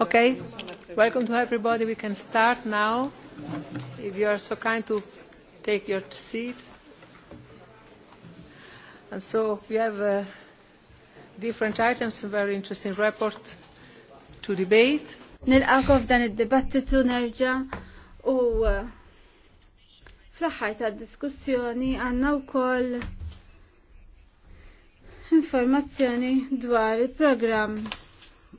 Okay, welcome to everybody. We can start now. If you are so kind to take your seat. And so we have uh, different items, a very interesting report to debate. Nil-għakof f'dan id-dibattitu nerġa u uh, fl-ħaj diskussjoni għanna u koll informazzjoni dwar il-programm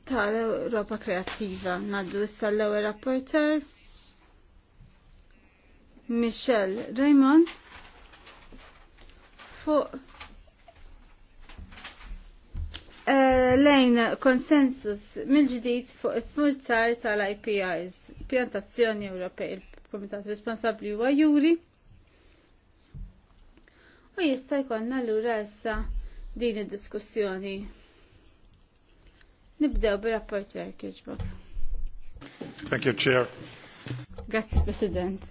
tal-Europa Kreativa. Naddu issa l-ewwel rapporter Michel Raymond fuq eh, lejn konsensus mill-ġdid fuq it-smurzar tal-IPRs, pjantazzjoni Ewropej, il-Komitat Responsabli huwa Juri. U jista' jkollna lura issa din id-diskussjoni. Nibdew bir-rapporter kieġbok. Thank you, Chair. Grazie, President.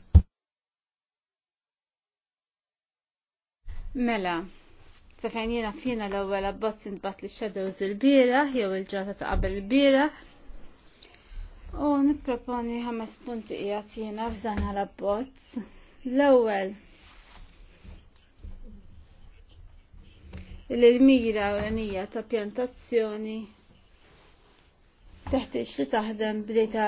Mela, sefajn jena fjena l-ewwel abbozz intbat li shadows il-bira, jew il-ġrata ta' qabel il-bira. U nipproponi ħames punti qiegħed jiena f'dan l-abbozz. L-ewwel l-mira u l-nija ta' pjantazzjoni teħtieġ li taħdem b'dejta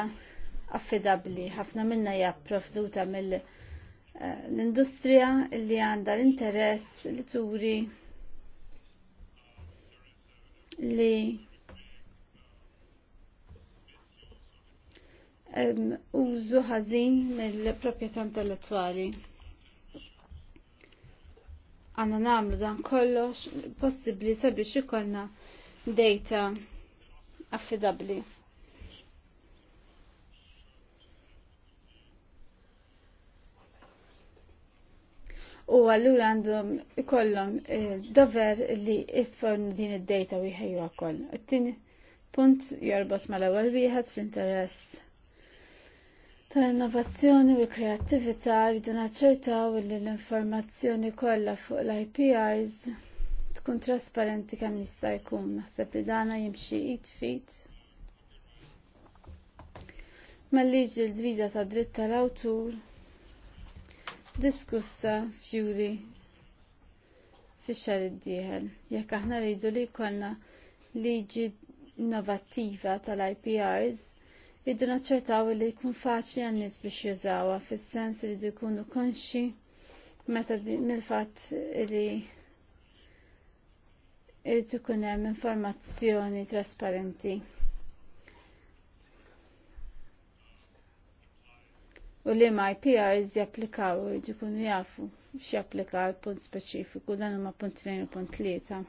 affidabbli. Ħafna minna hija profduta mill-industrija eh, li għandha l-interess li turi li użu ħażin mill-proprjetà intellettwali. Għanna namlu dan kollox possibbli sabiex ikollna data affidabli. u allura għandhom ikollhom eh, dover li iffornu din id-data u jħejju wkoll. It-tieni punt jorbot mal-ewwel wieħed fl-interess tal-innovazzjoni u kreattività rridu naċċertaw li l-informazzjoni kollha fuq l-IPRs tkun trasparenti kemm jista' jkun naħseb li dana jimxi id-fit mal-liġi l-drida ta' dritt tal-awtur diskussa fjuri fi xar id-dieħel. Jekk aħna rridu li jkollna liġi innovattiva tal-IPRs, rridu naċċertaw li jkun faċli għan-nies biex jużawha fis-sens li rridu jkunu konxi meta mill-fatt li rridu kunem hemm informazzjoni trasparenti. u li ma IPRs japplikaw u ġikunu jafu x'japplika għal punt speċifiku dan huma punt 2 u punt 3.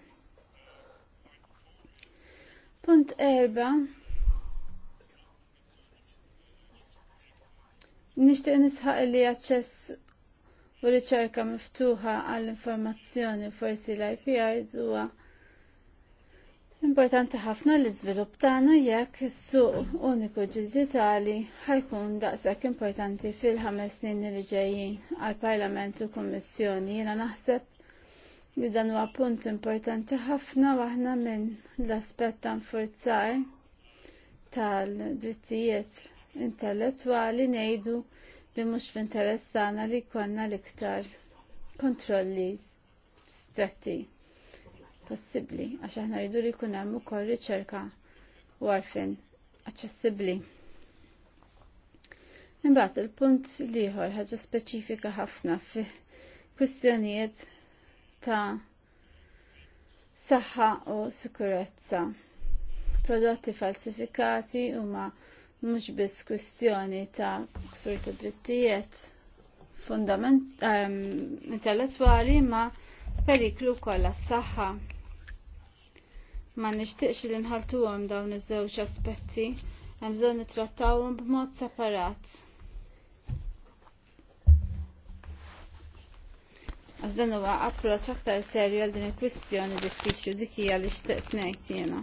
Punt 4 Nishtiq nisħaq li aċċess u riċerka miftuħa għall-informazzjoni forsi l-IPRs huwa Importanti ħafna li iżvilupp tagħna jekk is-suq uniku digitali ħajkun daqshekk importanti fil-ħames snin li ġejjin għall Parlament u Kummissjoni. Jiena naħseb li dan huwa punt importanti ħafna waħna minn l-aspett ta' nfurzar tal-drittijiet intellettwali ngħidu li mhux f'interess li jkollna l-iktar kontrolli stretti possibbli għax aħna rridu li jkun hemm ukoll riċerka u aċċessibbli. Imbagħad il-punt liħor ħaġa speċifika ħafna fi kwistjonijiet ta' saħħa u sikurezza. Prodotti falsifikati huma mhux biss kwistjoni ta' ksur ta' drittijiet fundament um, intellettwali ma' periklu kollha s-saħħa ma nixtieqx li nħaltuhom dawn iż-żewġ aspetti, hemm bżonn nittrattawhom b'mod separat. Għax dan huwa approċċ aktar serju għal din il-kwistjoni diffiċli dik hija li xtaqt ngħid jiena.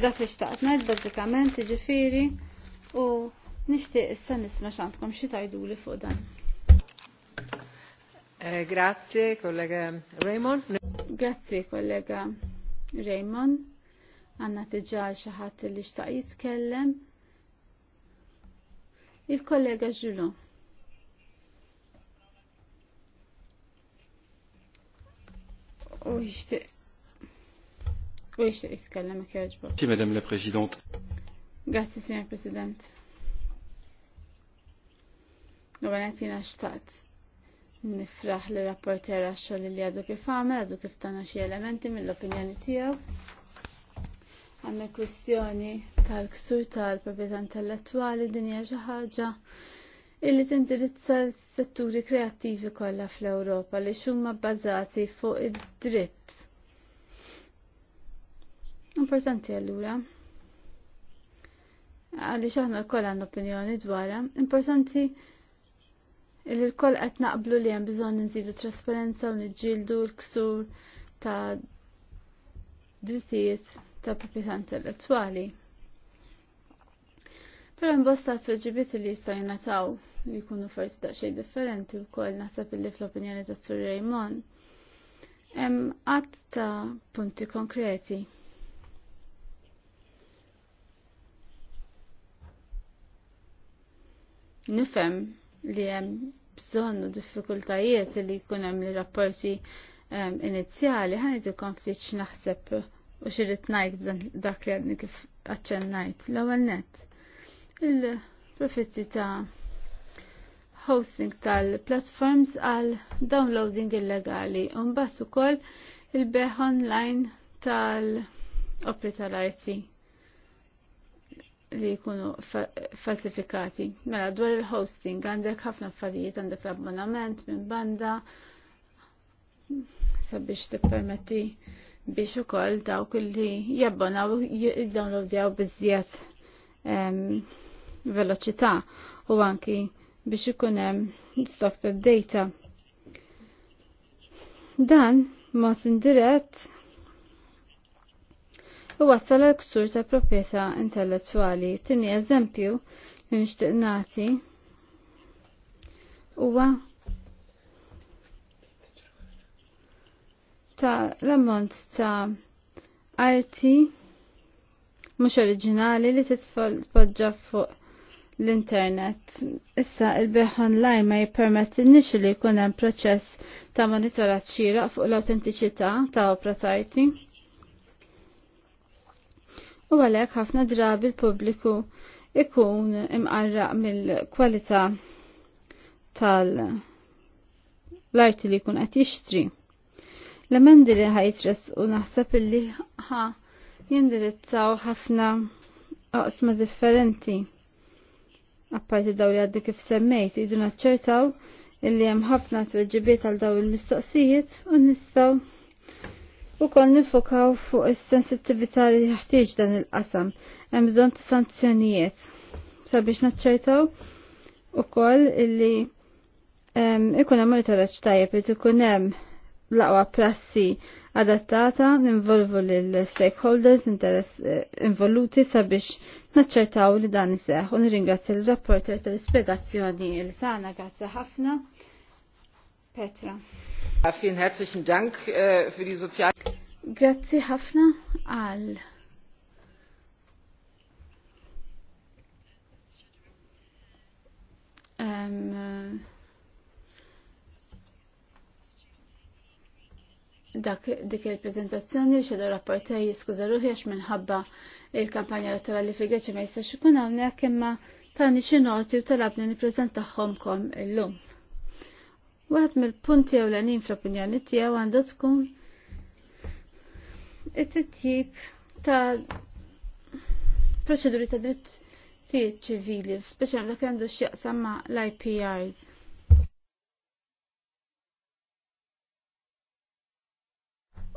Dak li xtaqt ngħid bażikament jiġifieri u nixtieq issa nisma' x'għandkom xi tajduli fuq dan. Eh, grazie, kollega Raymond. Grazie, kollega Raymond, għanna tiġa xaħat li xtaq jitkellem. Il-kollega Ġulu. U jiexte. U jishtiq jitkellem ek joġbo. Ti, Madame la Presidente. Grazie, Signor President. Għanet jina xtaqt Nifraħ li rapporter għaxol li għadu kif għamel, għadu kif tana xie elementi mill-opinjoni tijaw. Għanna kwistjoni tal-ksur tal propieta intellettuali dinja xi ħaġa illi tindirizza s-setturi kreattivi kollha fl-Ewropa li xumma bbażati fuq id-dritt. Importanti allura għalli xaħna l għan opinjoni dwarra, importanti Il-kol qed naqblu li hemm bżonn nżidu trasparenza u niġġieldu l-ksur ta' drittijiet ta' proprjetà intellettwali. Però imbosta tweġibiet li jista' jingħataw li jkunu forsi daqsxejn differenti wkoll naħseb illi fl-opinjoni ta' Sur Raymond hemm qatt ta' punti konkreti. Nifhem li hemm bżonnu diffikultajiet li jkun hemm li rapporti um, ehm, inizjali ħanid ikun ftit x'naħseb u xirrit ngħid dak li għadni kif aċċennajt l-ewwel net. Il-profitti ta' hosting tal-platforms għal downloading illegali u mbagħad ukoll il-beħ online tal-opri tal-arti li jkunu falsifikati. Mela, dwar il-hosting, għandek ħafna affarijiet, għandek l-abbonament minn banda, sabiex tippermetti biex ukoll dawk kulli jabbonaw jiddownloadjaw biżjed veloċità u anki biex ikun hemm stock ta' data. Dan mod indirett u wassal għal ksur ta' proprjetà intellettwali. Tini eżempju li nixtieq nagħti huwa ta' l-ammont ta' arti mhux oriġinali li titpoġġa fuq l-internet. Issa il-beħ online ma jippermettilniex li jkun hemm proċess ta' monitorat xieraq fuq l-awtentiċità ta' ta' arti u għalhekk ħafna drabi l-pubbliku ikun imqarraq mill-kwalità tal-arti li jkun qed jixtri. L-emendi li ħajtres u naħseb li ħa jindirizzaw ħafna oqsma differenti. Apparti daw li għaddi kif semmejt, idu naċċertaw illi hemm ħafna tweġibiet għal daw il-mistoqsijiet u nistgħu u kol nifokaw fuq is sensitivita li jeħtieġ dan il-qasam. Hemm bżonn ta' sanzjonijiet sabiex naċċertaw ukoll illi ikun hemm monitoraġġ tajjeb li ikun hemm laqwa prassi adattata ninvolvu l-stakeholders eh, involuti sabiex naċċertaw li dan iseħ u nirringrazzja l-rapporter tal-ispjegazzjoni li tagħna grazzi ħafna. Petra. Vielen herzlichen Dank äh, für die sozial Grazzi ħafna għal um, dak dik il-prezentazzjoni li xedu rapporter jiskuza ruħi għax minħabba il-kampanja elettorali fi Greċi ma jistax ikun hawnhekk imma tani xi noti u talabni kom illum. Waħed mill-punti ewlenin fl-opinjoni tiegħu għandu tkun it-tip ta' proċeduri ta' dritt tijiet ċivili, speċjal dak għandu x'jaqsam ma' l-IPRs.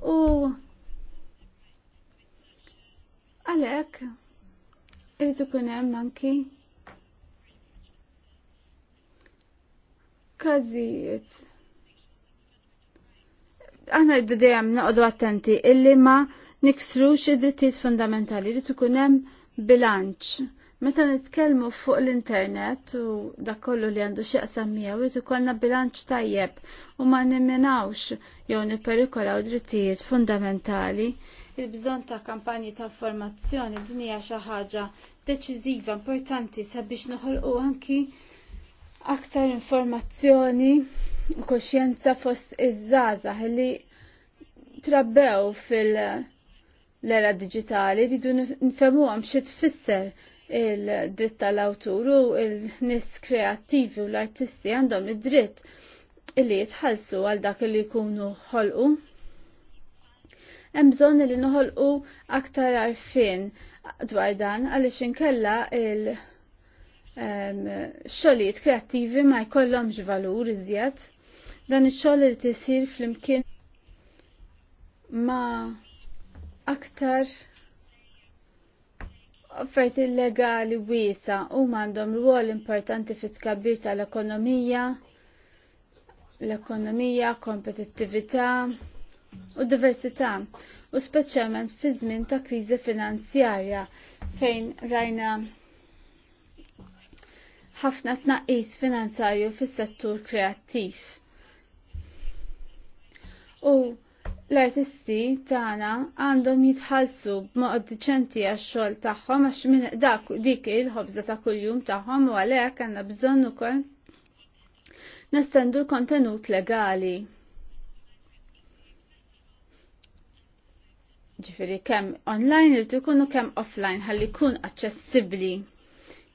U għalek, ikun kunem anki kazijiet aħna rridu dejjem noqogħdu attenti illi ma niksrux id-drittijiet fundamentali li tkun hemm bilanċ. Meta nitkellmu fuq l-internet u dak kollu li għandu xieqsam miegħu jrid ikollna bilanċ tajjeb u ma nimminawx jew nipperikolaw drittijiet fundamentali. Il-bżonn ta' kampanji ta' formazzjoni din hija xi ħaġa deċiżiva importanti sabiex noħolqu anki aktar informazzjoni u koxjenza fost iż żaza li trabbew fil-era digitali ridu għam xi tfisser il-dritt tal-awtur u il-nis kreattivi u l-artisti għandhom id-dritt illi jitħallsu għal dak li jkunu ħolqu. Hemm bżonn li noħolqu aktar għarfien dwar dan għaliex inkella il- xogħlijiet kreattivi ma jkollhomx valur iżjed. Dan ix-xogħol li tisir flimkien ma aktar offerti illegali wiesa u għandhom rwol importanti fit tkabbir tal-ekonomija, l-ekonomija, kompetittività u diversità u speċjalment fi żmien ta' kriżi finanzjarja fejn rajna ħafna tnaqqis finanzarju fis-settur kreattiv. U l-artisti tagħna għandhom jitħallsu b'mod diċenti għax-xogħol tagħhom għax minn dak dik il-ħobża ta' kuljum tagħhom u għalhekk għandna bżonn ukoll nestendu kontenut legali. Ġifieri kemm online irid ikunu kemm offline ħalli jkun aċċessibbli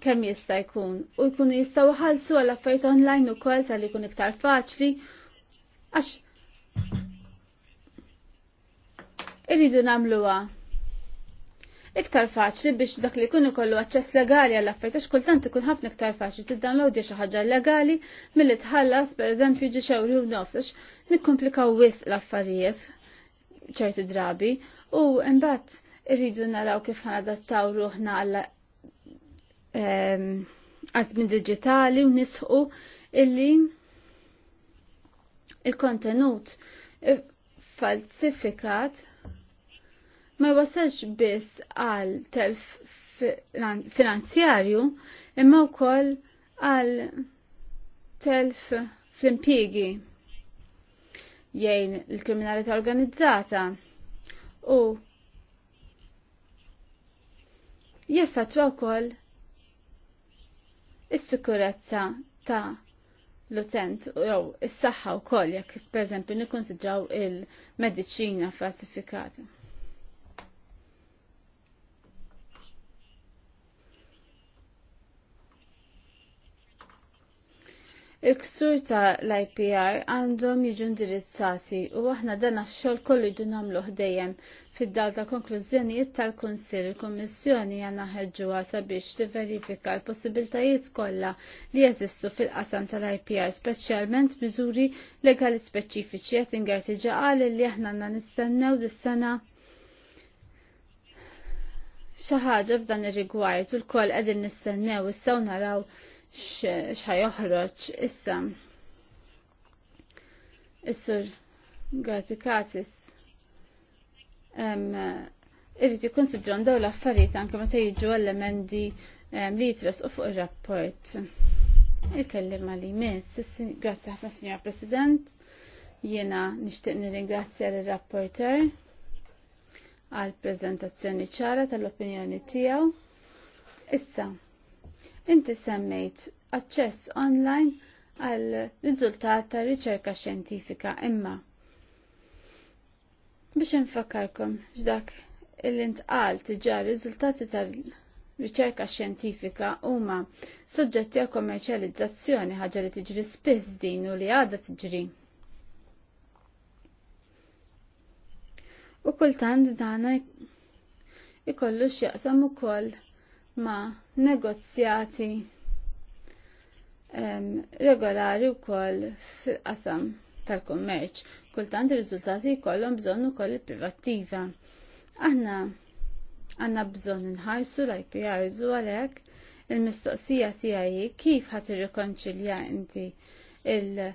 kemm jista' jkun u jkunu jistgħu ħalsu għal affarijiet online ukoll li jkun iktar faċli għax irridu nagħmluha iktar faċli biex dak li jkun ikollu aċċess legali għall affarijiet għax kultant ikun ħafna iktar faċli tiddownloadja xi ħaġa legali milli tħallas pereżempju ġi xewri u nofs għax nikkomplikaw wisq l-affarijiet ċerti drabi u mbagħad irridu naraw kif ħanadattaw ruħna għall minn digitali u nisħu illi il-kontenut eh, falsifikat ma wasalx biss għal telf finanzjarju imma wkoll għal telf fl-impjigi jgħin il-kriminalità organizzata u jeffatwa wkoll is-sikurezza ta' l-utent jew is-saħħa wkoll jekk pereżempju nikkunsidraw il-mediċina falsifikata. il-ksur ta' l-IPR għandhom jiġu indirizzati u aħna dan x-xogħol kollu jdu nagħmlu ħdejjem fid-dal ta' konklużjonijiet tal-Kunsill il-Kummissjoni għandna ħeġġuha sabiex tiverifika l-possibiltajiet kollha li jeżistu fil-qasam tal-IPR speċjalment miżuri legali speċifiċi qed ingerti qal li aħna għandna nistennew dis-sena xi ħaġa f'dan ir-rigward u l-koll qegħdin nistennew is-sew naraw xħajoħroċ issa. Issur Gatikatis irrid sidron dawn l-affarijiet anke meta jiġu għall-emendi li u fuq ir-rapport. Il-kellim li miss, grazzi ħafna signor President, jiena nixtieq nirringrazzja lir-rapporter għal preżentazzjoni ċara tal-opinjoni tiegħu. Issa, Inti semmejt aċċess online għal riżultat ta' riċerka xjentifika imma. Biex nfakkarkom x'dak il-intqal tiġa riżultati ta' riċerka xjentifika huma suġġetti għal kommerċjalizzazzjoni ħaġa li tiġri spiss din u li għadha tiġri. U kultant dana ikollu x'jaqsam ukoll ma' negozjati regolari wkoll fil-qasam tal-kummerċ. Kultant ir-riżultati jkollhom bżonn ukoll il-privattiva. Aħna għandna bżonn inħarsu l ipr zu għalhekk il-mistoqsija tiegħi kif ħadd irrikonċilja inti l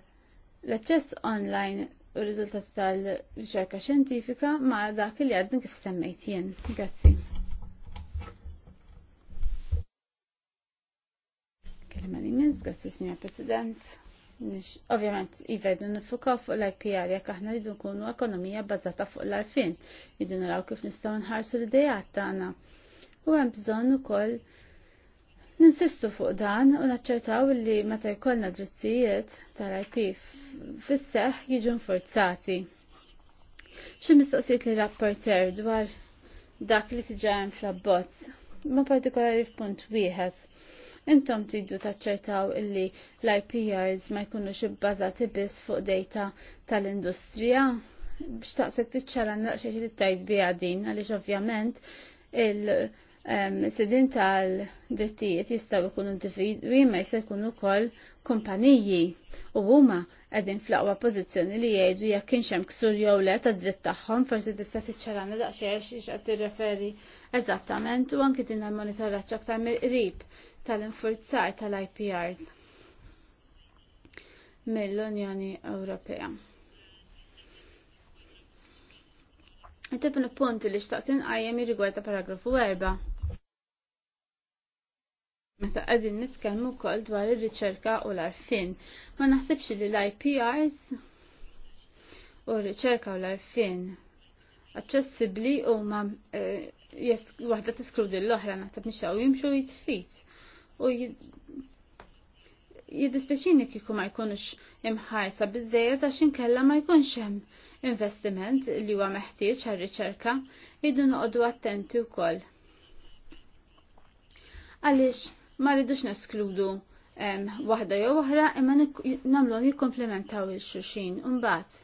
ċess online u r-riżultati tal-riċerka xjentifika ma' dak li għadden kif semmejt jien. Grazzi. Kelma li minsk, s-Sinjor President. Ovvjament, ivedu nifukaw fuq l-IPR jekk aħna rridu nkunu ekonomija bazzata fuq l-arfin. jidu naraw kif nistgħu nħarsu l-idejat tagħna. U hemm bżonn ukoll ninsistu fuq dan u naċċertaw li meta jkollna drittijiet tal-IP fisseħ seħħ jiġu nfurzati. Xi mistoqsijiet li rapporter dwar dak li tiġa fl-abbozz, ma partikolari f'punt wieħed intom tridu taċċertaw illi l-IPRs ma jkunux ibbażati biss fuq data tal-industrija Bix taqsek tiċċara naqxie t tajt bija din għaliex ovvjament il- sidin tal-drittijiet jistaw ikunu individwi ma jistaw ikunu kol kompaniji u huma għedin aqwa pozizjoni li jgħidu jekk kienx hemm ksur jew le ta' dritt tagħhom forsi tista' tiċċarana daqsxejn xiex qed tirreferi eżattament u anki din għal monitoraġġ aktar mill-qrib tal-infurzar tal-IPRs mill-Unjoni Ewropea. Tibnu punti li xtaqtin għajem jirrigwarda paragrafu 4. Meta qegħdin nitkellmu wkoll dwar ir-riċerka u l-arfin, ma naħsibx li l-IPRs u r-riċerka u l-arfin aċċessibbli huma e, waħda teskludi l-oħra naħseb nixaw jimxu jitfit u jiddispeċini kiku ma jkunux imħarsa bizzejet għax inkella ma jkunx hemm investiment li huwa meħtieġ għar-riċerka jridu noqogħdu attenti wkoll. Għaliex ma rridux neskludu waħda jew oħra imma nagħmluhom jikkomplementaw il-xulxin imbagħad.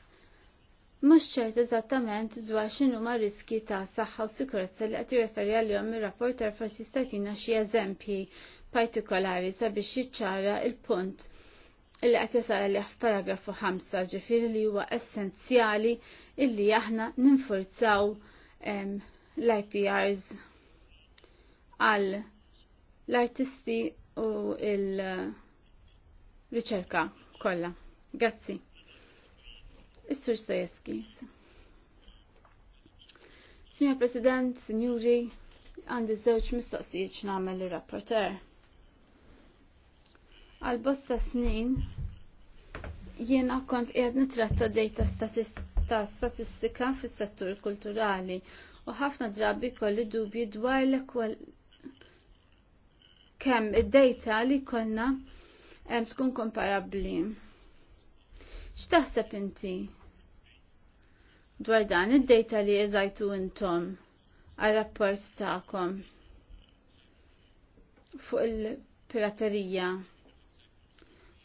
Mhux ċert eżattament dwar x'inhu ma riski ta' saħħa u sikurezza li qed jirreferi għalihom ir-rapporter forsi jista' jagħtina xi eżempji partikolari sabiex jiċċara il-punt illi qed jasal għalih f'paragrafu 5 ġifieri li huwa essenzjali illi aħna ninfurzaw l-IPRs għal l-artisti u il-riċerka kollha. Grazzi. Issur sur Signor President, signori, għandi żewġ mistoqsijiet x'nagħmel ir-rapporter. Għal bosta snin jiena kont qiegħed nitratta data ta' statistika fis-settur kulturali u ħafna drabi kolli dubji dwar l kemm id-data li konna tkun komparabbli. X'taħseb inti dwar dan id-data li eżajtu intom għal-rapport tagħkom fuq il-piraterija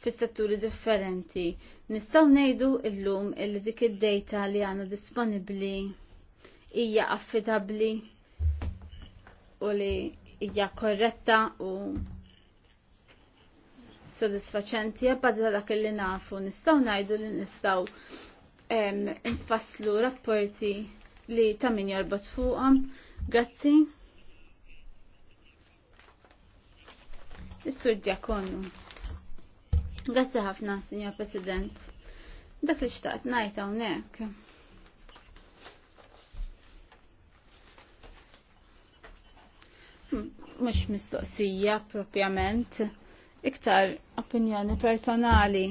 fis-setturi differenti. Nistgħu ngħidu llum illi dik id-data li għandna disponibbli hija affidabbli u li hija korretta u sodisfaċenti jabba da dak li nafu nistaw najdu li nistaw nfasslu rapporti li ta' min jorbot fuqhom. Grazzi. Is-sur Djakonu. Grazzi ħafna, Signor President. Dak li xtaqt najta hawnhekk. mhux mistoqsija propjament, iktar opinjoni personali.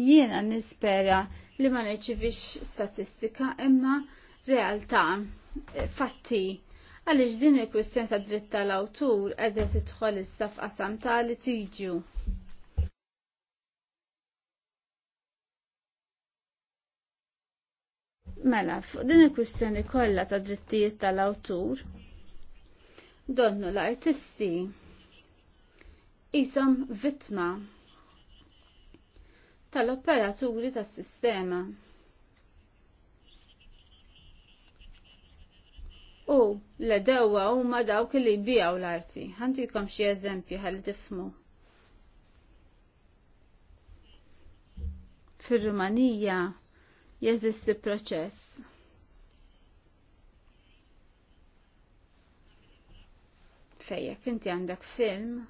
Jiena nispera li ma neċivix statistika imma realtà, eh, fatti, għaliex din il-kwistjoni ta' dritt tal-awtur qiegħda tidħol issa f'qasam tal-litiġju. Mela, fuq din il-kwistjoni kollha ta' drittijiet tal-awtur, donnu l-artisti isom vittma tal-operaturi tas-sistema. U l-dewa huma dawk li jbijaw l-arti. Ħantikom xi eżempji għal tifmu. Fir-Rumanija jeżisti proċess. Fejjek, inti għandek film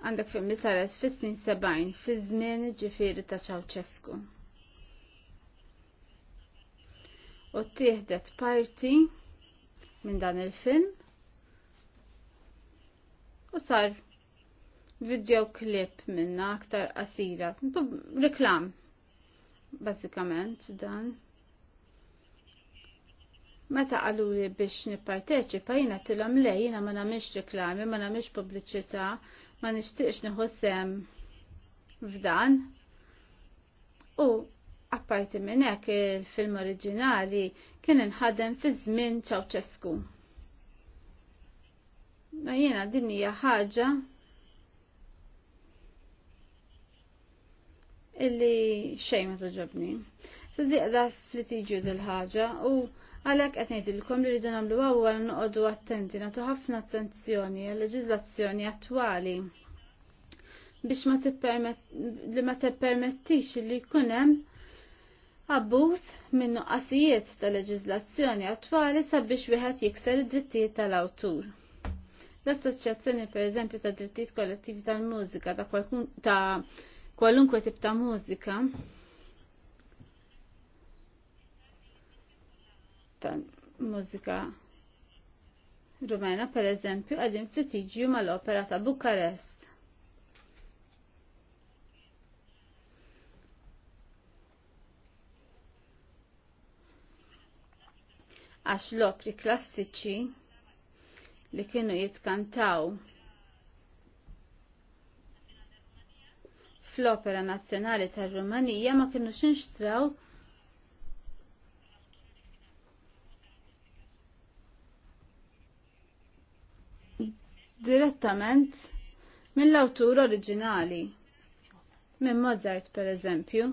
għandek film li saret fis-snin sebajn fi żmien ġifieri ta' ċawċesku. U tieħdet parti minn dan il-film u sar video klip minna aktar qasira. Reklam, basikament, dan. Meta qalu biex nipparteċipa jina tilhom le jina ma nagħmilx reklami, ma nagħmilx pubbliċità, ma nixtieqx nieħu sem f'dan. U apparti minn hekk il-film oriġinali kien inħadem fi żmien Ceausescu. Ma jiena din hija ħaġa illi xej ma toġobni. Siddiq da fl-tiġu dil-ħagġa u għalek qed ngħidilkom li rridu nagħmlu għawwa noqogħdu attenti nagħtu ħafna attenzjoni għal-leġiżlazzjoni attwali biex ma li ma tippermettix li jkun hemm abbuż minn nuqqasijiet ta' leġiżlazzjoni attwali sabiex wieħed jikser id-drittijiet tal-awtur. L-Assoċjazzjoni pereżempju ta' Drittijiet Kollettivi tal-Mużika ta' ta' kwalunkwe tip ta' mużika ta' mużika rumena per eżempju għadin flitiġju mal-opera ta' Bukarest. Għax l-opri klassiċi li kienu jitkantaw fl-Opera Nazzjonali tar-Rumanija ma kienu xinxtraw direttament mill-awtur oriġinali minn Mozart per eżempju.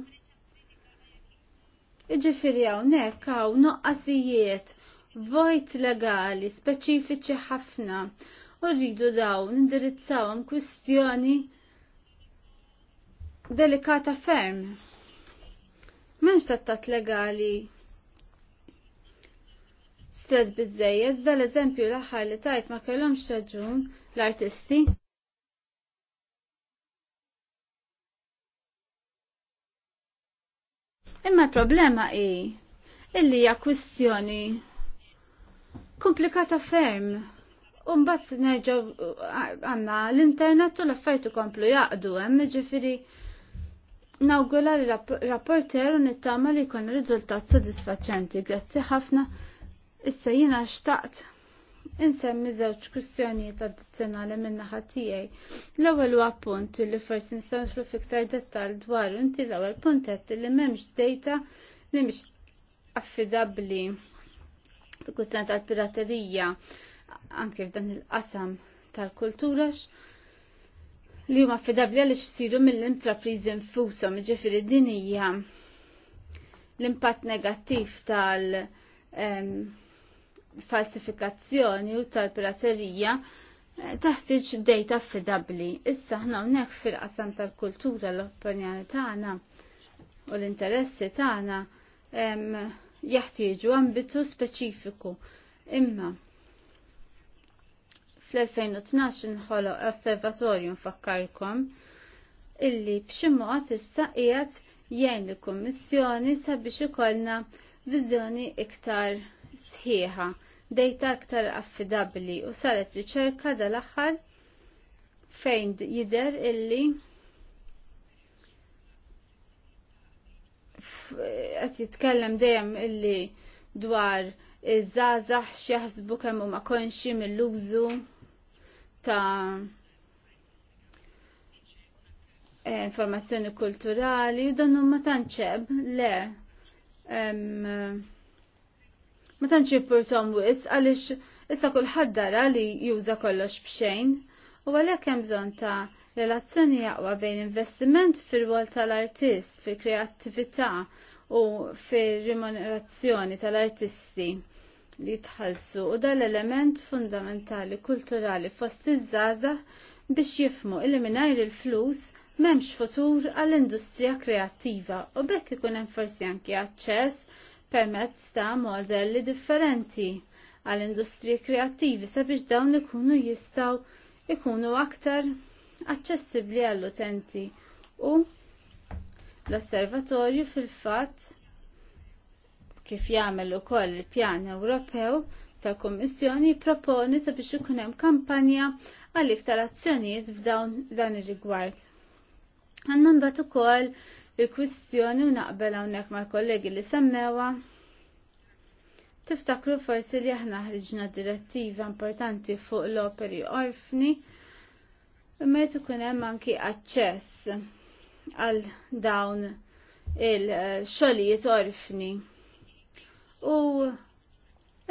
Iġifiri hawnhekk hawn noqqasijiet vojt legali speċifiċi ħafna u rridu dawn indirizzawhom kwistjoni delikata ferm. M'hemmx tat legali stred biżejjed, dal eżempju l-aħħar li tajt ma kellhomx raġun l-artisti. Imma l-problema hi illi hija kwistjoni komplikata ferm. Umbat nerġaw għanna l-internet u l-affajtu komplu jaqdu, hemm ġifiri nawgula li rapporter u nittama li kon rizultat sodisfaċenti. Grazzi ħafna. Issa jina xtaqt. Insemmi żewġ kwistjonijiet addizzjonali minn naħa tiegħi. L-ewwel huwa punt li forsi nistgħu nidħlu fiktar dettall dwar inti l-ewwel puntet li m'hemmx data li mhix affidabbli fil-kwistjoni tal-piraterija anke f'dan il-qasam tal kulturax li huma affidabli għal xsiru mill-intrapriżi infusa ġifieri din hija l-impatt negattiv tal- falsifikazzjoni u tal-piraterija eh, taħtiġ data affidabli. Issa ħna hawnhekk fil-qasam tal-kultura l-opinjoni tagħna u l-interessi tagħna jaħtieġu ambitu speċifiku. Imma Fl-2012 nħolo osservatorium f'akkarkom illi bximu issa qiegħed jgħin l-Kummissjoni sabiex ikollna viżjoni iktar sħiħa, dejta iktar affidabli u saret riċerka dal-aħħar fejn jidher illi qed jitkellem dejjem illi dwar iż żazax xi jaħsbu kemm huma konxi mill-użu ta' eh, informazzjoni kulturali u dan ma tantxeb le ma tantx purtom wis għaliex issa kulħadd ħaddara li juża kollox b'xejn u għalhekk hemm bżonn ta' relazzjoni jaqwa bejn investiment fil-wol tal-artist, fil-kreattività u fil-rimunerazzjoni tal-artisti li tħallsu u dal element fundamentali kulturali fost iż-żaza biex jifmu illi il-flus m'hemmx futur għall-industrija kreattiva u bekk ikun hemm forsi anki aċċess permezz ta' modelli differenti għall-industriji kreattivi sabiex dawn ikunu jistgħu ikunu aktar aċċessibbli għall-utenti u l-osservatorju fil-fatt kif jagħmel ukoll il-pjan Ewropew tal-Kummissjoni proponi sabiex ikun hemm kampanja għal iktar azzjonijiet f'dawn dan ir-rigward. Għandna mbagħad ukoll il-kwistjoni u naqbel hawnhekk mal-kollegi li semmewha. Tiftakru forsi li aħna ħriġna direttiva importanti fuq l-operi orfni, imma jtu hemm anki aċċess għal dawn il xogħlijiet orfni u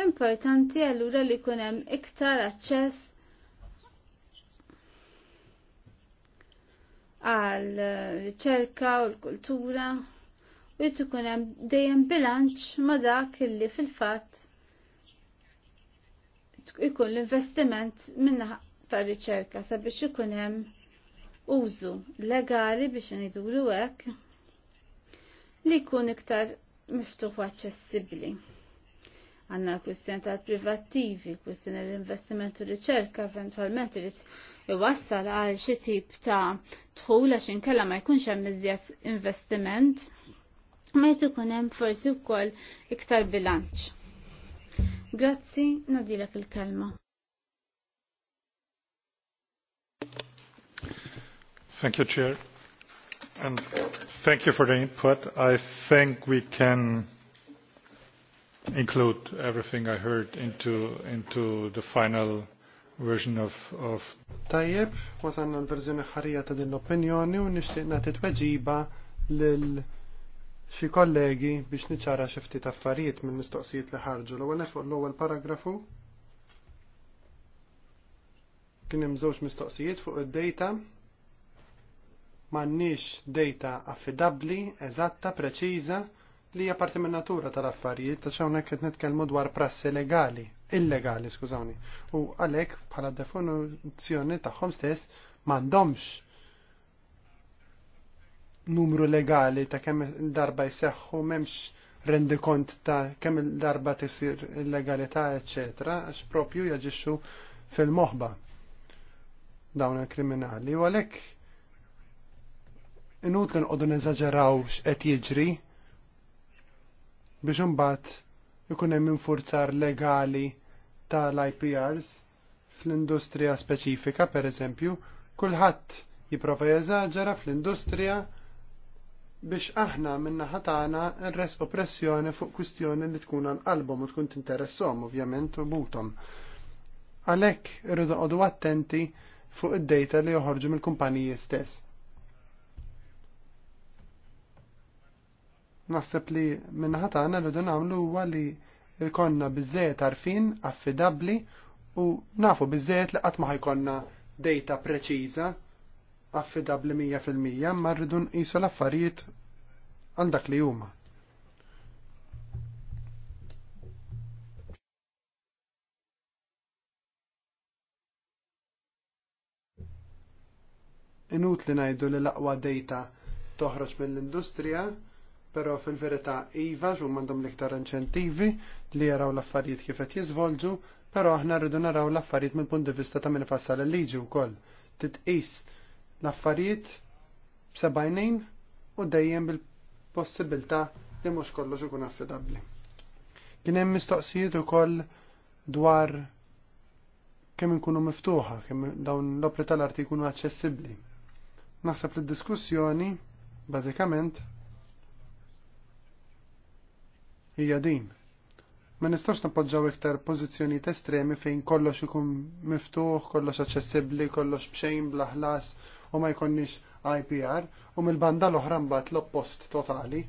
importanti allura li kunem iktar aċċess għal riċerka u l-kultura u jittu kunem dejjem bilanċ ma dak illi fil-fat ikun l-investiment minna ta' riċerka sabiex ikunem użu legali biex niduru hekk li jkun iktar miftuħ aċċessibbli. Għanna l-kwistjoni tal-privattivi, kwistjoni l-investiment u riċerka eventualment irid iwassal għal xi tip ta' dħul għax inkella ma jkunx hemm iżjed investiment, ma jrid ikun hemm forsi wkoll iktar bilanċ. Grazzi, nadilek il-kelma. Thank you, Chair thank you for the input. I think we can include everything I heard into, into the final version of... of Tajjeb, wasanna l-verżjoni ħarija ta' din l-opinjoni u nixtieq nagħti tweġiba lil xi kollegi biex niċara xi ftit affarijiet mill-mistoqsijiet li ħarġu. L-ewwel fuq l-ewwel paragrafu kien hemm żewġ mistoqsijiet fuq id-data m'għandniex data affidabbli, eżatta, preċiża li hija parti minn natura tal-affarijiet ta' hawnhekk qed nitkellmu dwar prassi legali, illegali, skużawni. U għalhekk bħala definizzjoni tagħhom stess m'għandhomx numru legali ta' kemm darba jseħħu m'hemmx rendikont ta' kemm il-darba tisir illegalità, eccetera, għax propju jaġixxu fil-moħba dawn il-kriminali. U għalhekk inut li nqogħdu x'qed jiġri biex imbagħad ikun hemm infurzar legali tal-IPRs fl-industrija speċifika pereżempju, kulħadd jipprova jeżaġera fl-industrija biex aħna minna ħatana res oppressjoni fuq kwistjoni li tkun għal-qalbom u tkun t-interessom, ovvjament u butom. Għalek irridu għodu attenti fuq id-data li joħorġu mill-kumpaniji stess. Naħseb li minnaħat għana li dun għamlu huwa li rkonna bizzejet għarfin, affidabli u nafu bizzejet li għatma ħajkonna data preċiża affidabli 100% ma rridu nqisu l-affarijiet għal dak li huma. inut li najdu li l-aqwa data toħroġ mill-industrija però fil-verità iva ġu mandom liktar inċentivi li jaraw l-affarijiet kif qed jiżvolġu, però aħna rridu naraw l-affarijiet mill-punt di vista ta' min ifassal il-liġi wkoll. Titqis l-affarijiet b'sebajnejn u dejjem bil-possibilità li mhux kollox ikun affidabbli. Kien hemm mistoqsijiet ukoll dwar kemm inkunu miftuħa, kemm dawn l-opri tal-arti jkunu aċċessibbli. Naħseb li d-diskussjoni bażikament hija din. Ma nistax nappoġġaw iktar pożizzjonijiet estremi fejn kollox ikun miftuħ, kollox aċċessibbli, kollox bxejn bla ħlas u ma jkunniex IPR u mill-banda l-oħra mbagħad l-oppost totali.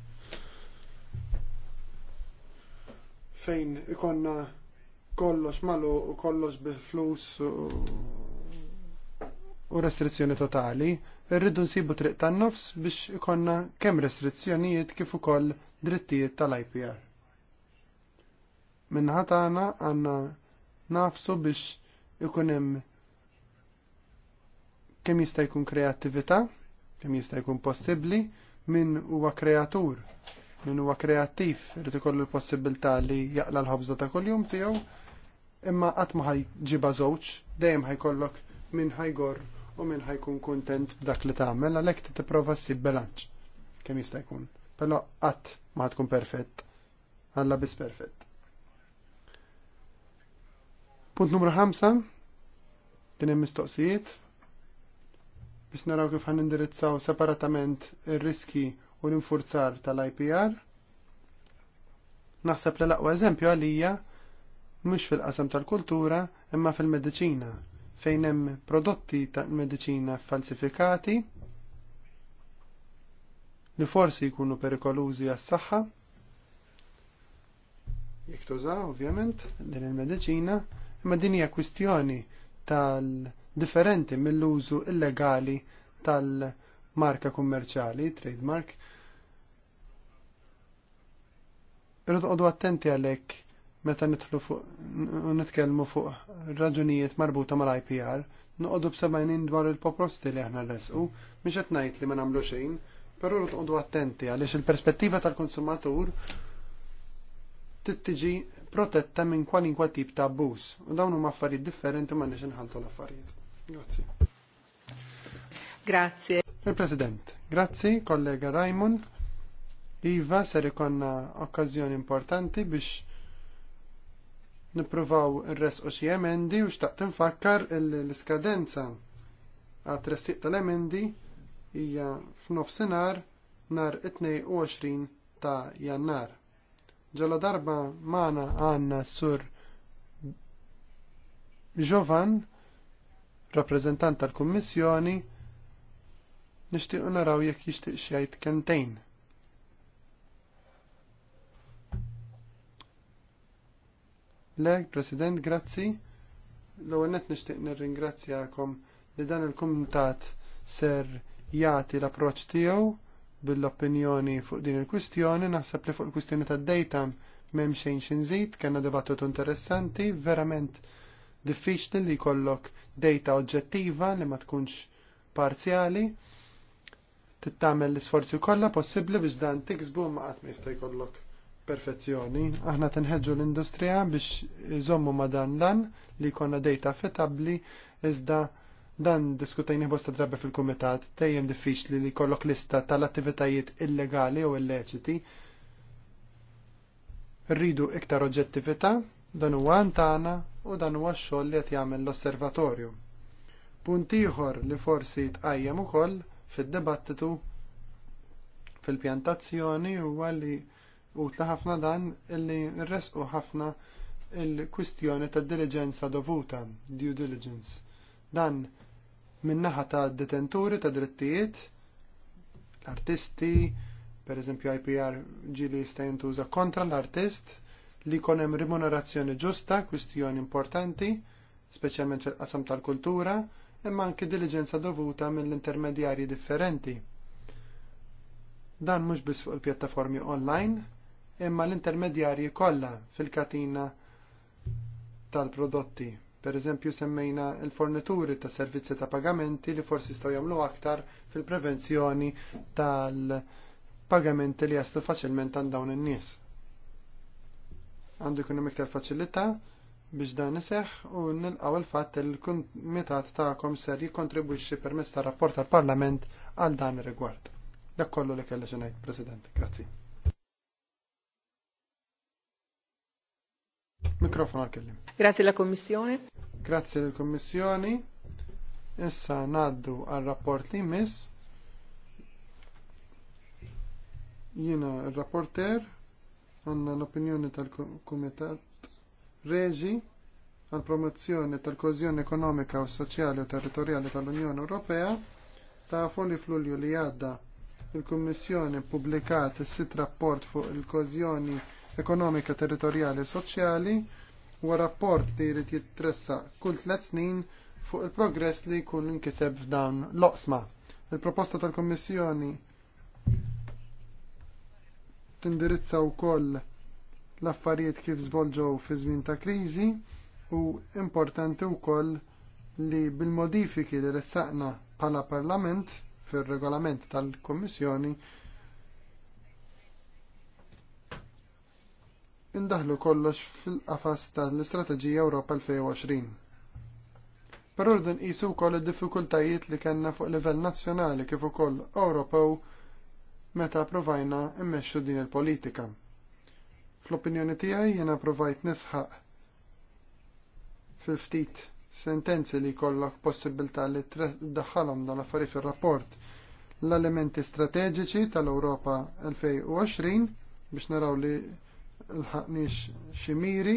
Fejn ikonna kollox malu u kollox bil-flus u restrizzjoni totali, irridu nsibu triq tan-nofs biex ikonna kemm restrizzjonijiet kif ukoll drittijiet tal-IPR. Minnaħat għana għanna nafsu biex ikunem kem jista' jkun kreattività, kem jista' jkun possibbli min huwa kreatur, min huwa kreattiv, irid ikollu l-possibilità li jaqla l-ħobża ta' kuljum tiegħu, imma qatt ma ħajġiba żewġ, dejjem ħajkollok min ħajgor u min ħajkun kuntent b'dak li tagħmel għalhekk tipprova ssib bilanċ kemm jista' jkun. Però qatt ma tkun perfett, alla biss perfett. Punt numru 5, din hemm mistoqsijiet biex naraw kif ħan indirizzaw separatament il riski u l-infurzar tal-IPR. Naħseb li l-aqwa eżempju għalija mhux fil-qasam tal-kultura imma fil-mediċina fejn hemm prodotti tal-mediċina falsifikati li forsi jkunu perikolużi għas-saħħa. Jekk ovvjament, din il-mediċina imma din hija kwistjoni tal-differenti mill-użu illegali tal-marka kummerċali, trademark. Irrid qodu attenti għalhekk meta nidħlu fuq nitkellmu fuq raġunijiet marbuta mal-IPR, noqogħdu b'semajnin dwar il-poprosti li aħna rresqu, mhix qed ngħid li ma nagħmlu xejn, però rrid attenti għaliex il-perspettiva tal-konsumatur tittiġi protetta minn kwalinkwa tip ta' abbuż u dawn huma affarijiet differenti ma nixin ħaltu l-affarijiet. Grazzi. Grazie. Il-President, grazzi kollega Raymond. Iva ser ikonna okkazjoni importanti biex nipruvaw res u xie emendi u xtaqt nfakkar l-iskadenza għat tressiq tal-emendi hija f'nofsinhar nar 22 ta' jannar. Ġala darba mana għanna sur Jovan, rappresentant tal-Kummissjoni, nixtiequ naraw jekk jixtieq jgħid kentejn. Le, President, grazzi. L-ewwel nett nixtieq nirringrazzjakom li dan il-kumitat ser jagħti l-approċċ tiegħu bil-opinjoni fuq din il-kwistjoni, naħseb li fuq il-kwistjoni ta' data m'hemm xejn xinżid, kena dibattitu interessanti, verament diffiċli li jkollok data oġġettiva li ma tkunx parzjali. Tittamel l-isforzi kollha possibbli biex dan tiksbu ma qatt ma jista' jkollok perfezzjoni. Aħna tinħeġġu l-industrija biex iżommu ma dan lan li jkollna data fetabbli iżda Dan diskutajni bosta drabi fil-kumitat, tejjem diffiċli li kollok lista tal-attivitajiet illegali u illeċiti. Rridu iktar oġġettività, dan huwa antana u dan huwa x-xogħol li qed jagħmel l-osservatorju. Punt ieħor li forsi tqajjem ukoll fid-dibattitu fil-pjantazzjoni huwa li utla ħafna dan illi nresqu ħafna il-kwistjoni ta' diligenza dovuta, due diligence. Dan minnaħa ta' detenturi ta' drittijiet, l-artisti, per eżempju IPR ġili jista' jintuża kontra l-artist, li jkun hemm rimunerazzjoni ġusta, kwistjoni importanti, speċjalment fil-qasam tal-kultura, imma anke diligenza dovuta mill-intermedjarji differenti. Dan mhux biss fuq il-pjattaformi online, imma l-intermedjarji kollha fil-katina tal-prodotti Per eżempju semmejna il-fornituri ta' servizzi ta' pagamenti li forsi staw jagħmlu aktar fil-prevenzjoni tal-pagamenti li jaslu faċilment għand dawn in-nies. Għandu jkunu iktar faċilità biex dan iseħ u nilqaw il-fatt il-kumitat ta'kom ser jikkontribwixxi permezz ta' rapport tal-Parlament għal dan ir-rigward. Dak kollu li kellha President. Grazzi. Mikrofon għal-kellim. Grazie la Kommissjoni. Grazie la Kommissjoni. Issa naddu għal-rapport li miss. Jina il-rapporter għanna l-opinjoni tal-Kumitat Reġi għal promozzjoni tal-kozjoni ekonomika u soċjali u territorjali tal-Unjoni Ewropea ta' li f'Lulju li għadda il kommissjoni publikat il sit rapport fuq il-kozjoni ekonomika, territorjali, e soċjali u rapport li jrid jittressa kull tlet snin fuq il-progress li jkun inkiseb f'dawn l-oqsma. Il-proposta tal-Kommissjoni tindirizza wkoll l-affarijiet kif żvolġew fi żmien ta' kriżi u importanti wkoll li bil-modifiki li ressaqna bħala Parlament fir-regolament tal-Kommissjoni indaħlu kollox fil-qafas tal-Istrateġija Ewropa 2020. Per ordin jisu wkoll id-diffikultajiet li kellna fuq livell nazzjonali kif ukoll Ewropew meta provajna immexxu din il-politika. Fl-opinjoni tiegħi jiena provajt nisħaq fil-ftit sentenzi li jkollok possibilità li tdaħħalhom dan affarijiet fir-rapport l-elementi strateġiċi tal-Ewropa 2020 biex naraw li l-ħaqniex ximiri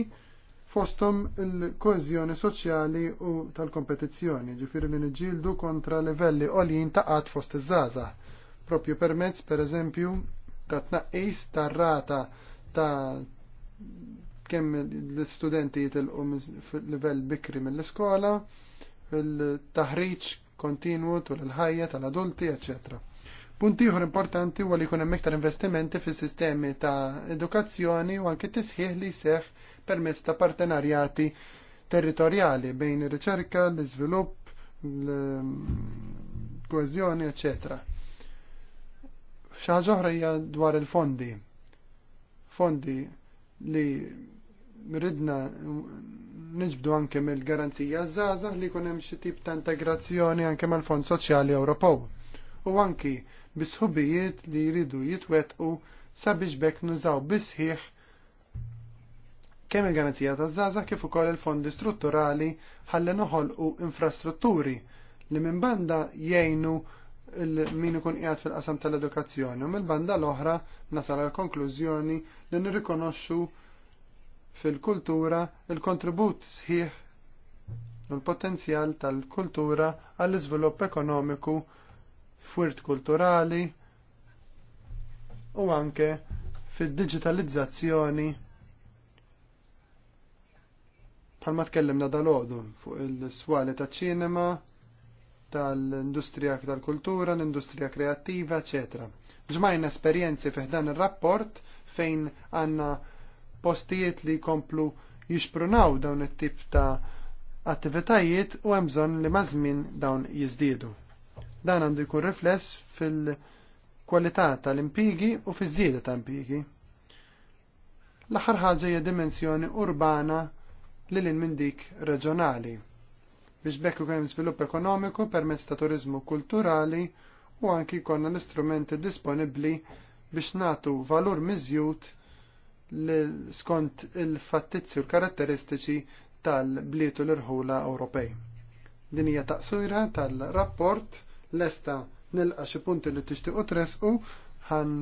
fostom il-kozjoni soċjali u tal-kompetizzjoni, ġifiri li nġildu kontra livelli olin ta' għad fost iż-żaza, propju permezz per eżempju ta' tnaqqis ta' rata ta' kemm l-studenti jitilqu livell bikri mill-iskola, il-taħriġ kontinwu tul il-ħajja tal-adulti, eccetera. Punt ieħor importanti huwa li jkun hemm iktar investimenti fis-sistemi ta' edukazzjoni u anke tisħiħ li seħ permezz ta' partenarjati territorjali bejn ir-riċerka, l-iżvilupp, l-koeżjoni, etc. Xaħġa oħra hija dwar il-fondi. Fondi li ridna niġbdu anke mill-garanzija żgħażagħ li jkun hemm xi tip ta' integrazzjoni anke mal-Fond Soċjali Ewropew. U anki bisħubijiet li jridu jitwetqu sabiex bekk nużaw bisħiħ kemm il-garanzija ta' zaza kif ukoll il-fondi strutturali ħalli noħolqu infrastrutturi li minn banda jgħinu min ikun qiegħed fil-qasam tal-edukazzjoni u mill-banda l-oħra nasal għal konklużjoni li nirrikonoxxu fil-kultura il-kontribut sħiħ u l-potenzjal tal-kultura għall-iżvilupp ekonomiku f'wirt kulturali u anke fid-digitalizzazzjoni bħalma tkellimna dal-għodu fuq il-swali ta' ċinema, tal-industrija tal-kultura, l-industrija kreattiva, ecc. Ġmajna esperienzi fiħdan il-rapport fejn għanna postijiet li komplu jixprunaw dawn it-tip ta' attivitajiet u hemm bżonn li mażmin dawn jiżdiedu. Dan għandu jkun rifless fil-kwalità tal-impigi u fil żieda tal impigi. L-aħħar ħaġa hija dimensjoni urbana li lil minn dik reġjonali biex bekk ukoll żvilupp ekonomiku permezz ta' turiżmu kulturali u anki jkollna l-istrumenti disponibbli biex nagħtu valur miżjud skont il-fattizzi u l-karatteristiċi tal-blietu l-irħula Ewropej. Din hija taqsura tal-rapport lesta nilqa xi punti li tixtiequ tresqu ħan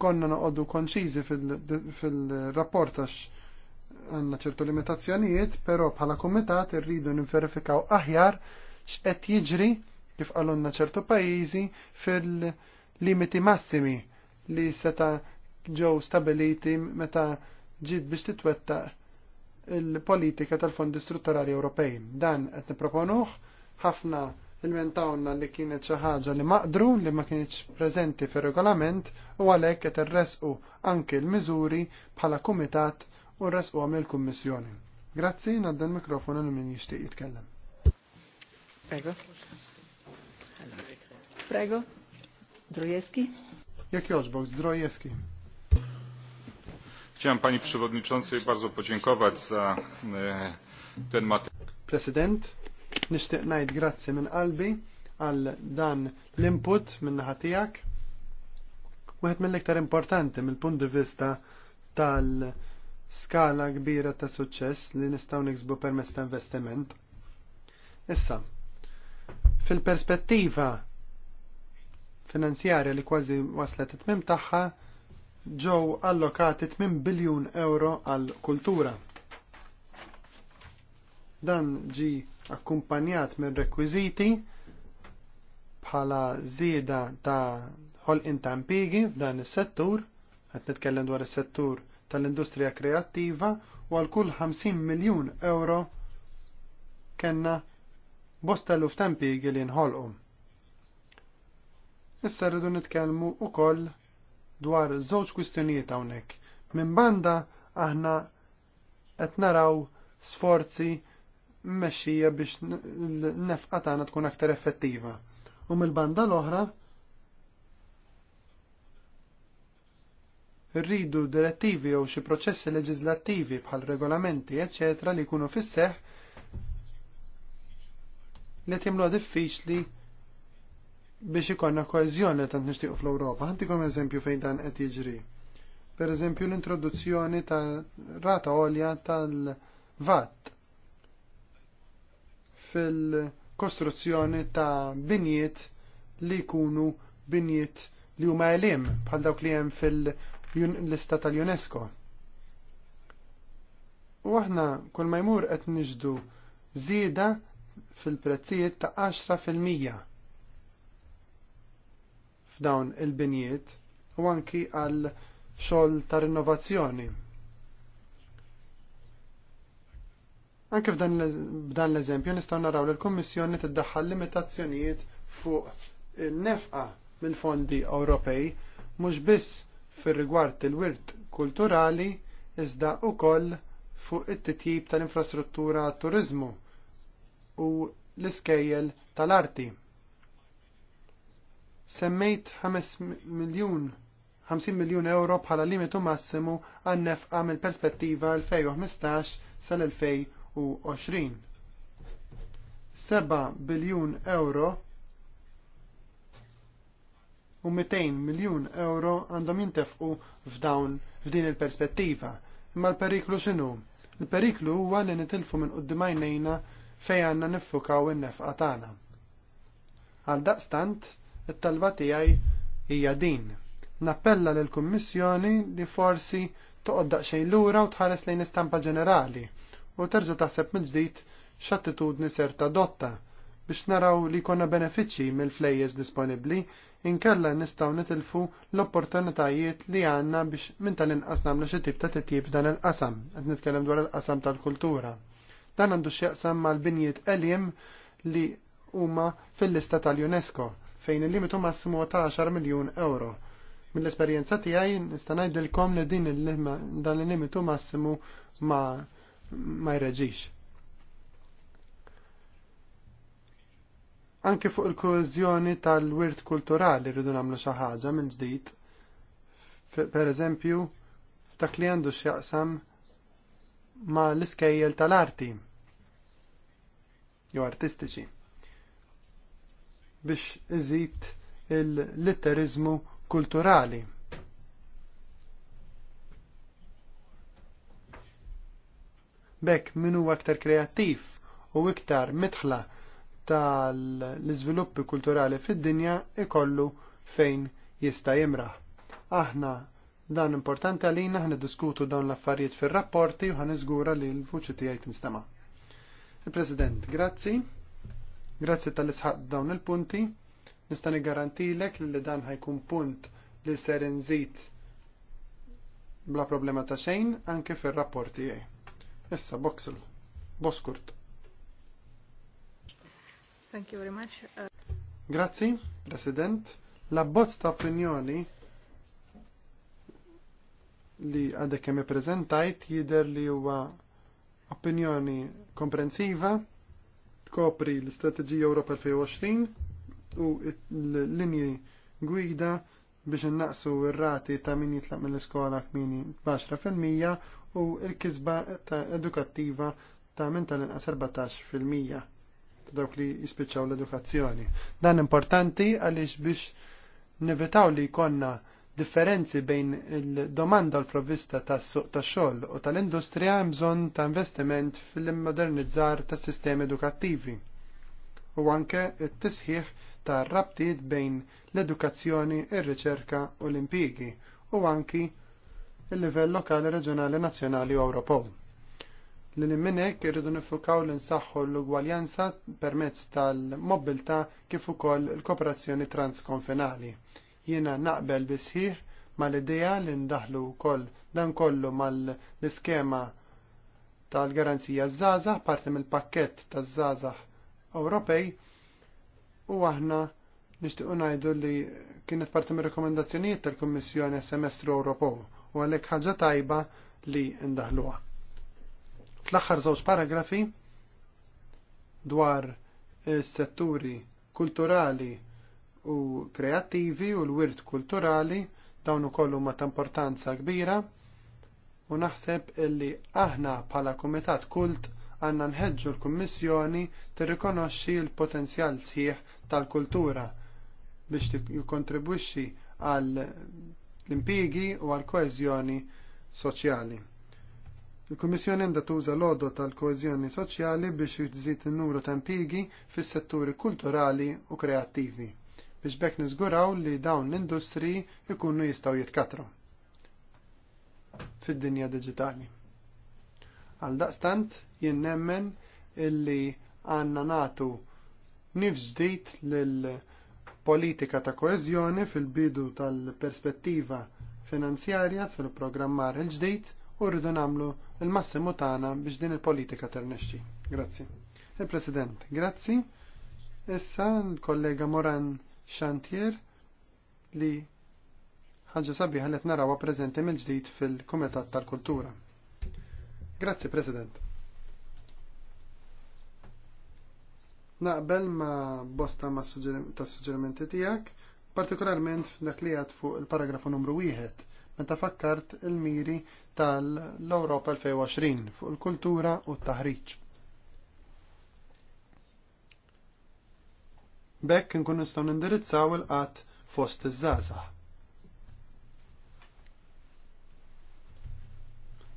konna noqogħdu konċiżi fil-rapport għax għandna ċertu limitazzjonijiet, però bħala kumitat irridu nverifikaw aħjar x'qed jiġri kif qalunna ċertu pajjiżi fil-limiti massimi li seta ġew stabiliti meta ġid biex titwettaq il-politika tal-Fondi Strutturali Ewropej. Dan qed nipproponuh ħafna il-mentawna li kienet xi ħaġa li maqdru li ma kienx preżenti fir-regolament u għalhekk qed irresqu anke l-miżuri bħala kumitat u rresqu għamil kummissjoni. Grazzi, nadda l-mikrofonu li min jixtieq jitkellem. Prego. Prego. Drojewski. Jak jożbok, Drojeski. Chciałem Pani Przewodniczącej bardzo podziękować za e, ten materiał. Prezydent. Nixtieq ngħid grazzi minn qalbi għal dan l-input minn naħa tiegħek. Wieħed mill-iktar importanti mill-punt di vista tal-skala kbira ta' suċċess li nistgħu niksbu permezz ta' investiment. Issa, fil-perspettiva finanzjarja li kważi waslet it-tmim tagħha ġew allokati 8 biljun euro għal kultura. Dan ġi akkumpanjat minn rekwiżiti bħala zieda ta' ħol intampigi f'dan is-settur, qed nitkellem dwar is-settur tal-industrija kreattiva u għal kull 50 miljun euro kenna bostellu f'tempigi li nħolqu. Issa rridu nitkellmu ukoll dwar żewġ kwistjonijiet hawnhekk. Minn banda aħna qed naraw sforzi mmexxija biex n-nefqa tagħna tkun aktar effettiva. U mill-banda l-oħra rridu direttivi jew xi proċessi leġislattivi bħal regolamenti, eċetera, li jkunu fis-seħħ li qed jagħmluha diffiċli biex ikonna koeżjoni li tant nixtiequ fl-Ewropa. Ħantikom eżempju fejn dan qed jiġri. Per eżempju l-introduzzjoni ta' rata għolja tal-VAT fil-kostruzzjoni ta' binjiet li jkunu binjiet li huma elim bħal dawk li hemm fil-lista tal-UNESCO. U aħna kull ma jmur qed niġdu żieda fil-prezzijiet ta' 10% fil-mija f'dawn il-binjiet u anki għal xogħol ta' rinnovazzjoni Anke f'dan l-eżempju nistgħu naraw li l-Kummissjoni tiddaħħal limitazzjonijiet fuq in-nefqa minn fondi Ewropej mhux biss fir-rigward il-wirt kulturali iżda wkoll fuq it-titjib tal-infrastruttura turiżmu u l-iskejjel tal-arti. Semmejt 5 miljun 50 miljun euro bħala limitu massimu għan nefqa mill-perspettiva 2015 sal-2020 20. 7 biljun euro u 200 miljun euro għandhom jintefqu f'dawn f'din il-perspettiva. Imma l-periklu x'inhu? Il-periklu huwa li nitilfu minn quddimajnejna fejn għandna niffukaw in-nefqa tagħna. Għal daqstant, it-talba tiegħi hija din. Nappella lill kummissjoni li forsi toqgħod daqsxejn lura u tħares lejn istampa ġenerali u terġa' taħseb mill-ġdid x'attitudni ser dotta biex naraw li konna benefiċċji mill-flejjes disponibbli inkella nistgħu nitilfu l-opportunitajiet li għandna biex minn tal-inqas nagħmlu xi tip ta' titjib dan il-qasam, qed nitkellem dwar il-qasam tal-kultura. Dan għandu x'jaqsam mal-binjiet qeljem li huma fil-lista tal-UNESCO fejn il-limitu massimu ta' 10 miljun euro. Mill-esperjenza tiegħi nista' ngħidilkom li din il-limitu massimu ma' ma jreġix. Anke fuq il kohezjoni tal-wirt kulturali rridu nagħmlu xi ħaġa minn ġdid. Per eżempju, dak li għandu x'jaqsam ma l-iskejjel tal-arti jew artistiċi biex iżid il-litterizmu kulturali Bekk min aktar kreattiv u iktar mitħla tal-iżviluppi kulturali fid-dinja ikollu fejn jista' jimraħ. Aħna dan importanti għalina ħna diskutu dawn l-affarijiet fir-rapporti u ħaniżgura li l-vuċi tiegħi tinstema'. Il-President, grazzi. Grazzi tal-isħaq dawn il-punti. Nista' garantilek li dan ħajkun punt li ser nżid bla problema ta' xejn anke fir-rapporti tiegħi. Issa, Boxel, Boskurt. Thank you very much. Uh... Grazzi, President. La bozz ta' opinjoni li għadek kemm prezentajt jider li huwa opinjoni komprensiva, kopri l-Strategija Ewropa 2020 u l-linji gwida biex innaqsu r-rati ta' min jitlaq mill-iskola kmini b'10% u l-kisba ta' edukattiva ta' minn tal-inqas 14% ta' dawk li jispiċċaw l-edukazzjoni. Dan importanti għaliex biex nevitaw li jkollna differenzi bejn il-domanda l provvista tas-suq tax-xogħol u tal-industrija hemm bżonn ta' investiment fil-modernizzar tas-sistemi edukattivi u anke t-tisħiħ ta' rabtiet bejn l-edukazzjoni, ir-riċerka u l-impjiegi u anki il-livell lokali, reġjonali, nazzjonali u Ewropew. Lili minnek irridu nifukaw l insaxħu l-ugwaljanza permezz tal-mobilta kif ukoll il-kooperazzjoni transkonfinali. Jiena naqbel bisħiħ mal-idea li ndaħlu wkoll dan kollu mal-iskema tal-garanzija żgħażagħ parti mill-pakkett taż zazah Ewropej u aħna nixtiequ ngħidu li kienet parti mir rekomendazzjonijiet tal-Kummissjoni Semestru Ewropew u għalhekk ħaġa tajba li ndaħluha. Fl-aħħar żewġ paragrafi dwar is-setturi kulturali u kreattivi u l-wirt kulturali dawn ukoll huma ta' importanza kbira u naħseb illi aħna bħala kumitat kult għanna nħedġu l-Kummissjoni tirrikonoxxi l-potenzjal sħiħ tal-kultura biex jikkontribwixxi għal l-impigi u għal koezjoni soċjali. il kommissjoni għandha tuża l-għodu tal-koezjoni soċjali biex tżid in-numru ta' impigi fis-setturi kulturali u kreattivi biex bekk niżguraw li dawn l-industri ikunu jistgħu jitkatru fid-dinja digitali. Għal daqstant jien nemmen illi għanna natu nif ġdid lil politika ta' koezjoni fil-bidu tal-perspettiva finanzjarja fil-programmar il-ġdejt u rridu namlu il-massimu tagħna biex din il-politika ternexxi. Grazzi. Il-President, grazzi. Issa l-kollega Moran Xantier li ħaġa sabiħa li t narawha preżenti mill-ġdid fil-Kumitat tal-Kultura. Grazzi, President. Naqbel ma bosta ma ta' suġġerimenti tijak, partikolarment f'dak li għad fuq il-paragrafu numru 1, meta fakkart il-miri tal-Europa 2020 fuq il-kultura u t-taħriġ. Bekk nkun nistgħu nindirizzaw il-qatt fost iż-żgħażagħ.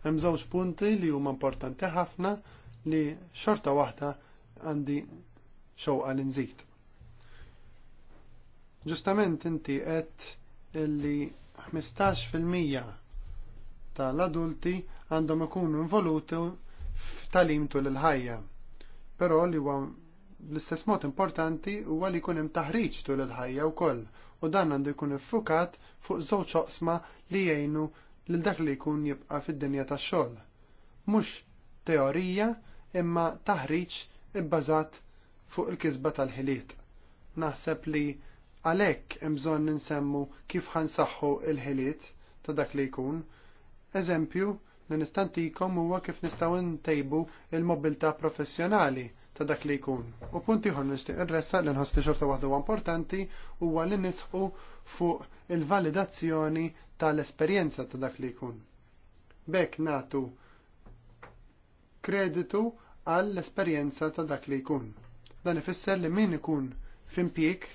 Hemm żewġ punti li huma importanti ħafna li xorta waħda għandi xewqa li nżid. Ġustament inti qed illi 15% tal-adulti għandhom ikunu involuti f'talim tul il-ħajja. Però li huwa l-istess mod importanti huwa li jkun hemm taħriġ tul il-ħajja wkoll u dan għandu jkun iffukat fuq żewġ oqsma li jgħinu lil dak li jkun jibqa' fid-dinja tax-xogħol. Mhux teorija imma taħriġ ibbażat fuq il-kisba tal-ħiliet. Naħseb li għalhekk hemm bżonn ninsemmu kif ħansaħħu il-ħiliet ta' dak li jkun. Eżempju, li nistantikom huwa kif nistgħu ntejbu il mobilta professjonali ta' dak li jkun. U punti nishtiq nixtieq ressa li nħosti xorta waħda importanti huwa li nisħu fuq il-validazzjoni tal-esperjenza ta' dak li jkun. Bek natu kreditu għall-esperjenza ta' dak li jkun. Dan ifisser li min ikun f'impik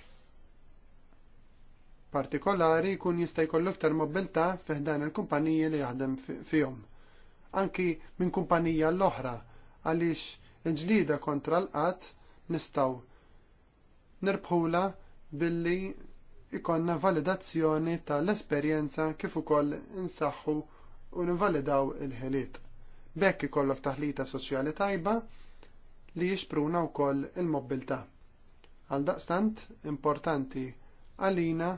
partikolari jkun jista' jkollu iktar mobilità fiħdan il-kumpaniji li jaħdem fihom. Anki minn kumpanija l-oħra għaliex il-ġlida kontra l-qatt nistgħu nirbħula billi ikonna validazzjoni tal-esperjenza kif ukoll insaħħu u nivalidaw il-ħiliet. Bekk ikollok taħlita soċjali tajba li jixpruna wkoll il-mobilità. Għaldaqstant importanti għalina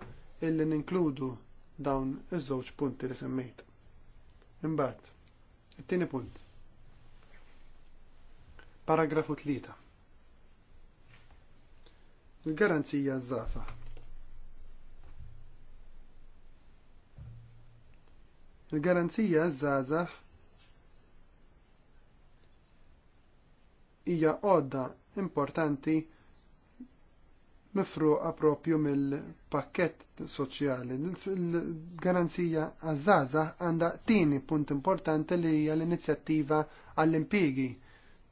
illi ninkludu dawn iż-żewġ punti li semmejt. Imbagħad, it-tieni punt. Paragrafu 3. Il-garanzija żgħażagħ. Il-garanzija żgħażagħ hija għodda importanti mifruqa propju mill-pakket soċjali. Il-garanzija għazzaza għanda tini punt importanti li hija l-inizjattiva għall-impigi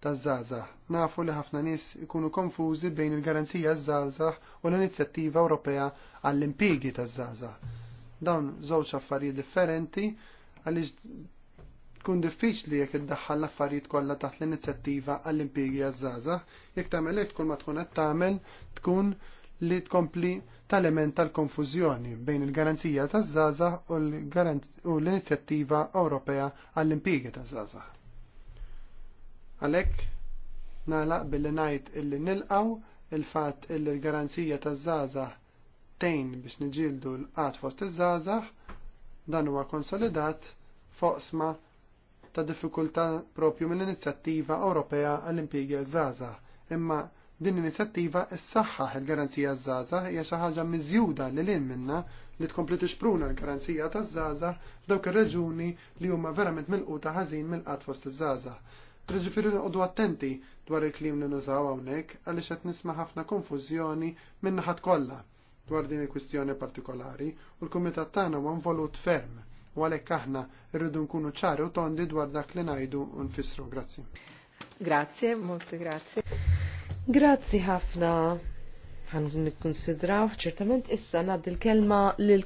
taż-żaza. Nafu li ħafna nies ikunu konfużi bejn il-garanzija għaż-żaza u l-inizjattiva Ewropea għall-impigi taż zaza Dawn żewġ affarijiet differenti għaliex tkun diffiċli jekk iddaħħal l-affarijiet kollha taħt l-inizjattiva għall-impjegi għaż-żgħażagħ jekk tagħmel kull ma tkun qed tagħmel tkun li tkompli tal-element tal-konfużjoni bejn il-garanzija taż-żgħażagħ u l-inizjattiva Ewropea għall-impjegi taż-żgħażagħ. Għalhekk nagħlaq billi ngħid illi nilqaw il-fatt illi l-garanzija taż-żgħażagħ tejn biex niġildu l-qat fost iż-żgħażagħ dan huwa konsolidat foqsma ta' diffikultà propju mill-Inizjattiva Ewropea għall-Impjegi żgħażagħ, imma din l-inizjattiva ssaħħaħ il-garanzija żgħażagħ hija xi ħaġa miżjuda li lil minna li tkompli tixpruna l-garanzija taż-żgħażagħ f'dawk ir-reġuni li huma verament milquta ħażin mill-qatt fost iż-żgħażagħ. Reġifieri noqogħdu attenti dwar il-klim li nużaw hawnhekk għaliex qed nisma' ħafna konfużjoni minn naħat kollha dwar din il-kwistjoni partikolari u l-kumitat tagħna huwa involut ferm u għalhekk aħna rridu nkunu ċaru tondi dwar dak li ngħidu nfissru. Grazzi. Grazie, molti grazzi. Grazzi ħafna għan nikkonsidraw ċertament issa ngħaddi l-kelma l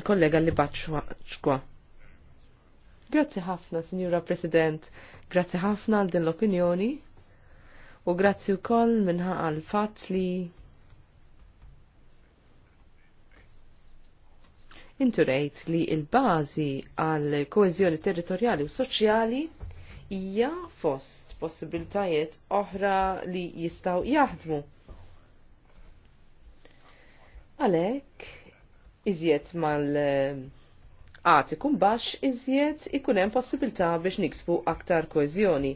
kollega li baċċwa. Grazzi ħafna, Signora President, grazzi ħafna għal din l-opinjoni u grazzi wkoll minnħa għal fatt li Intu li il-bazi għal koezjoni territorjali u soċjali hija fost possibiltajiet oħra li jistaw jaħdmu. Għalek, iżjed mal għat ikun bax, iżjed ikun hemm possibilità biex niksbu aktar koezjoni.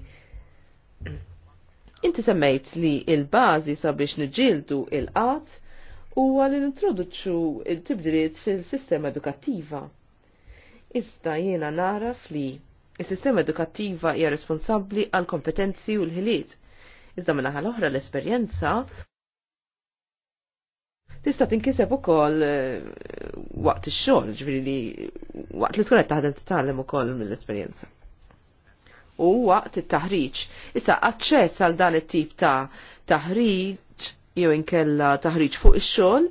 Inti semmejt li il-bażi sabiex niġġieldu il qatt huwa li nintroduċu il-tibdiliet fil-sistema edukattiva. Iżda jiena naraf li il sistema edukattiva hija responsabbli għal kompetenzi u l-ħiliet. Iżda minna ħal oħra l-esperjenza tista' tinkiseb ukoll eh, waqt ix-xogħol, ġifieri li waqt li tkun qed taħdem titgħallem ukoll mill-esperjenza. U waqt it-taħriġ. Issa aċċess għal dan it-tip ta' taħriġ jew inkella taħriġ fuq ix-xogħol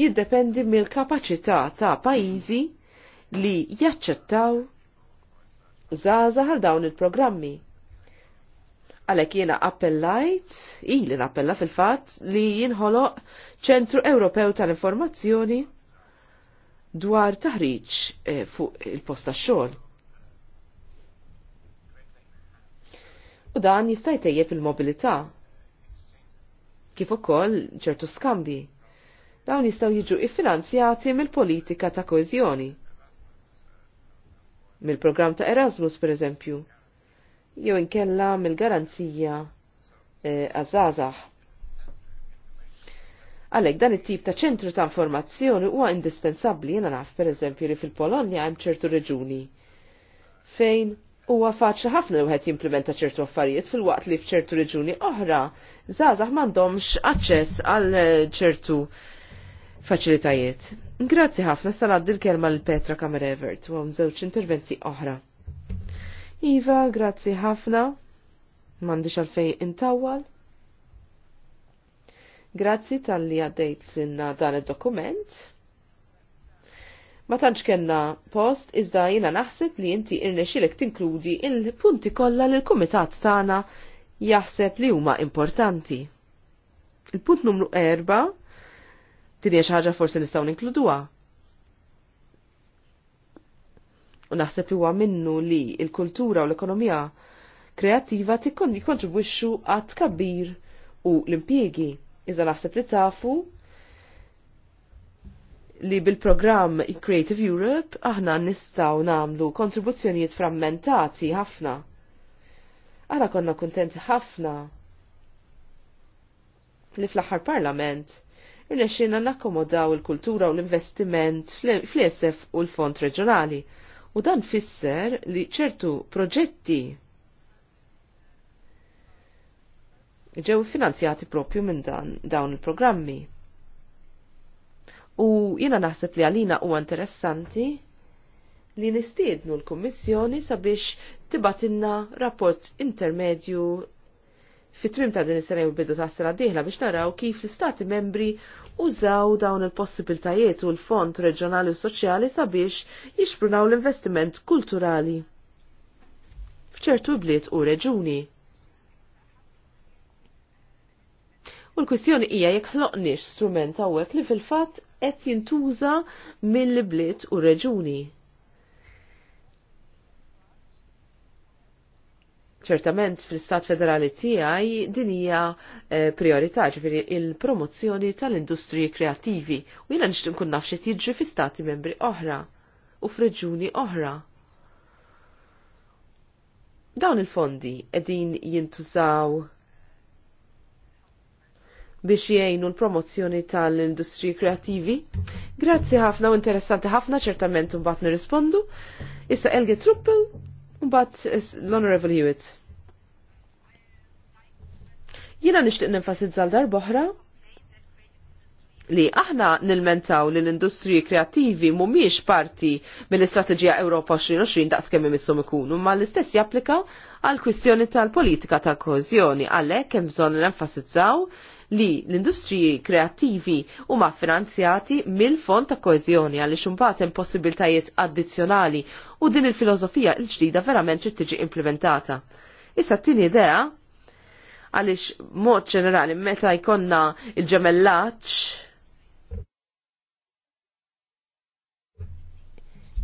jiddependi mill-kapaċità ta' pajjiżi li jaċċettaw żgħażagħ għal dawn il-programmi. Għalhekk jiena appellajt, ili nappella fil-fatt li jinħoloq ċentru Ewropew tal-Informazzjoni dwar taħriġ eh, fuq il-post tax-xogħol. U dan jista' jtejjeb il-mobilità kif ukoll ċertu skambi. Dawn jistgħu jiġu iffinanzjati mill-politika ta' koeżjoni. Mill-programm ta' Erasmus pereżempju. Jew inkella mill-garanzija eh, għażażaħ. Għalek dan it-tip ta' ċentru ta' informazzjoni huwa indispensabbli jena naf pereżempju li fil-Polonja hemm ċertu reġuni fejn huwa faċli ħafna wieħed jimplementa ċertu affarijiet fil-waqt li f'ċertu reġuni oħra zazax mandomx aċċess għal ċertu faċilitajiet. Grazzi ħafna sanad il-kelma l-Petra Kamerevert u għom zewċ interventi oħra. Iva, grazzi ħafna. Mandi għalfej intawal. Grazzi tal-li għaddejt sinna dan il-dokument. Ma tantx kenna post iżda jina naħseb li inti irnexilek tinkludi il-punti kollha l kumitat tagħna jaħseb li huma importanti. Il-punt numru erba' tinja ħaġa forsi nistgħu ninkluduha. U naħseb li huwa minnu li il-kultura u l-ekonomija kreattiva tikkon jikontribwixxu għat kabir u l-impjiegi. Iżda naħseb li tafu li bil-programm Creative Europe aħna nistgħu nagħmlu kontribuzzjonijiet frammentati ħafna Ara konna kuntenti ħafna li fl-aħħar parlament irnexxina nakkomodaw il-kultura u l-investiment fl-ISF u l-fond reġjonali. U dan fisser li ċertu proġetti ġew finanzjati propju minn dan dawn il-programmi. U jiena naħseb li għalina u interessanti li nistiednu l-Kummissjoni sabiex tibatinna rapport intermedju fit-tmim ta' din is-sena u bidu ta' sena diħla biex naraw kif l stati membri użaw dawn il-possibiltajiet u l-fond reġjonali u soċjali sabiex jixprunaw l-investiment kulturali f'ċertu bliet u reġuni. U l-kwistjoni hija jekk ħloqniex strument hawnhekk li fil-fatt qed jintuża mill-bliet u reġuni. ċertament fl-Istat Federali tiegħi din hija eh, priorità ġifieri il-promozzjoni tal-industriji kreattivi u jiena nixtieq nkun naf xi jiġri fi stati membri oħra u f'reġuni oħra. Dawn il-fondi qegħdin jintużaw biex jgħinu l-promozzjoni tal-industri kreativi. Grazzi ħafna u interessanti ħafna ċertament un bat nirrispondu. Issa Elge Truppel Mbatt, l-Honorable Hewitt. Jiena nixtieq nenfasizza l boħra li aħna nilmentaw li l-industriji kreattivi mhumiex parti mill-Istrateġija Ewropa 2020 kemmi imissum ikunu, ma l-istess japplika għal kwistjoni tal-politika tal koeżjoni għalhekk hemm bżonn nenfasizzaw li l-industriji kreattivi huma finanzjati mill-fond ta' koezjoni għalli xumbat hemm possibiltajiet addizzjonali u din il-filosofija l-ġdida verament trid tiġi implementata. Issa t-tieni idea għaliex mod ġenerali meta jkonna il-ġemellaċ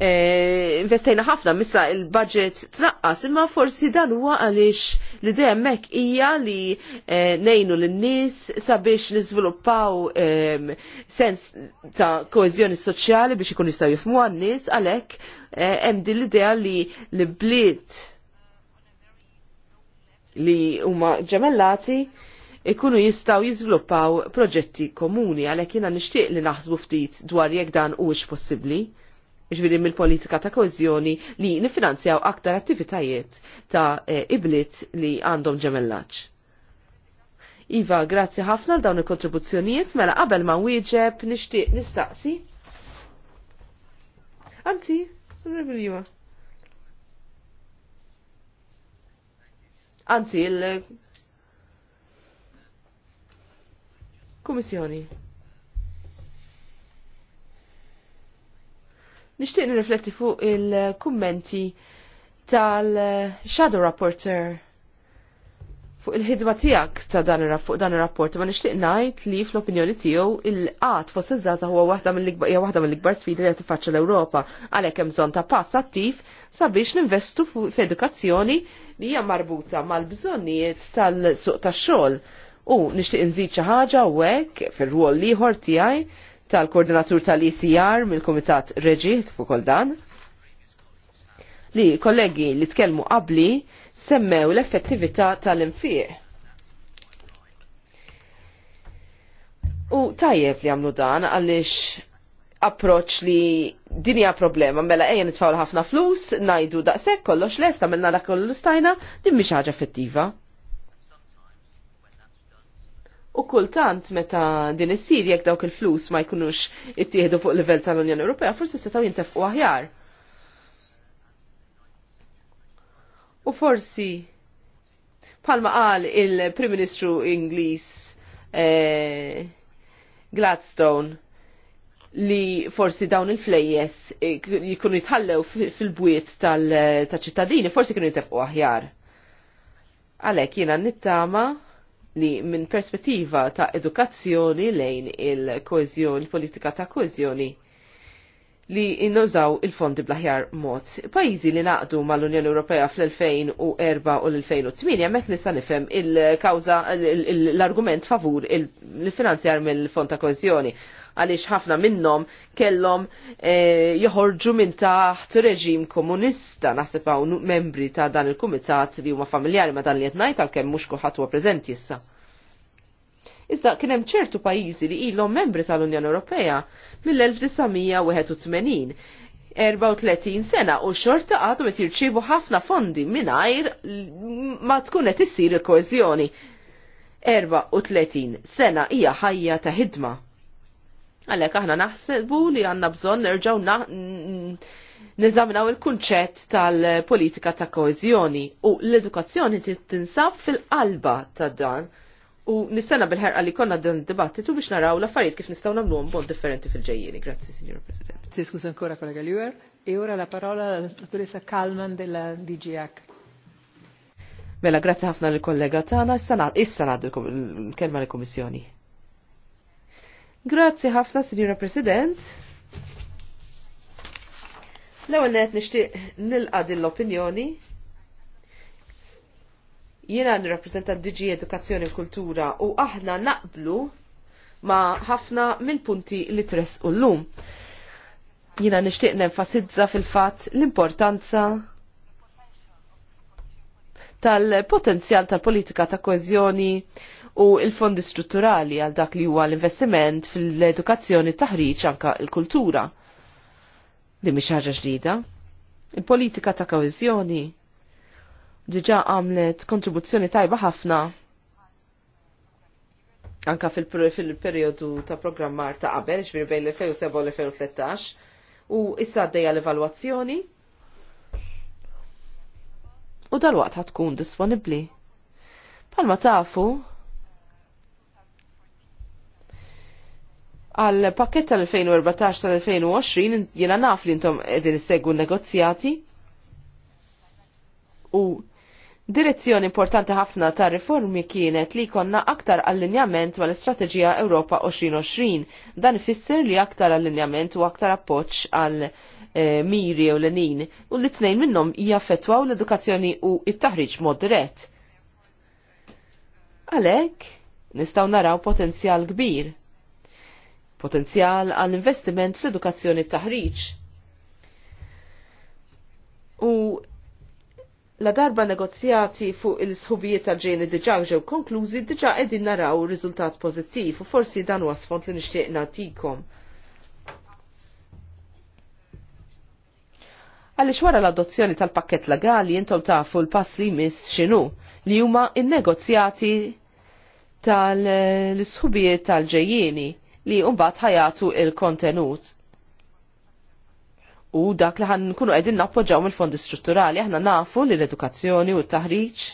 E, investejna ħafna missa il-budget tnaqqas, imma forsi dan huwa għaliex l-idea hemmhekk hija li e, nejnu lin-nies sabiex niżviluppaw e, sens ta' koeżjoni soċjali biex ikun jistgħu jifhmu għan-nies għalhekk hemm din l-idea li l-bliet li huma ġemellati ikunu jistaw jiżviluppaw proġetti komuni għalhekk jiena nixtieq li naħsbu ftit dwar jekk dan huwiex possibbli ġviri mill-politika ta' kozjoni li nifinanzjaw aktar attivitajiet ta' eh, iblit li għandhom ġemellaċ. Iva, grazzi ħafna l-dawn il-kontribuzzjonijiet, mela qabel ma' wieġeb nixtieq nistaqsi. Anzi, rivjua. Anzi, il-Kummissjoni. Nixtieq nirrifletti fuq il-kummenti tal-Shadow Rapporteur fuq il-ħidma tiegħek ta' dan fuq dan ir-rapport ma nixtieq ngħid li fl-opinjoni tiegħu il qat fost iż-żgħażagħ huwa waħda mill-ikbar hija wahda mill-ikbar sfidi li tiffaċċa l-Ewropa għalhekk hemm bżonn ta' pass attiv sabiex ninvestu f'edukazzjoni li hija marbuta mal-bżonnijiet tal-suq tax-xogħol u nixtieq nżid xi ħaġa u hekk fir-rwol ieħor tiegħi tal-koordinatur tal ecr mill-Kumitat Reġi kif ukoll dan li kollegi li tkellmu qabli semmew l-effettività tal-infieq. U tajjeb li għamlu dan għaliex approċ li dinja problema mela ejja nitfawla ħafna flus, najdu daqshekk kollox lest tagħmilna dak kollu stajna, din mhix ħaġa effettiva. U kultant meta din issir jekk dawk il-flus ma jkunux ittieħdu fuq livell tal-Unjoni Ewropea, forsi setgħu jintefqu aħjar. U forsi palma qal il-Prim Ministru Ingliż eh, Gladstone li forsi dawn il-flejjes eh, jkunu jitħallew fil-bwiet tal-ċittadini, forsi kienu jintefqu aħjar. Għalhekk jiena nittama' li minn perspettiva ta' edukazzjoni lejn il-koezjoni, politika ta' koezjoni li innużaw il-fondi blaħjar mod. Pajizi li naqdu mal-Unjoni Ewropea fl-2004 u l-2008 mek nista' nifhem il-kawża l-argument favur il-finanzjar mill-fond ta' koezjoni għaliex ħafna minnhom kellhom e, joħorġu minn taħt reġim komunista naħseb hawn membri ta' dan il-kumitat li huma familjari ma' dan li qed ngħid għalkemm mhux kulħadd huwa preżenti issa. Iżda kien hemm ċertu pajjiżi li ilhom membri tal-Unjoni Ewropea mill-1981 34 sena u xorta għadu qed jirċievu ħafna fondi mingħajr ma tkun qed issir il koezjoni 34 sena hija ħajja ta' ħidma. Għalek aħna naħsebu li għanna bżon nerġaw nizaminaw il-kunċett tal-politika ta' koezjoni u l-edukazzjoni tinsab fil-qalba ta' dan. U nistenna bil-ħerqa li konna dan dibattitu biex naraw l-affarijiet kif nistgħu nagħmluhom b'mod differenti fil-ġejjieni. Grazzi, Signor President. Tiskus ancora kollega Liwer. E ora la parola alla dottoressa Kalman della DGAC. Mela, grazie ħafna lill kollega tagħna, issa ngħaddu l-kelma lill-Kummissjoni. Grazzi ħafna, Sinjura President. L-ewwel qed nixtieq nilqa' din l-opinjoni. Jiena nirrappreżenta DG Edukazzjoni u Kultura u aħna naqblu ma' ħafna mill-punti li tres u llum. Jiena nixtieq nenfasizza fil-fatt l-importanza tal-potenzjal tal-politika ta' koeżjoni u il-fondi strutturali għal dak li huwa l-investiment fil-edukazzjoni taħriġ anka l-kultura. Li mhix ħaġa ġdida. Il-politika ta' kawizjoni diġa għamlet kontribuzzjoni tajba ħafna anka fil-periodu fil ta' programmar ta' qabel, ġviri bejn l-2007 u l-2013, u issa għaddeja l-evaluazzjoni u dal-waqt ħatkun disponibli. Palma tafu, għal pakket tal-2014 tal-2020 jena naf li intom edin segu negozjati u Direzzjoni importanti ħafna ta' riformi kienet li konna aktar allinjament mal istrateġija Ewropa 2020. Dan ifisser li aktar allinjament u aktar appoġġ għal eh, miri u l nin u li tnejn minnhom jaffetwaw l-edukazzjoni u it-taħriġ mod dirett. Għalhekk nistgħu naraw potenzjal kbir potenzjal għall investiment fl-edukazzjoni taħriġ. U la darba negozjati fuq il-sħubijiet tal ġeni diġa ġew konklużi diġa qegħdin naraw riżultat pożittiv u forsi dan huwa sfond li nixtieq nagħtikom. Għaliex wara l-adozzjoni tal-pakket legali intom tafu l-pass li jmiss x'inhu li huma in-negozjati tal-sħubijiet tal-ġejjieni li umbat ħajatu il-kontenut. U dak li ħan nkunu għedin nappoġġaw mill-fondi strutturali, aħna nafu li l-edukazzjoni u t-taħriġ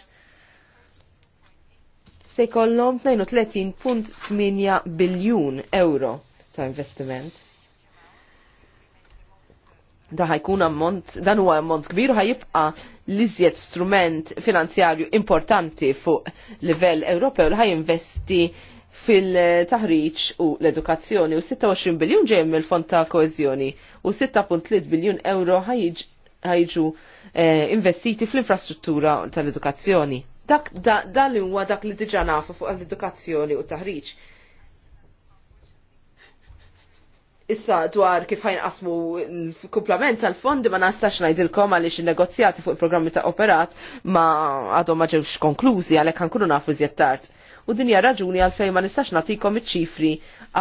se jkollhom 32.8 biljun euro ta' investiment. Da ħajkun ammont, dan huwa ammont kbir u ħajibqa l strument finanzjarju importanti fuq livell Ewropew li ħajinvesti investi fil-taħriġ u l-edukazzjoni u 26 biljun ġej mill-fond ta' koezjoni u 6.3 biljun euro ħajġu eh, investiti fl-infrastruttura tal-edukazzjoni. Dak da, da li huwa dak li diġa nafu fuq l-edukazzjoni u taħriċ. Issa dwar kif ħajnqasmu l-kumplament tal-fondi ma nastax ngħidilkom għaliex in-negozjati fuq il-programmi ta' operat ma għadhom ma ġewx konklużi għalhekk ħankunu nafu iżjed tard u din hija raġuni għalfejn ma nistax nagħtikom iċ-ċifri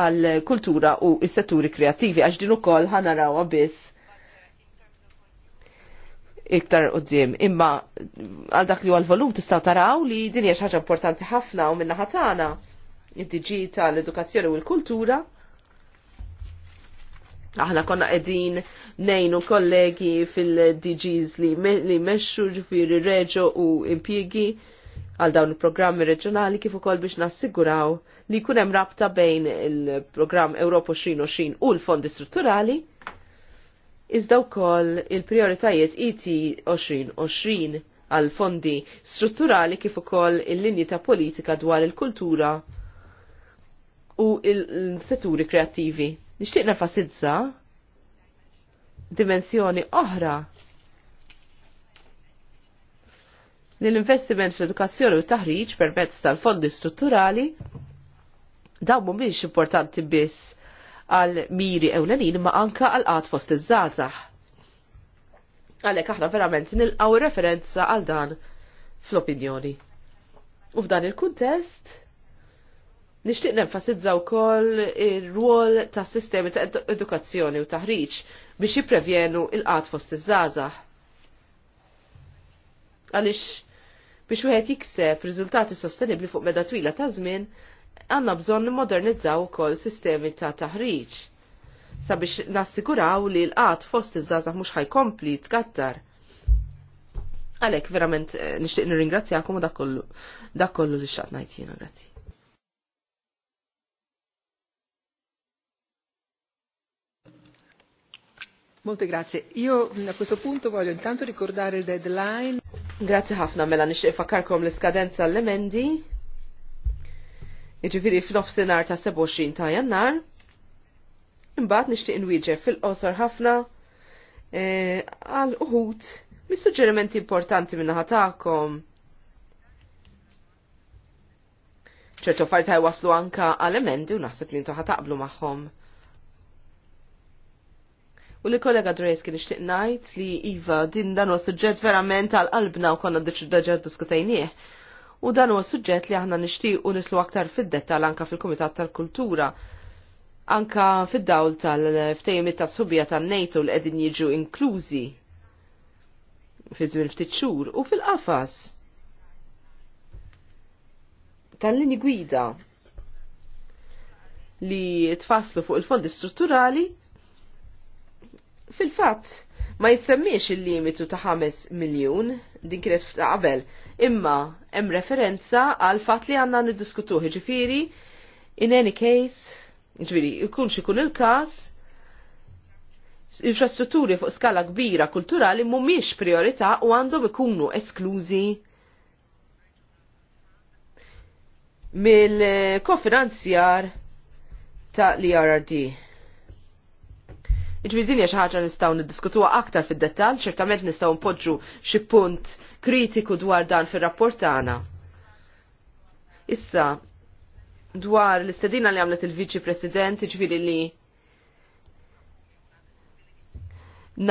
għal kultura u s-setturi kreattivi għax din ukoll ħanaraw biss iktar qudiem. Imma għal dak li għal volum tistgħu taraw li din hija xi ħaġa importanti ħafna u minna ħatana id-diġi tal-edukazzjoni u l-kultura aħna konna edin nejnu kollegi fil-DGs li, me, ġifieri reġgħu ġifiri reġo u impiegi għal dawn il-programmi reġjonali kif ukoll biex nassiguraw li jkun hemm rabta bejn il-programm Europa 2020 u l-fondi strutturali iżda wkoll il-prioritajiet IT e 2020 għal fondi strutturali kif ukoll il-linji ta' politika dwar il-kultura u il-setturi kreattivi. Nixtieq nefasizza dimensjoni oħra li l-investiment fl-edukazzjoni u taħriġ permezz tal-fondi strutturali dawn mhumiex importanti biss għal miri ewlenin ma anka għal qatt fost iż-żgħażagħ. Għalhekk aħna verament nilqgħu referenza għal dan fl-opinjoni. U f'dan il-kuntest nixtieq nenfasizza wkoll ir-rwol tas sistemi ta' edukazzjoni u taħriġ biex jipprevjenu il-qatt fost iż-żgħażagħ. Għaliex Biex wieħed jikseb riżultati sostenibbli fuq meda twila ta' żmien, għandna bżonn nimmodernizzaw ukoll sistemi ta' taħriġ sabiex nassiguraw li l-qat fost iż-żgħażagħ mhux ħajkompli tkattar. Għalek, verament, eh, nishtiq nirringrazzjakom u dakollu, dakollu li xaqt ngħid jiena grazzi. Molte grazie. Io a questo punto voglio intanto ricordare il deadline. Grazzi ħafna mela nixtieq fakkarkom l-iskadenza l-emendi. Jiġifieri f'nofsinhar ta' 27 ta' Jannar. Imbagħad nixtieq inwieġeb fil-qosor ħafna eh, għal uħud mis-suġġerimenti importanti minn tagħkom. ċertu affarijiet waslu anka għal emendi u naħseb li intu ħataqblu magħhom. U li kollega Drejs kien ixtiq ngħid li iva din dan huwa suġġett verament għal qalbna u konna deġa diskutejnieh. U dan huwa suġġett li aħna nixtiequ nislu aktar fid dettall anka fil-Kumitat tal-Kultura anka fid-dawl tal-ftejmit ta' subja tan nejtu li qegħdin jiġu inklużi fi żmien ftit xhur u fil-qafas tal-lini gwida li tfasslu fuq il-fondi strutturali fil-fatt ma jissemmiex il-limitu ta' 5 miljun, din kienet f'ta' qabel, imma hemm referenza għal fatt li għandna niddiskutuh, ġifiri, in any case, ġifiri, ikun xikun il-kas, infrastrutturi fuq skala kbira kulturali mumiex priorità u għandhom ikunu esklużi mill-kofinanzjar ta' l irrd Ġviri dinja xaħġa nistaw niddiskutuwa aktar fid-dettal, ċertament nistaw npoġġu xi punt kritiku dwar dan fir-rapport tagħna. Issa, dwar l-istedina li għamlet il-Viċi President, ġviri li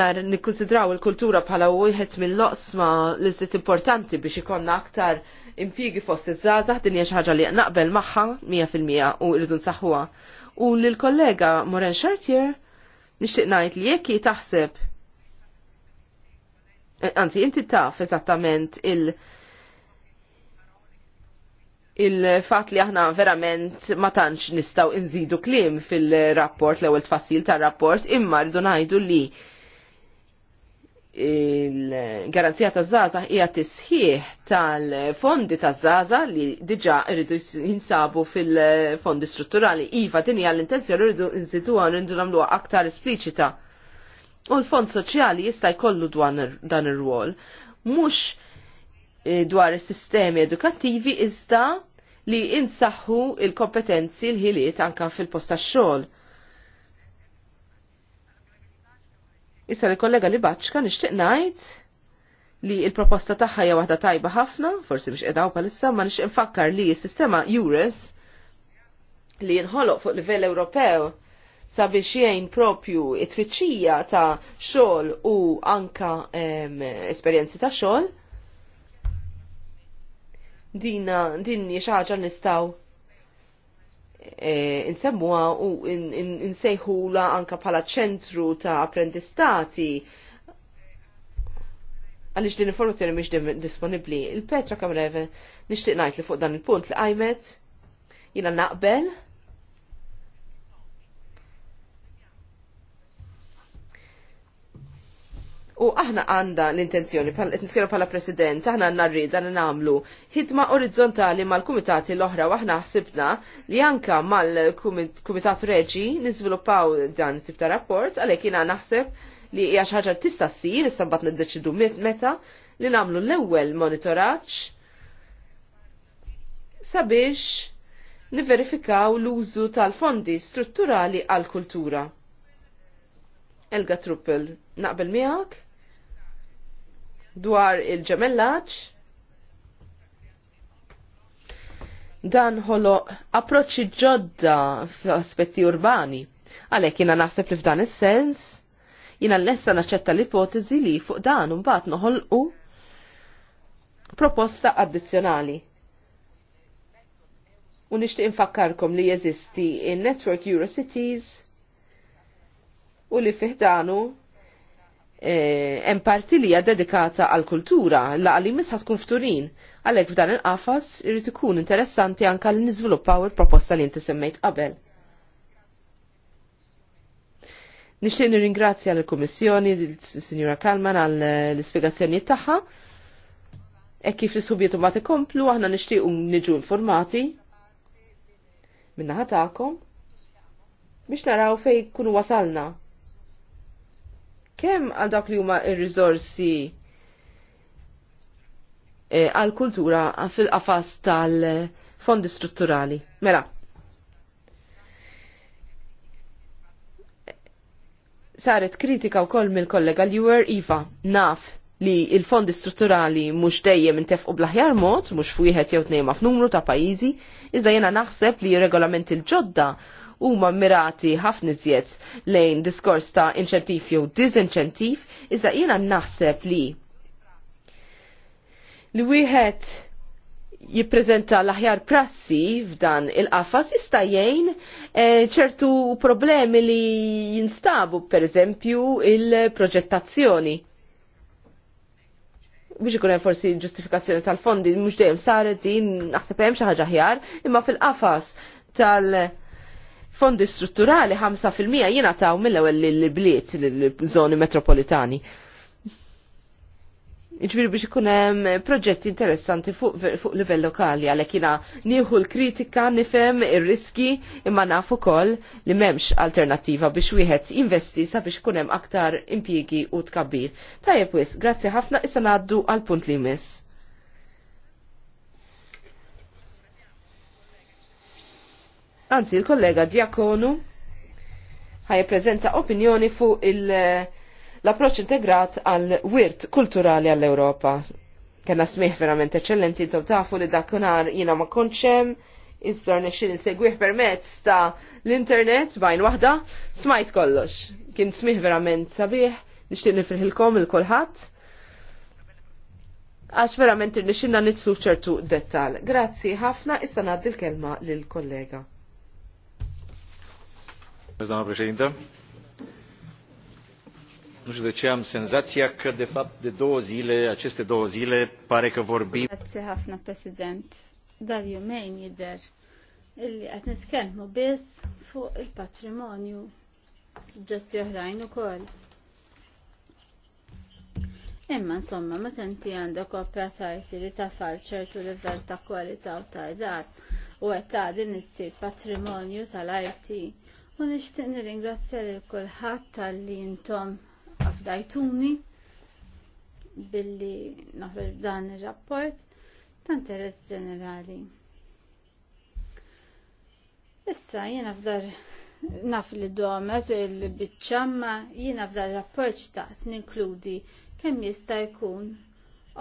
nar nikkonsidraw il-kultura bħala wieħed mill-loqsma li istit importanti biex ikonna aktar impjiegi fost iż-żgħażagħ dinja xaħġa xi ħaġa li naqbel magħha 100% u rridu nsaħħuha. U lill kollega Moren Chartier nixtieq ngħid li jekk taħseb eh, Anzi, inti taf eżattament il- il-fat li aħna verament ma tantx nistaw inżidu klim fil-rapport l ewwel tfassil tar-rapport imma rridu ngħidu li il-garanzija ta' zaza hija tisħiħ tal-fondi ta' zaza li diġa rridu jinsabu fil-fondi strutturali. Iva din hija l-intenzjoni rridu nżidu għan rridu nagħmluha aktar espliċita. U l-fond soċjali jista' jkollu dan ir-rwol. Mhux e, dwar is-sistemi edukattivi iżda li insaħħu il-kompetenzi l-ħiliet anka fil-posta xogħol Issa li kollega li baċka nixtieq ngħid li il-proposta tagħha hija waħda tajba ħafna, forsi mhux edaw palissa, ma nix nfakkar li s-sistema URES li jinħolo fuq livell Ewropew sabiex jgħin propju it-tfittxija ta' xogħol u anka esperjenzi ta' xogħol. Dina, din xi ħaġa nistgħu Eh, insemmuha u insejħula anka bħala ċentru ta' apprendistati għaliex din informazzjoni mhix disponibbli. Il-Petra Kamreve nixtieq ngħid li fuq dan il-punt li qajmet jiena naqbel U aħna għanda l-intenzjoni, niskera pala president, aħna għanna dan li namlu hitma orizzontali mal-kumitati l-oħra u aħna ħsibna li anka mal-kumitat reġi nizviluppaw dan tip ta' rapport, għalek jina naħseb li hija xi ħaġa tista' ssir, sambat mbagħad niddeċidu meta li namlu l-ewwel monitoraċ sabiex niverifikaw l-użu tal-fondi strutturali għal-kultura. Elga Truppel, naqbel miegħek? dwar il-ġemellaċ. Dan ħolo approċċi ġodda f'aspetti urbani. Għalhekk jiena naħseb li f'dan is-sens jiena l-essa naċċetta l-ipotezi li fuq dan mbagħad noħolqu proposta addizzjonali u nixtieq infakkarkom li jeżisti in Network Eurocities u li fiħdanu E, hemm parti li hija dedikata għal kultura la għalli misħa tkun fturin. Għalhekk f'dan il-qafas irid ikun interessanti anke li niżviluppaw il-proposta li inti semmejt qabel. Nixtieq nirringrazzja l-Kummissjoni, l-Sinjura Kalman għal l-ispjegazzjonijiet tagħha. E kif l-subjetu ma tikomplu, aħna nixtiequ niġu informati minna ħatakom biex naraw fej kunu wasalna kemm għal dak li huma ir-riżorsi eh, għal kultura fil-qafas tal-fondi strutturali. Mela. Saret kritika wkoll mill-kollega Lewer Iva, naf li il-fondi strutturali mhux dejjem intefqu blaħjar mod, mhux f'wieħed jew tnejma f'numru ta' pajjiżi, iżda jiena naħseb li regolament il-ġodda huma mirati ħafna iżjed lejn diskors ta' inċentiv jew diżinċentiv, iżda jiena naħseb li li wieħed jippreżenta l-aħjar prassi f'dan il-qafas jista' jgħin eh, ċertu problemi li jinstabu pereżempju il-proġettazzjoni. Biex ikun hemm forsi ġustifikazzjoni tal-fondi mhux dejjem saret din naħseb hemm xi ħaġa aħjar, imma fil-qafas tal- fondi strutturali 5% jina taw mill-ewel l-bliet l-żoni metropolitani. Iġbiri biex ikun hemm proġetti interessanti fuq, fu livell lokali għalhekk jina nieħu l-kritika nifhem ir-riski imma naf ukoll li m'hemmx alternattiva biex wieħed investi sabiex ikun hemm aktar impjiegi u tkabbir. Tajjeb wis, grazzi ħafna issa ngħaddu għal punt li jmiss. anzi il-kollega Diakonu ħaj prezenta opinjoni fuq l-approċ integrat għal wirt kulturali għall-Europa. Kena smih verament eccellenti, intom tafu li dakunar jina ma konċem, iżdar nexxin insegwih permezz ta' l-internet bajn waħda, smajt kollox. Kien smih verament sabiħ, nixtieq nifriħilkom il kolħat Għax verament irnexxinna nitlu ċertu dettal. Grazzi ħafna, issa ngħaddi l-kelma lill kollega Doamna președintă, nu știu de ce am senzația că, de fapt, de două zile, aceste două zile, pare că vorbim... Grazie, Hafna, President. Dar eu mei nider illi qed nitkellmu biss fuq il-patrimonju suġġetti oħrajn ukoll. Imma insomma, ma tenti għandek operatajti li tasal ċertu livell ta' kwalità u ta' dar u qed din issir patrimonju tal-IT U nixtieq nirringrazzja lil kulħadd tal-li intom affdajtuni billi noħroġ dan ir-rapport ta' interess ġenerali. Issa jiena f'dar naf li domet il-biċċamma jiena f'dar rapport xtaqt ninkludi kemm jista' jkun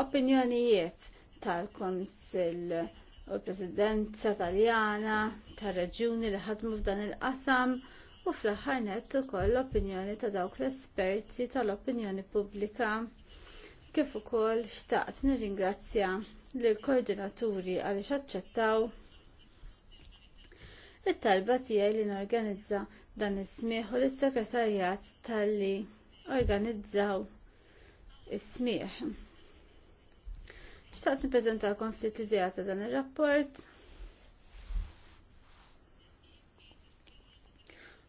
opinjonijiet tal-Konsil u l-Presidenza Taljana tar-Reġjuni li ħadmu f'dan il-qasam u fl-aħħar nett ukoll l-opinjoni ta' dawk l-esperti tal-opinjoni pubblika kif ukoll xtaqt nirringrazzja lill koordinaturi għaliex aċċettaw it-talba tiegħi li norganizza dan is-smieħ u l-Sekretarjat tal-li organizzaw is-smieħ. Xtaqt niprezentalkom l idea ta' dan ir-rapport.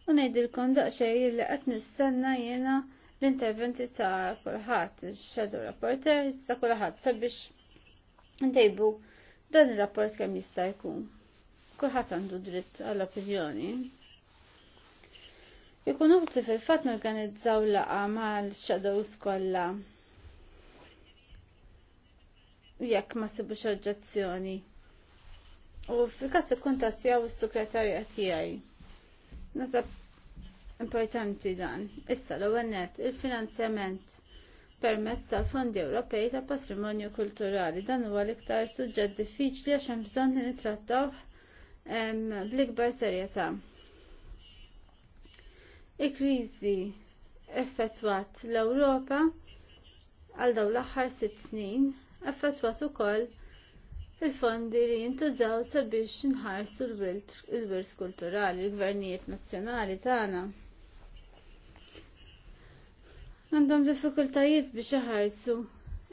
U ngħidilkom daqsxejn li qed nistenna jiena l-interventi ta' kulħadd, ix-shadow rapporters ta' kulħadd sabiex ntejbu dan ir-rapport kemm jista' jkun. Kulħadd għandu dritt għall-opinjoni. Ikun utli fil-fatt norganizzaw laqa mal-shadows kollha jekk ma sibux oġġezzjoni. U fil-kas ikkuntattjaw is-sekretarja tiegħi. Nasab importanti dan. Issa l-ewwel il-finanzjament permezz tal-Fondi Ewropej ta' Patrimonju Kulturali. Dan huwa l-iktar suġġett diffiċli għax hemm bżonn li nittrattaw bl-ikbar serjetà. Il-kriżi effettwat l-Ewropa għal dawn l-aħħar sitt snin affaswas ukoll il-fondi li jintużaw sabiex nħarsu l-wirt kulturali, l-gvernijiet nazzjonali tagħna. Għandhom diffikultajiet biex iħarsu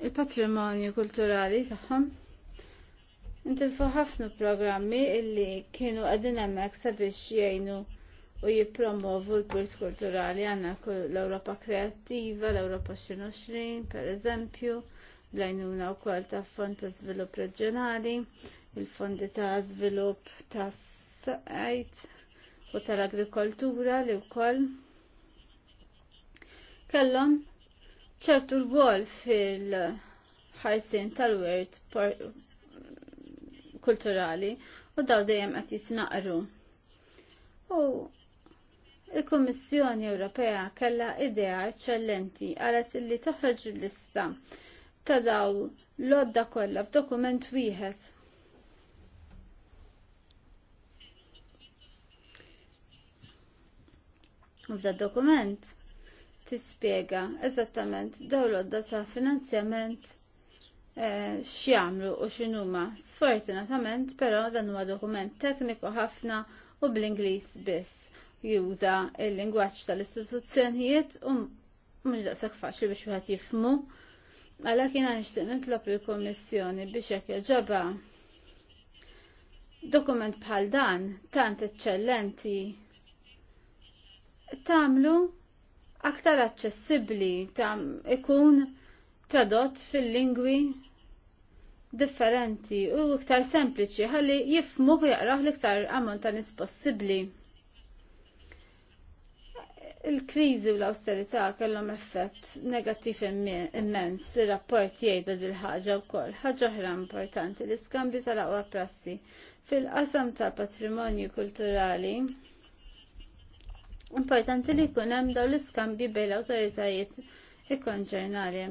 il-patrimonju kulturali tagħhom. Intilfu ħafna programmi illi kienu qegħdin hemmhekk sabiex jgħinu u jippromovu l wirs kulturali għandna l-Ewropa Kreattiva, l-Ewropa 2020, per eżempju blajnuna u kol ta' fond ta' svilup reġjonali, il-fondi ta' svilup ta' sajt u tal-agrikoltura li u kol kellhom ċertu rwol fil-ħarsin tal wirt kulturali u daw dejjem qed jisnaqru. U il-Kummissjoni Ewropea kellha idea eċċellenti għalet illi toħroġ lista ta' daw l-odda kollha f'dokument wieħed. U f'da dokument tispjega eżattament daw l-odda ta' finanzjament eh, x'jamlu u x'inhuma. Sfortunatament però dan huwa dokument tekniku ħafna u bl-Ingliż biss juża l-lingwaġġ tal-istituzzjonijiet u mhux daqshekk faċli biex wieħed jifhmu. Għala kiena nishtiq nitlob il-Komissjoni biex jekk jaġaba dokument bħal dan tant eccellenti tamlu aktar aċċessibbli tam ikun tradott fil-lingwi differenti u iktar sempliċi ħalli jifmu jaqraħ l-iktar ammont ta' nies possibbli il-krizi u l-austerità kellhom effett negattiv immens. Ir-rapport jgħidha dil ħaġa wkoll. Ħaġa oħra importanti l-iskambju tal-aqwa prassi fil-qasam ta' patrimonju kulturali. Importanti li jkun hemm dawn l-iskambji bejn l-awtoritajiet ikkonċernali.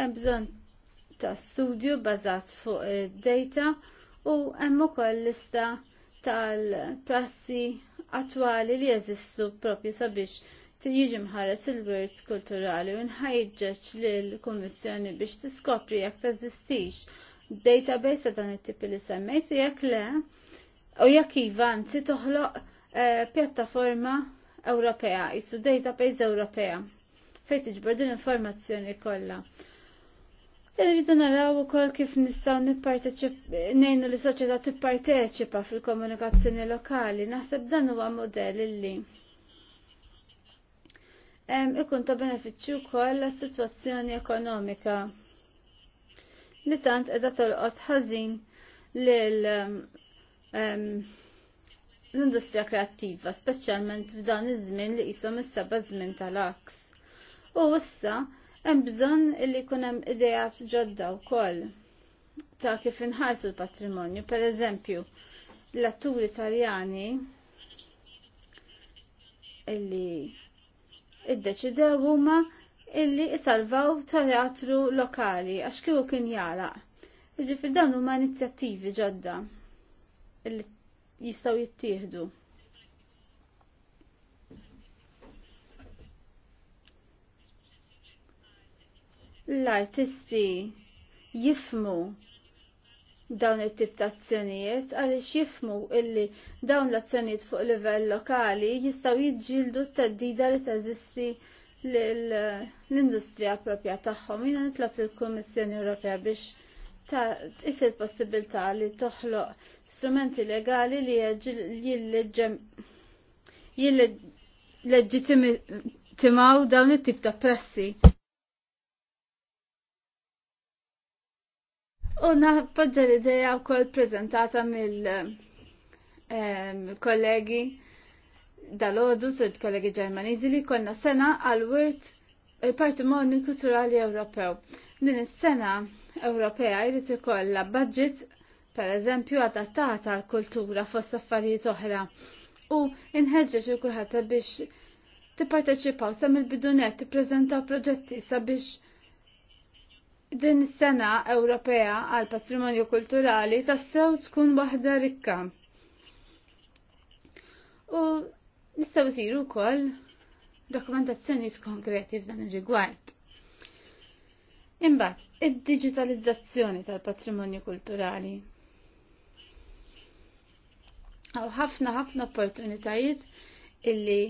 Hemm bżonn ta' studju bażat fuq id-data u hemm ukoll lista' tal-prassi attwali li jeżistu propju sabiex jiġi mħares il-wirt kulturali u nħajġeċ l-Kommissjoni biex tiskopri jekk teżistix database ta' dan it-tip li semmejt u jekk le u jekk iva anzi toħloq eh, pjattaforma Ewropea, jisu database Ewropea fejn tiġbor din informazzjoni kollha. Irridu naraw ukoll kif nistgħu ngħinu li soċjetà tipparteċipa fil-komunikazzjoni lokali. Naħseb dan huwa modell illi ikun ta' benefiċċju wkoll għas-sitwazzjoni ekonomika li tant qiegħda tolqot ħażin lil l-industrija kreattiva, speċjalment f'dan iż-żmien li qishom is-seba' żmien tal-aks. U issa hemm bżonn li jkun hemm idejat ġodda wkoll ta' kif inħarsu l-patrimonju. Per eżempju, l-atturi italjani illi iddeċidew huma illi isalvaw teatru lokali għax kieku kien jaraq. Ġifir dawn huma inizjattivi ġodda illi jistgħu jittieħdu. l-artisti jifmu dawn it-tip ta' azzjonijiet għaliex jifmu illi dawn l-azzjonijiet fuq livell lokali jistgħu jiġġieldu t-teddida li teżisti l-industrija propja tagħhom. Jiena nitlob lill-Kummissjoni Ewropea biex isir possibilità li toħloq strumenti legali li jilleġġitimaw dawn it-tip ta' pressi. U poġġa l-ideja u koll prezentata mill-kollegi ehm, dal-ħodu, sirt kollegi ġermanizi li konna sena għal-wirt il-Partimoni Kulturali Ewropew. Din is-sena Ewropea jrid ikollha budget per eżempju adattata għal kultura fost affarijiet oħra u inħeġġa xi kulħadd biex tipparteċipaw sa mill-bidunet tippreżentaw proġetti sabiex din is-sena Ewropea għal patrimonju kulturali tassew tkun waħda rikka. U nistgħu siru wkoll dokumentazzjoni konkreti f'dan ir-rigward. Imbagħad, id-digitalizzazzjoni tal-patrimonju kulturali. Għaw ħafna ħafna opportunitajiet illi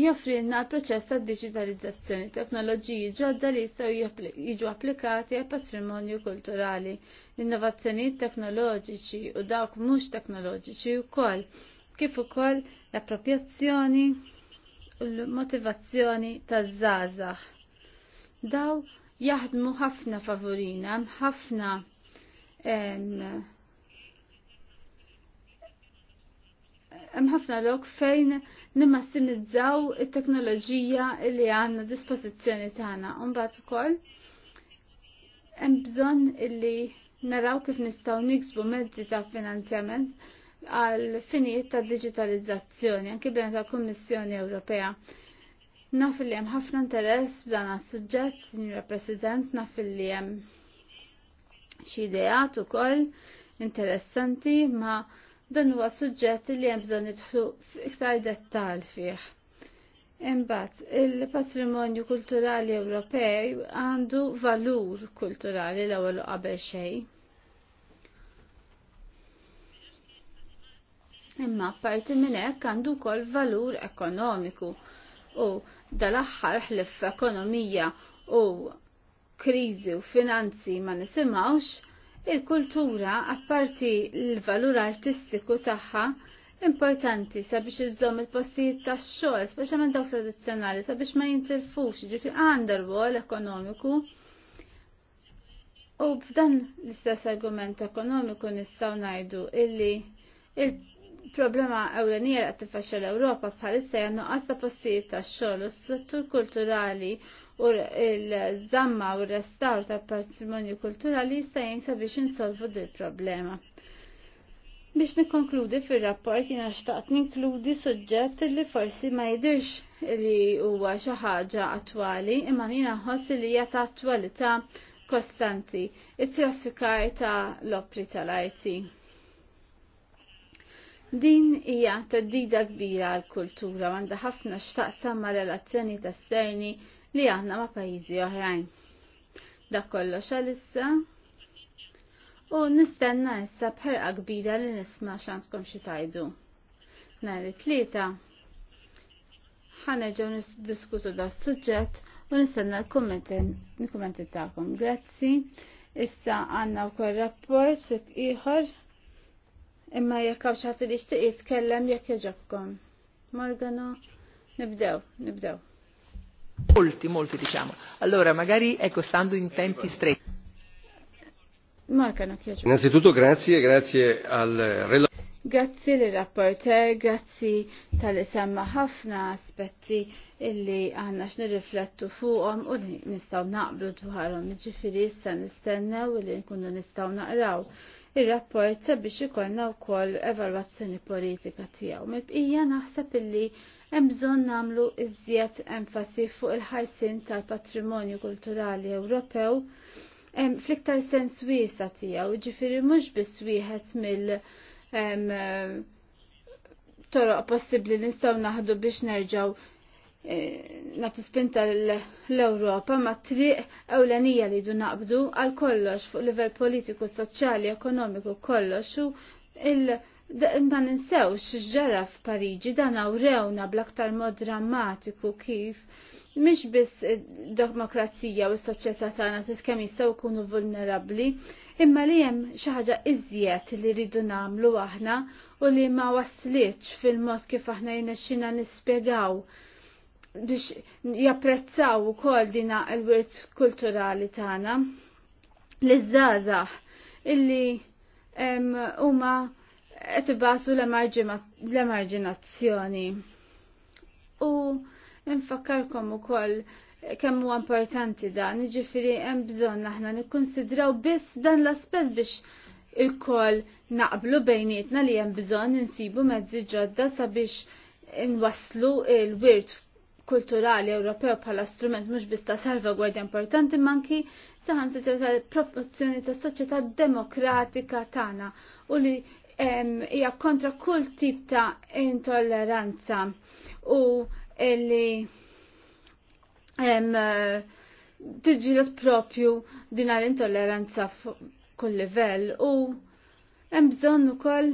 joffrilna proċess ta' digitalizzazzjoni, teknoloġiji ġodda li jistgħu jiġu applikati għal patrimonju kulturali, l innovazzjonijiet teknoloġiċi u dawk mhux teknoloġiċi wkoll, kif ukoll l-appropjazzjoni u l-motivazzjoni taż-żgħażagħ. Daw jaħdmu ħafna favorina, ħafna hemm ħafna lok fejn nimmassimizzaw it-teknoloġija li għandna dispożizzjoni tagħna. Mbagħad ukoll hemm bżonn illi naraw kif nistgħu niksbu mezzi ta' finanzjament għal finijiet ta' digitalizzazzjoni anke bejn ta' Kummissjoni Ewropea. Naf li hemm ħafna interess f'dan għas-suġġett, Sinjura President, naf li hemm xi ideat ukoll interessanti ma' dan huwa suġġett li hemm bżonn nidħlu iktar dettal fih. Imbagħad il-patrimonju kulturali Ewropej għandu valur kulturali l-ewwel qabel xejn. Imma parti minn hekk għandu wkoll valur ekonomiku u dal-aħħar ħlif ekonomija u kriżi u finanzi ma nisimgħux Il-kultura, apparti l-valur artistiku tagħha, importanti sabiex iżżomm il-postijiet tax-xogħol, speċjalment dawk tradizzjonali, sabiex ma jintilfux, ġifier għandha rwol ekonomiku. U b'dan l-istess argument ekonomiku nistgħu ngħidu illi il-problema ewlenija qed tiffaxxa l-Ewropa bħalissa hija nuqqas ta' postijiet tax-xogħol u s-settur kulturali u l zamma u r-restawr tal-patrimonju kulturali jista' jinsa biex insolvu dil problema Biex nikkonkludi fir-rapport jiena xtaqt ninkludi suġġett li forsi ma jidirx li huwa xi ħaġa attwali imma jiena ħoss li hija ta' attwalità kostanti it-traffikar ta' l-opri tal-arti. Din hija teddida kbira għall kultura għandha ħafna x'taqsam ma' relazzjoni esterni li għandna ma' pajjiżi oħrajn. Dak kollox għalissa u nistenna issa bħerqa kbira li nisma' x'għandkom xi tajdu. Nhar it-tlieta ħanerġgħu niddiskutu da suġġett u nistenna l-kummenti tagħkom. Grazzi. Issa għandna wkoll rapport ieħor imma jekk hawn li jixtieq kellem jekk jaġobkom. Morgano, nibdew, nibdew. Molti, molti diciamo. Allora magari ecco, stando in tempi stretti. Innanzitutto grazie, grazie al relatore. Grazzi li rapporteur grazie tal semma ħafna aspetti illi għanna x'nirriflettu fuqhom u li nistgħu naqblu dwarhom. Ġifieri issa nistennew li nkunu nistgħu naqraw ir-rapport sabiex ikollna wkoll evalwazzjoni politika tiegħu. mill naħseb illi hemm bżonn nagħmlu iżjed enfasi fuq il ħajsin tal-patrimonju kulturali Ewropew fl-iktar sens wiesa tiegħu, ġifieri mhux biss wieħed mill eh, toroq possibbli nistgħu naħdu biex nerġgħu Eh, natu spinta l-Europa ma triq ewlenija li du naqbdu għal kollox fuq livell politiku, soċjali, ekonomiku kollox u il ma ninsewx ġara f'Pariġi dan awrewna bl-aktar mod drammatiku kif mhix biss id-demokrazija u s-soċjetà tagħna tiskemm jistgħu jkunu vulnerabbli, imma li hemm xi ħaġa iżjed li rridu nagħmlu aħna u li ma waslitx fil-mod kif aħna jnexxina nispjegaw biex japprezzaw ukoll dina l-wirt kulturali tagħna l-żgħażagħ illi huma qed ibasu l-emarġinazzjoni. U nfakkarkom ukoll kemm huwa importanti dan, jiġifieri hemm bżonn aħna nikkonsidraw biss dan l-aspett biex il-koll naqblu bejnietna li hemm bżonn insibu mezzi ġodda sabiex inwaslu il-wirt kulturali Ewropew bħala strument mhux biss ta' salvagwardja importanti manki saħan sitra ta' proporzjoni ta' soċjetà demokratika tagħna u li hija kontra kull tip ta' intolleranza u li tiġilet propju din l-intolleranza fuq kull livell u hemm bżonn ukoll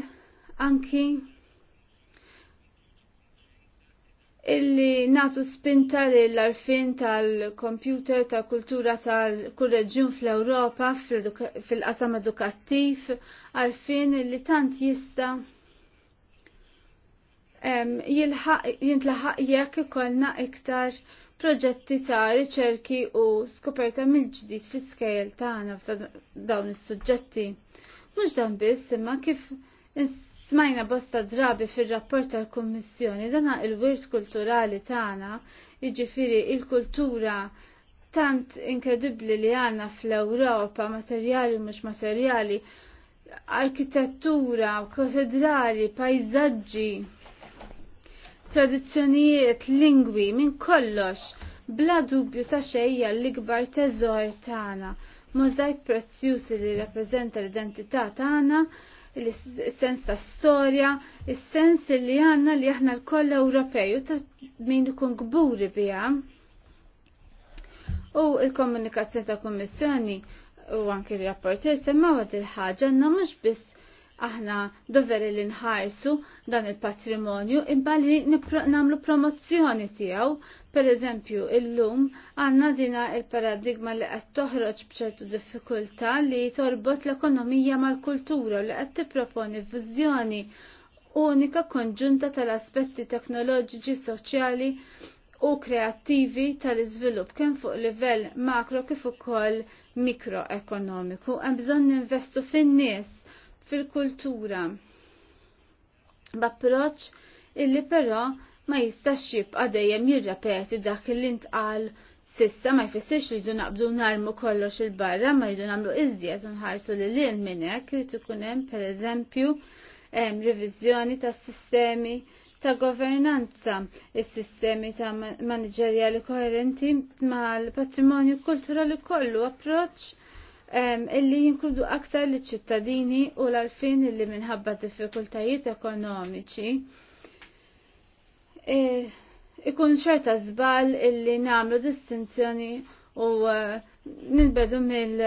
anki illi natu spinta l-arfin tal-kompjuter, tal-kultura tal-kull reġjun fl-Europa, fil-qasam edukattiv, arfin illi tant jista jintlaħaq jekk ikollna iktar proġetti ta' riċerki u skoperta mill-ġdid fis ta' tagħna f'dawn is-suġġetti. Mhux dan biss imma kif Smajna bosta drabi fil-rapport tal-Kommissjoni dana il-wirs kulturali tagħna, jiġifieri il-kultura tant inkredibli li għanna fl-Europa, materjali u mux materjali, arkitettura, katedrali, pajzaġġi, tradizzjonijiet, lingwi, minn kollox, bla dubju ta' xejja l-ikbar teżor tagħna, mozaik prezzjusi li rappreżenta l-identità tagħna, ta il-sens ta' storja, il-sens li għanna li aħna l-koll Ewropej u ta' min ikun gburi biha. U il-komunikazzjoni ta' kommissjoni u anki il-rapporti, semma għad il-ħagġa għanna mux biss aħna doveri li nħarsu dan il-patrimonju imma li namlu promozzjoni tiegħu. Per eżempju, illum għandna dina il-paradigma li qed toħroġ b'ċertu diffikulta li torbot l-ekonomija mal-kultura li qed tipproponi viżjoni unika konġunta tal-aspetti teknoloġiċi, soċjali u kreattivi tal-iżvilupp kemm fuq livell makro kif ukoll mikroekonomiku. Hemm bżonn ninvestu fin-nies fil-kultura. B'approċċ illi però ma jistax jibqa' dejjem jirrepeti dak li intqal sissa ma jfissirx li jdu naqbdu narmu kollox il-barra ma jdu nagħmlu iżjed u nħarsu li lil minn hekk li tukunem hemm pereżempju revizjoni tas-sistemi ta' governanza, il-sistemi ta' manageriali koerenti ma' l-patrimonju kulturali kollu, approċ illi jinkludu aktar li ċittadini u l-arfin illi minħabba diffikultajiet ekonomiċi e, ikun xorta zbal illi namlu distinzjoni u e, nilbedu mill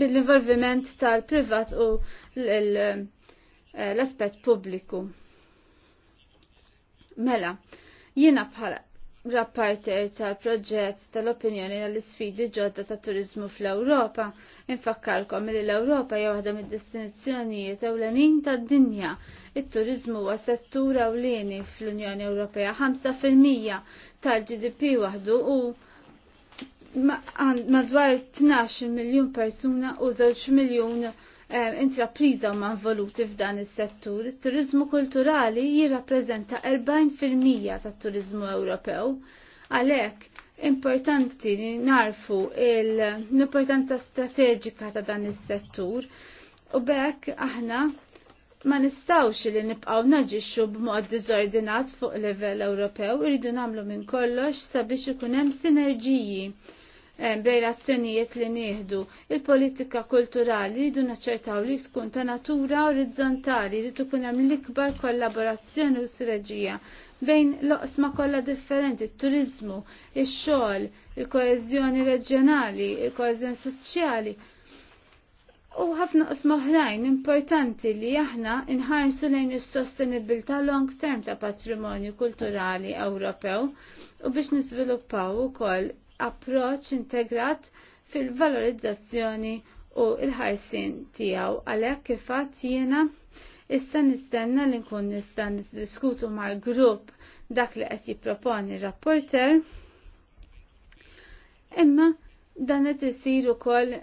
involviment tal-privat u e, l-aspet pubbliku. Mela, jiena bħala rapporter eh, tal-proġett tal-opinjoni tal isfidi ġodda ta' turizmu fl-Ewropa. Infakkarkom li l-Ewropa hija waħda mid-destinazzjonijiet ewlenin tad-dinja. It-turizmu huwa settur ewlieni fl-Unjoni Ewropea 5% tal-GDP waħdu u madwar 12 miljun persuna u 2 miljun Eh, intrapriża huma involuti f'dan is-settur. It-turizmu kulturali jirrappreżenta 40% tat-turizmu Ewropew. Għalhekk importanti li narfu l-importanza strateġika ta' dan is-settur u bekk aħna ma nistawx li nibqaw naġixxu b'mod diżordinat fuq livell Ewropew, irridu nagħmlu minn kollox sabiex ikun hemm sinerġiji Eh, bej l-azzjonijiet li nieħdu. Il-politika kulturali jridu naċċertaw li tkun ta' natura orizzontali li tkun hemm l-ikbar kollaborazzjoni u sreġija bejn loqsma kollha differenti, turizmu, ix-xogħol, il-koeżjoni reġjonali, il-koeżjoni soċjali. U ħafna qosma oħrajn importanti li aħna inħarsu lejn is-sostenibilità long term ta' patrimonju kulturali Ewropew u biex niżviluppaw ukoll approċ integrat fil-valorizzazzjoni u il-ħarsin tijaw għalek kifat jiena issa nistenna li nkun nista diskutu mal grupp dak li qed jipproponi rapporter imma dan qed isir ukoll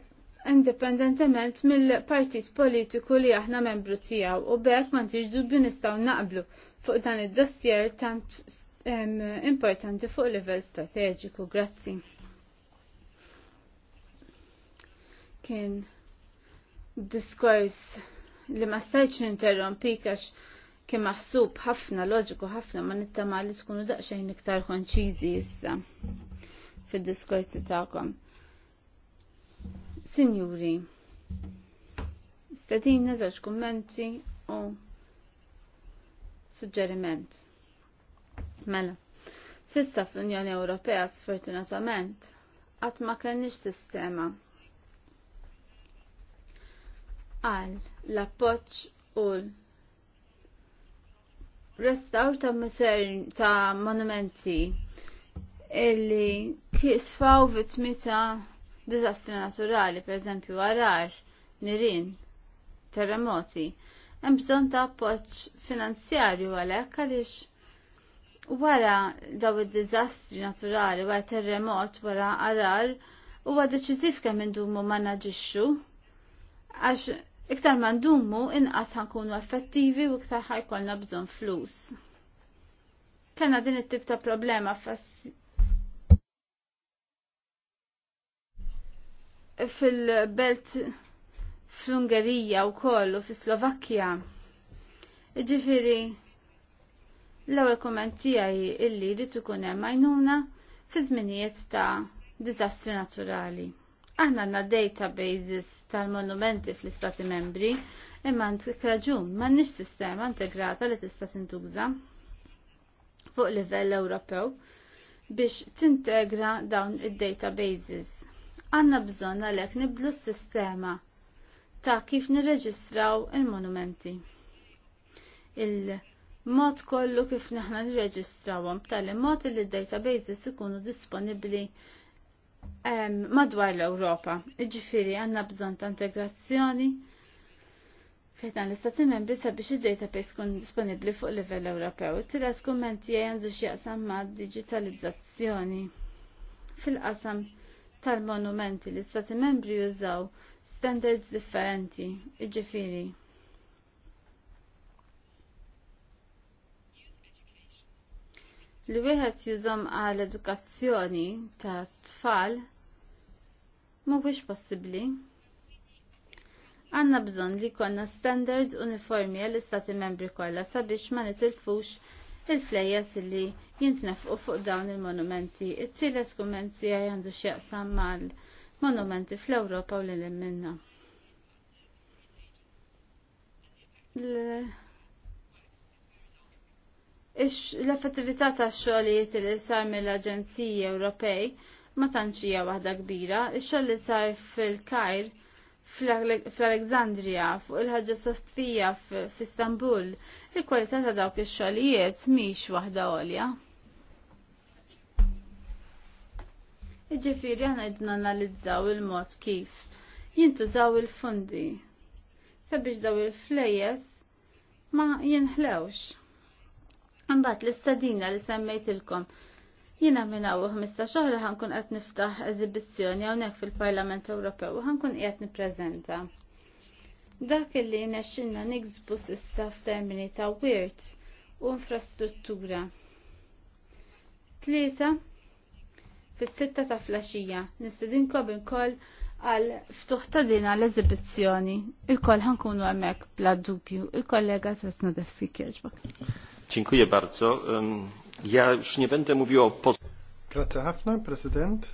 indipendentement mill-partit politiku li aħna membru tiegħu u bekk ma dubju nistgħu naqblu fuq dan id-dossier tant importanti fuq livell strateġiku. Grazzi. Kien diskors li ma stajċ ninterrompi għax kien maħsub ħafna, loġiku ħafna, ma nittama li tkunu daqsxejn iktar konċiżi issa fid-diskorsi tagħkom. Signori, stedina żewġ kummenti u suġġeriment. Mela, sissa fl-Unjoni Ewropea sfortunatament għat ma kellniex sistema għal l-appoġġ u l-restawr ta' ta' monumenti illi kisfaw vitmita ta' dizastri naturali, per eżempju għarar, nirin, terremoti, hemm bżonn ta' appoġġ finanzjarju għalhekk għaliex Wara daw id-diżastri naturali, wara terremot, wara arar, huwa deċiżiv kemm indumu ma naġixxu. Għax iktar ma ndumu inqas ħankunu effettivi u iktar ħajkolna bżonn flus. Kena din it-tip ta' problema fass fil-belt fl-Ungerija u kollu fil-Slovakkja. Ġifiri, L-ewwel kumment tiegħi illi rid ikun hemm għajnuna fi żminijiet ta' diżastri naturali. Aħna għandna databases tal-monumenti fl-Istati Membri imma għandek raġun m'għandniex sistema integrata li tista' tintuża fuq livell Ewropew biex tintegra dawn id-databases. Għandna bżonn għalhekk niblu s-sistema ta' kif nirreġistraw il-monumenti. il monumenti il mod kollu kif naħna nirreġistrawhom b'tali mod li d-databases ikunu disponibbli ehm, madwar l-Ewropa. Iġifieri għandna bżonn ta' integrazzjoni fejn l-istati membri sabiex id-database tkun disponibbli fuq livell Ewropew. Tilas kummenti għandu x'jaqsam ma' digitalizzazzjoni fil-qasam tal-monumenti l-istati membri jużaw standards differenti, iġifiri li wieħed jużom għal edukazzjoni ta' tfal mhuwiex possibbli. Għanna bżonn li konna standards uniformi għall istati membri kollha sabiex ma nitilfux il-flejjes li jintnefqu fuq dawn il-monumenti. It-tielet kumment għaj għandu x'jaqsam mal-monumenti fl-Ewropa u lil minna L-effettività tax xogħlijiet li sar mill-Aġenziji Ewropej ma tantx hija waħda kbira, ix-xogħol li sar fil-Kajr fl-Alexandria, fuq il-ħagġa Sofija f'Istanbul, il-kwalità ta' dawk ix-xogħlijiet mhix waħda għolja. Iġifieri għana qed nanalizzaw il-mod kif jintużaw il fundi sabiex daw il-flejjes ma jinħlewx. Mbagħad l-istadina li semmejtilkom. Jiena minn hawn 15 xoħra ħankun qed niftaħ eżibizzjoni hawnhekk fil-Parlament Ewropew u ħankun qiegħed nippreżenta. Dak li nexxinna niksbu s'issa f'termini ta' wirt u infrastruttura. Tlieta fis-sitta ta' flaxija nistedinkom inkoll għal ftuħ ta' din għal eżibizzjoni. Il-koll ħankunu hemmhekk bla dubju. Il-kollega Trasnodevski kieġbak. Dziękuję bardzo. Ja już nie będę mówił o... Grazie ħafna, President.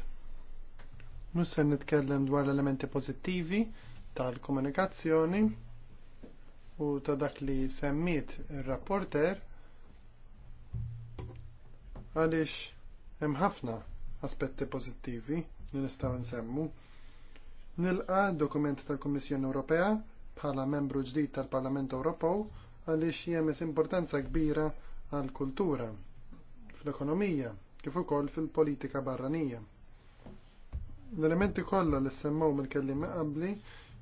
Musa nitkellem dwar elementi pozittivi tal-komunikazzjoni u ta' dak li semmit il-rapporter għaliex hemm ħafna aspetti pozittivi li nistgħu nsemmu. Nilqa dokument tal-Kummissjoni Ewropea bħala membru ġdid tal-Parlament Ewropew għaliex jemes importanza kbira għall kultura fl-ekonomija kif ukoll fil-politika barranija. L-elementi kollha li semmew mill-kellim qabbli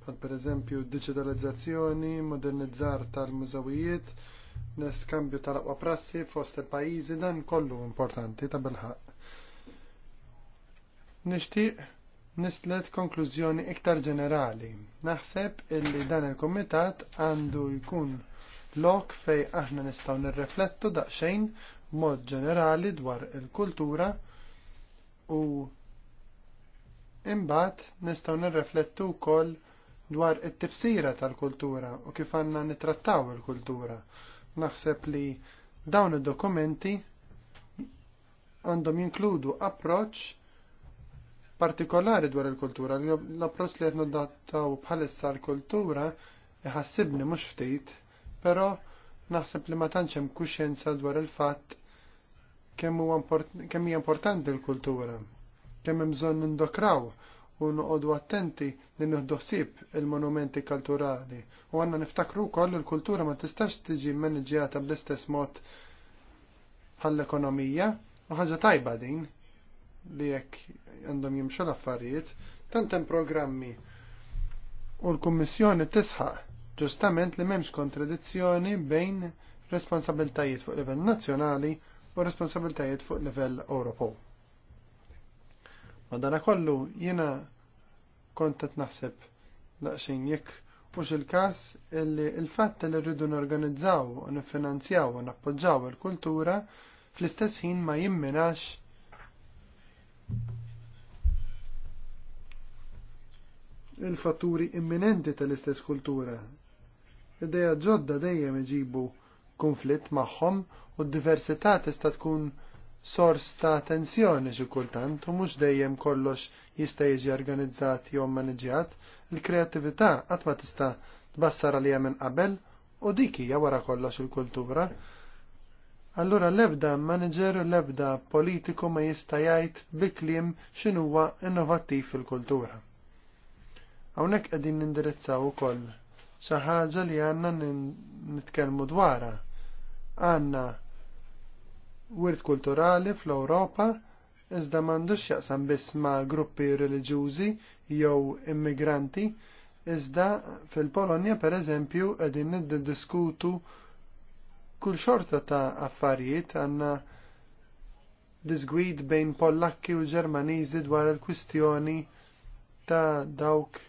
bħal pereżempju digitalizzazzjoni, modernizzar tal-mużawijiet, neskambju tal-aqwa prassi fost il-pajjiżi dan kollu importanti ta' bilħaq. Nixtieq nislet konklużjoni iktar ġenerali. Naħseb illi dan il-Kumitat għandu jkun lok fej aħna nistgħu nirreflettu daqsxejn mod ġenerali dwar il-kultura u imbagħad nistgħu nirreflettu wkoll dwar it-tifsira tal-kultura u kif għandna nitrattaw il-kultura. Naħseb li dawn id-dokumenti għandhom jinkludu approċ partikolari dwar il-kultura. L-approċ li għetnu dattaw bħalissa l-kultura iħassibni mux ftit però naħseb li ma tantx hemm kuxjenza dwar il-fatt kemm huwa kemm hija importanti l-kultura, kemm hemm bżonn nindokraw u noqogħdu attenti li nieħdu ħsieb il-monumenti kulturali u għandna niftakru wkoll il-kultura ma tistax tiġi maniġjata bl-istess mod bħall-ekonomija u ħaġa tajba din li jekk għandhom jimxu l-affarijiet tant hemm programmi u l-Kummissjoni tisħaq ġustament li memx kontradizzjoni bejn responsabiltajiet fuq livell nazzjonali u responsabiltajiet fuq livell Ewropew. Madana kollu jiena kontet naħseb daqsxejn jekk mhux il-każ illi il-fatt li rridu norganizzaw u niffinanzjaw u nappoġġaw il-kultura fl-istess ħin ma jimminax il-fatturi imminenti tal-istess kultura ideja ġodda dejjem iġibu konflitt magħhom u d-diversità tista' tkun sors ta' tensjoni xi kultant u mhux dejjem kollox jista' jiġi organizzat jew maniġjat, il-kreattività qatt ma tista' tbassar għalija minn qabel u dik hija wara kollox il-kultura. Allura l-ebda manager u l-ebda politiku ma jista' jgħid bi kliem x'inhuwa innovattiv fil-kultura. Hawnhekk qegħdin nindirizzaw ukoll xi ħaġa li għandna nitkellmu dwarha. Għandna wirt kulturali fl-Ewropa iżda m'għandux jaqsam biss gruppi reliġjużi jew immigranti, iżda fil-Polonja pereżempju qegħdin diskutu kull xorta ta' affarijiet għandna disgwid bejn Pollakki u Ġermaniżi dwar il-kwistjoni ta' dawk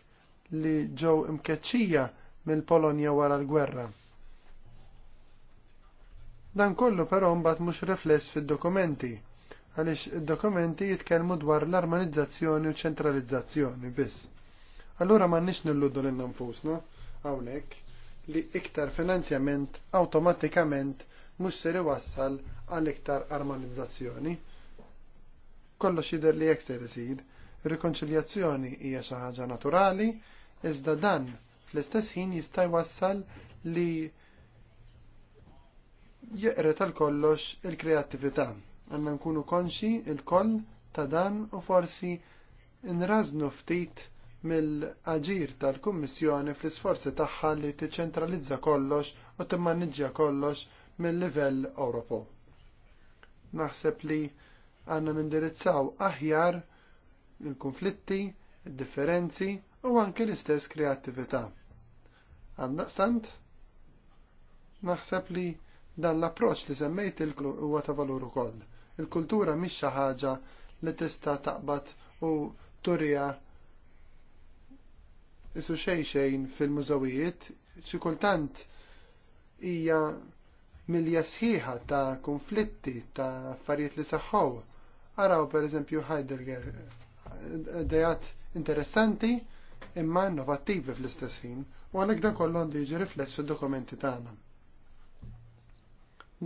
li ġew imkeċċija mill-Polonja wara l-gwerra. Dan kollu però mbagħad mhux rifless fid-dokumenti, għaliex id-dokumenti jitkellmu dwar l-armonizzazzjoni u ċentralizzazzjoni biss. Allura m'għandniex nilludu lil nfusna hawnhekk li iktar finanzjament awtomatikament mhux ser iwassal għal iktar armonizzazzjoni. Kollox jidher li jekk ser isir, rikonċiljazzjoni hija xi ħaġa naturali, iżda dan Fl-istess ħin jista' jwassal li jeqre tal-kollox il-kreattività. Għanna nkunu konxi il-koll ta' dan u forsi nraznu ftit mill-aġir tal-Kummissjoni fl-isforzi tagħha li tiċċentralizza kollox u timmanniġġja kollox mill-livell Ewropew. Naħseb li għandna nindirizzaw aħjar il-konflitti, id differenzi u anke l-istess kreattività. Għandaqstant, naħseb li dan l-approċ li semmejt il-klu huwa ta' valur ukoll. Il-kultura mhix xi ħaġa li tista' taqbad u turija isu xejn xejn fil-mużawijiet, xi kultant hija milja sħiħa ta' konflitti ta' affarijiet li saħħow. Araw per eżempju Heidegger dejat interessanti imma innovattivi fl-istess ħin u għalhekk dan kollu għandu jiġi rifless fid-dokumenti tagħna.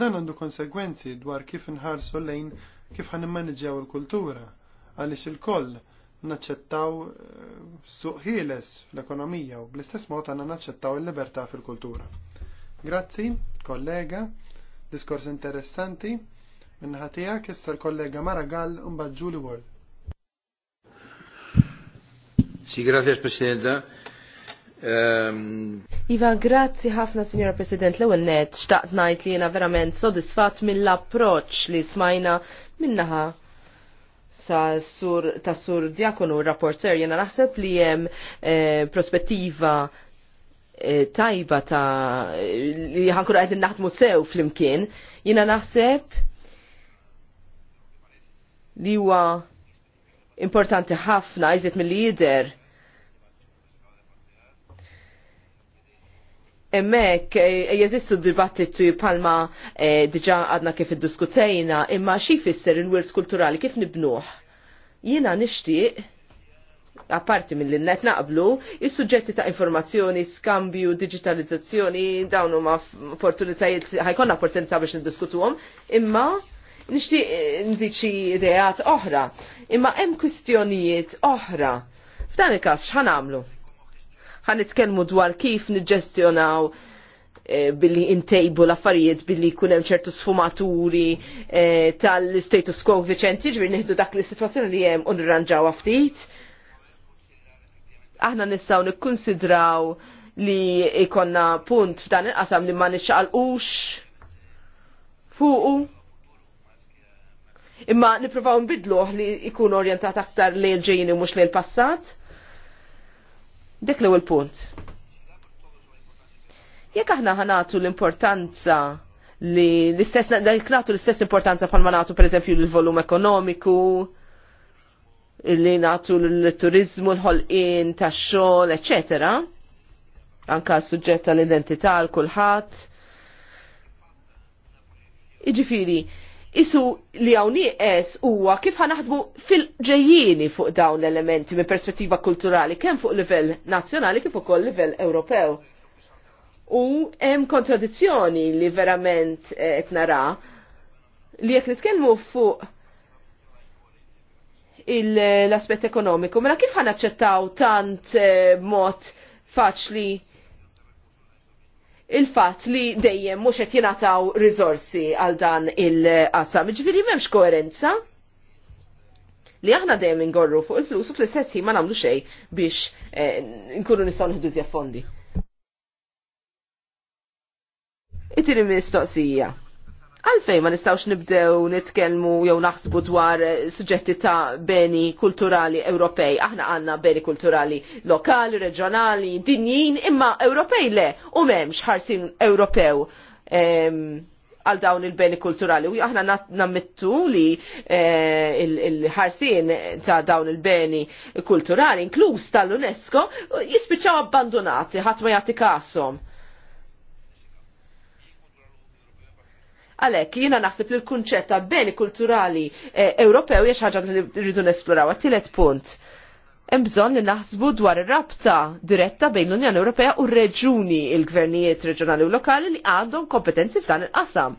Dan għandu konsegwenzi dwar kif nħarsu lejn kif ħan immaniġġjaw il-kultura għaliex il-koll naċċettaw eh, suq ħieles fl-ekonomija u bl-istess mod għandna naċċettaw il-libertà fil-kultura. Grazzi, kollega, diskors interessanti, minnaħatijak issa l-kollega Maragall un Julie Ward. Si, grazie, Presidenta. Ehm, iva, grazzi ħafna, Signora President, l ewwel net, xtaqt najt li jena verament sodisfat mill-approċ li smajna minnaħa sa sur, ta' sur Diakonu, rapporter, jena naħseb li jem eh, prospettiva eh, tajba ta' li ħankur għedin naħdmu sew fl-imkien, jena naħseb li huwa importanti ħafna, iżiet mill-lider Emmek, eh, jeżistu dibattitu palma eh, diġa għadna kif id-diskutejna, imma xi fisser il-wirt kulturali kif nibnuħ? Jina nishtiq, apparti mill net naqblu, il-sujġetti ta' informazzjoni, skambju, digitalizzazzjoni, dawn huma opportunitajiet, ħajkonna opportunità biex niddiskutuhom, imma nixtieq eh, nżid ideat oħra, imma hemm kwistjonijiet oħra. F'dan il kas x'ħan għamlu? ħan nitkellmu dwar kif niġġestjonaw eh, billi intejbu l-affarijiet billi jkun hemm ċertu sfumaturi eh, tal-status quo viċenti ġbir nieħdu dak li situazzjoni li hemm u nirranġaw ftit. Aħna nistgħu nikkonsidraw li ikonna punt f'dan il-qasam li ma nixxaqalqux fuqu. Imma niprofaw nbidluħ li ikun orientat aktar li l-ġejni mux li l-passat. Dik l-ewwel punt. Jekk aħna ħanatu l-importanza li l-istess nagħtu l-istess importanza bħalma nagħtu pereżempju l-volum ekonomiku, li nagħtu l-turizmu, l-ħolqien tax-xogħol, eċetera. Anka suġġett tal-identità l kulħadd. Iġifieri, isu li għawni es huwa kif ħanaħdmu fil ġejjini fuq dawn l-elementi minn perspettiva kulturali kemm fuq livell nazzjonali kif ukoll livell Ewropew. U hemm kontradizzjoni li verament eh, qed nara li jekk nitkellmu fuq l-aspett ekonomiku, mela kif ħanaċċettaw tant eh, mod faċli il-fatt li dejjem mhux qed jingħataw riżorsi għal dan il-qasam. Ġifieri m'hemmx koerenza li aħna dejjem ingorru fuq il-flus u fl-istess ħin ma nagħmlu xejn biex eh, nkunu nistgħu nieħdu fondi. It-tieni mistoqsija għalfej ma nistawx nibdew nitkelmu jew naħsbu dwar eh, suġġetti ta' beni kulturali Ewropej. Aħna għanna beni kulturali lokali, reġjonali, dinjin, imma Ewropej le, u memx ħarsin Ewropew ehm, għal dawn il-beni kulturali. U aħna nammittu li eh, il-ħarsin ta' dawn il-beni kulturali, inkluż tal-UNESCO, jispiċaw abbandonati, ħatma jati kasom Għalhekk jiena naħseb li l-kunċett ta' beni kulturali eh, Ewropew jiex ħagġa ħaġa li rridu nesploraw. Għat-tielet punt hemm bżonn li naħsbu dwar rabta diretta bejn l-Unjoni Ewropea u r-reġuni il-gvernijiet reġjonali u lokali li għandhom kompetenzi f'dan il-qasam.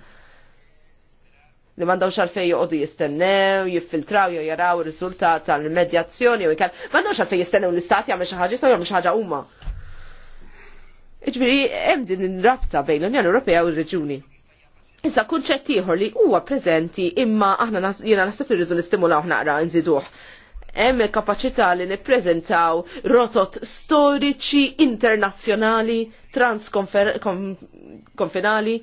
Li m'għandhomx għalfejn joqogħdu jistennew, jiffiltraw jew jaraw ir-riżultat tal-medjazzjoni jew ikal, m'għandhomx għalfejn jistennew l-istat jagħmel xi ħaġa jistgħu jagħmlu xi ħaġa huma. Iġbiri, hemm din rabta bejn l-Unjoni Ewropea u r-reġuni. Issa kunċett ieħor li huwa preżenti imma aħna jiena naħseb li rridu nistimulaw naqra nżiduh. Hemm il-kapaċità li nippreżentaw rotot storiċi internazzjonali transkonfinali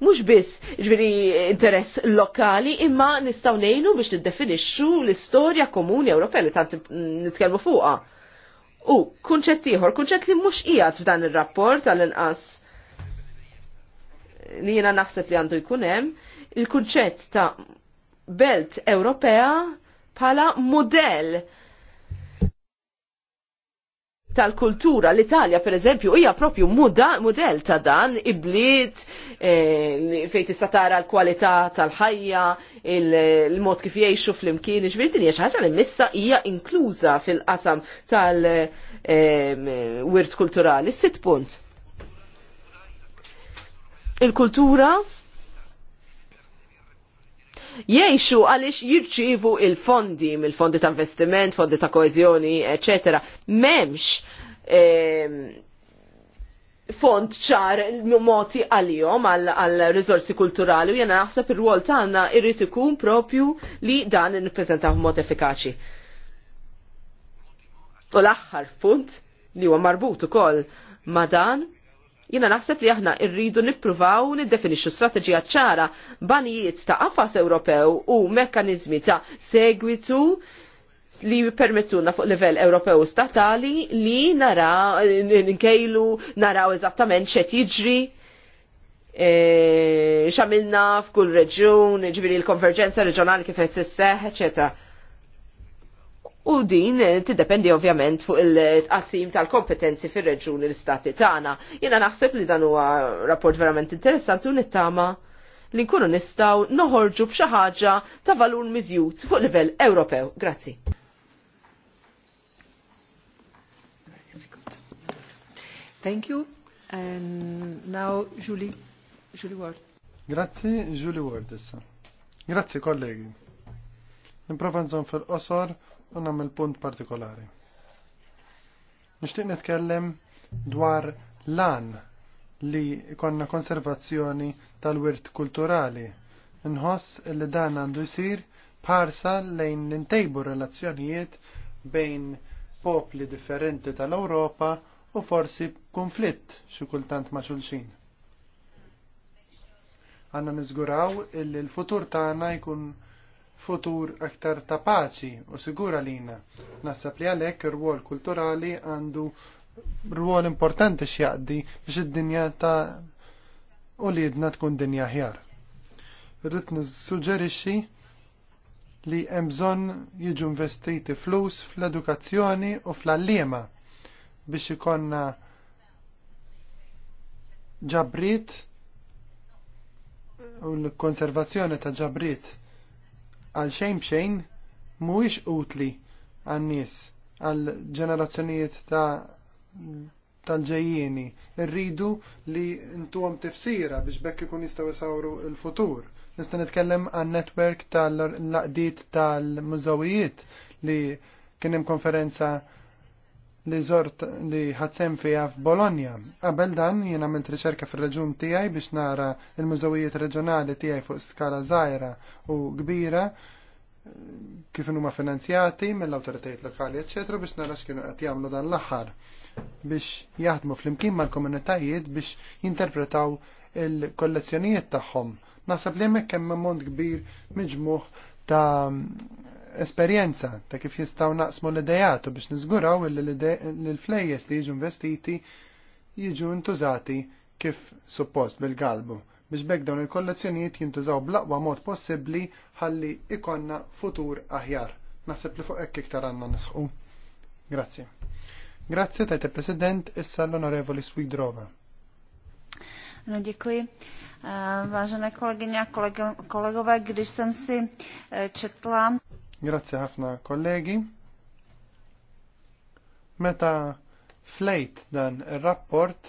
mhux biss ġviri interess lokali imma nistgħu ngħinu biex niddefinixxu l-istorja komuni Ewropea li tant nitkellmu fuqha. U kunċett ieħor, kunċett li mhux qiegħed f'dan ir-rapport għall-inqas li jiena naħseb li għandu jkun hemm il-kunċett ta' belt Ewropea bħala model tal-kultura l-Italja per eżempju hija propju model ta' dan iblit e, eh, fejn tista' tara l-kwalità tal-ħajja, il-mod kif jgħixu fl-imkien, iġbir din hija xi ħaġa li missa hija inkluża fil-qasam tal-wirt eh, kulturali. Sitt punt il-kultura jiexu għalix jirċivu il-fondi, il-fondi ta' investiment, fondi ta' koezjoni, etc. Memx ehm, fond ċar moti għal-jom għal-rizorsi kulturali u jena naħseb il-rwol tagħna irrid ikun propju li dan nippreżentaw mod effikaċi. U l-aħħar punt li huwa marbut ukoll ma' dan Jina naħseb li aħna irridu nippruvaw niddefinixxu strateġija ċara banijiet ta' qafas Ewropew u mekkaniżmi ta' segwitu li permettuna fuq livell Ewropew statali li nara nkejlu naraw eżattament xed jiġri e, xamilna f'kull reġjun, ġviri l-konverġenza reġjonali kif qed isseħ, eċetera. U din tiddependi ovvjament fuq il qasim tal-kompetenzi fir-reġuni l-istati tagħna. Jiena naħseb li dan huwa rapport verament interessanti u nittama li nkunu nistgħu noħorġu b'xi ħaġa ta' valur miżjud fuq livell Ewropew. Grazzi. Thank you. And now Julie, Julie Ward. Grazzi Julie Ward issa. Grazzi kollegi. Niprofa fil-qosor u nagħmel punt partikolari. Nixtieq nitkellem dwar lan li konna konservazzjoni tal-wirt kulturali. Nħoss li dan għandu jsir parsa lejn l relazzjonijiet bejn popli differenti tal-Ewropa u forsi konflitt xi kultant ma' xulxin. Għanna nizguraw illi l-futur tagħna jkun futur aktar ta' paċi u sigura lina. Nasab li għalhekk ir-rwol kulturali għandu rwol importanti x'jaqdi biex id-dinja ta' u li jedna tkun dinja ħjar. Rrid nissuġġerixxi li hemm bżonn jiġu investiti flus fl-edukazzjoni u fl-allima biex ikonna ġabrit u l-konservazzjoni ta' ġabrit għal xejn bxejn mhuwiex utli għan-nies għal ġenerazzjonijiet ta' tal-ġejjieni. Irridu li ntuhom tifsira biex bekk ikun jistgħu jsawru l-futur. Nista' nitkellem għan netwerk tal-laqdiet tal-mużawijiet li kien hemm konferenza li zort li ħadsem fija f'Bologna. Qabel dan jien għamilt riċerka fir-reġun tiegħi biex nara l-mużewijiet reġjonali tiegħi fuq skala żgħira u kbira kif huma finanzjati mill-awtoritajiet lokali, eċċetera, biex nara x'kienu qed jagħmlu dan l-aħħar biex jaħdmu flimkien mal-komunitajiet biex jinterpretaw il-kollezzjonijiet tagħhom. Naħseb li hemmhekk hemm ammont kbir miġmuħ ta' esperjenza ta' kif jistaw naqsmu l-idejatu biex nizguraw l-flejjes li jiġu investiti jiġu ntużati kif suppost bil-galbu biex bekk dawn il-kollezzjonijiet jintużaw blaqwa mod possibbli ħalli ikonna futur aħjar. Naħseb li fuq hekk iktar għandna nisħu. Grazzi. Grazzi tajt il-President issa l-Onorevoli Swidrova. No, děkuji. Vážené kolegyně a kolegové, když jsem si četla... Grazzi ħafna kollegi. Meta flejt dan ir-rapport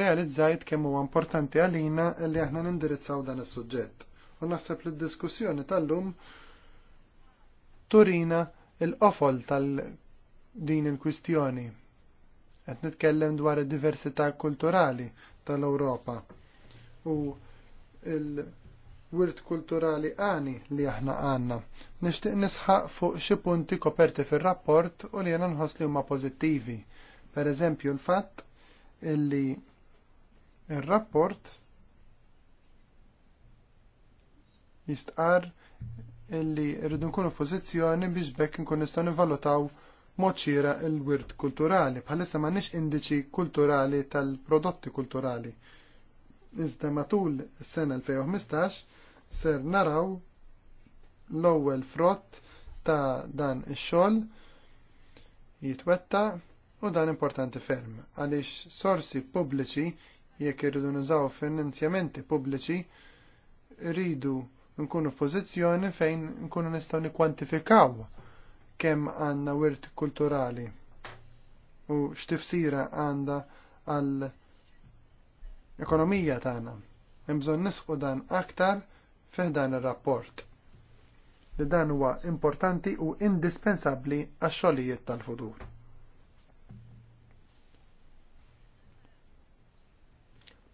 realizzajt kemm huwa importanti għalina li aħna nindirizzaw dan is-suġġett. U naħseb li d-diskussjoni tal-lum turina l-qofol tal-din il-kwistjoni. Qed nitkellem dwar id-diversità kulturali tal-Ewropa u wirt kulturali għani li aħna għanna. Nishtiq nisħaq fuq xi punti koperti fir-rapport u li jena nħoss li huma pożittivi. Per eżempju l-fatt illi il rapport jistqar illi rridu nkunu pożizzjoni biex bekk nkun nistgħu nivalutaw moċira il-wirt kulturali. Bħalissa m'għandniex indiċi kulturali tal-prodotti kulturali. Iżda matul is-sena 2015 ser naraw l-ewwel frott ta' dan ix-xogħol jitwetta u dan importanti ferm għaliex sorsi pubbliċi jekk irridu nużaw finanzjamenti pubbliċi rridu nkunu f'pożizzjoni fejn nkunu nistgħu nikkwantifikaw kemm għandna wirt kulturali u x'tifsira għandha għal ekonomija tagħna. Hemm bżonn nisqu dan aktar fih dan ir-rapport. Li dan huwa importanti u indispensabbli għax-xogħlijiet tal-futur.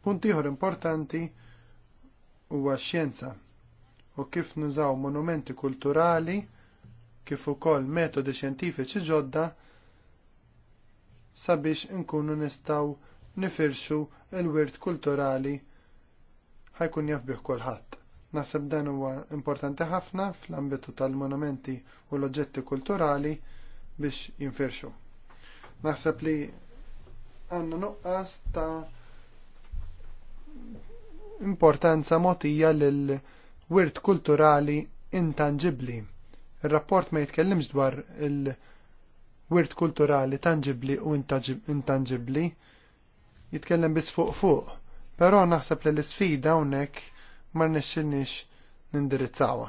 Punt ieħor importanti huwa x-xjenza u kif nużaw monumenti kulturali kif ukoll metodi xjentifiċi ġodda sabiex inkunu nistgħu nifirxu il-wirt kulturali ħajkun jafbiħ bih kulħadd. Naħseb dan huwa importanti ħafna fl-ambitu tal-monumenti u l-oġġetti kulturali biex jinfirxu. Naħseb li għanna nuqqas ta' importanza motija lill-wirt kulturali intangibli. Il-rapport ma jitkellimx dwar il- wirt kulturali tangibli u intangibli, jitkellem bis fuq fuq, pero naħseb li l-sfida unnek ma nixxinix nindirizzawa.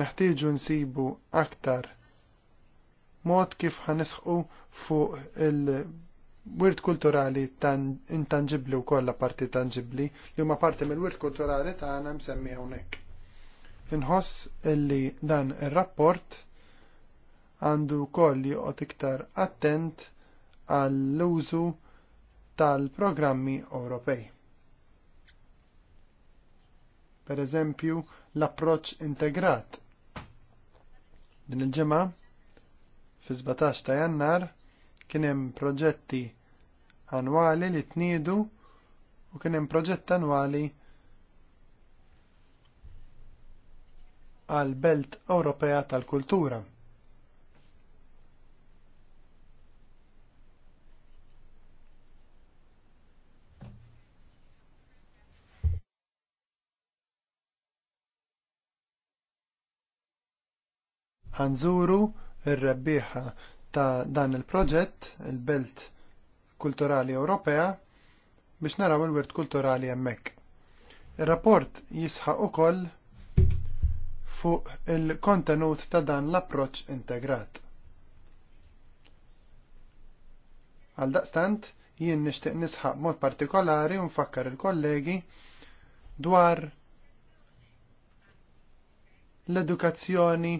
Neħtieġu nsibu aktar mod kif ħanisħu fuq il-wirt kulturali intangibli u kolla parti tangibli li huma parti mill-wirt kulturali tagħna msemmi hawnhekk. Inħoss illi dan ir-rapport il għandu koll joqgħod iktar attent għall-użu tal-programmi Ewropej. Per eżempju, l-approċ integrat. Din il-ġemgħa fi 17 ta' jannar kien hemm proġetti annwali li tniedu u kien hemm proġett annwali għal Belt Ewropea tal-Kultura. ħanżuru r rebbieħa ta' dan il-proġett, il-Belt Kulturali Ewropea, biex naraw il-wirt kulturali hemmhekk. Ir-rapport jisħaq ukoll fuq il-kontenut ta' dan l-approċċ integrat. Għaldaqstant, jien nixtieq nisħaq mod partikolari u nfakkar il-kollegi dwar l-edukazzjoni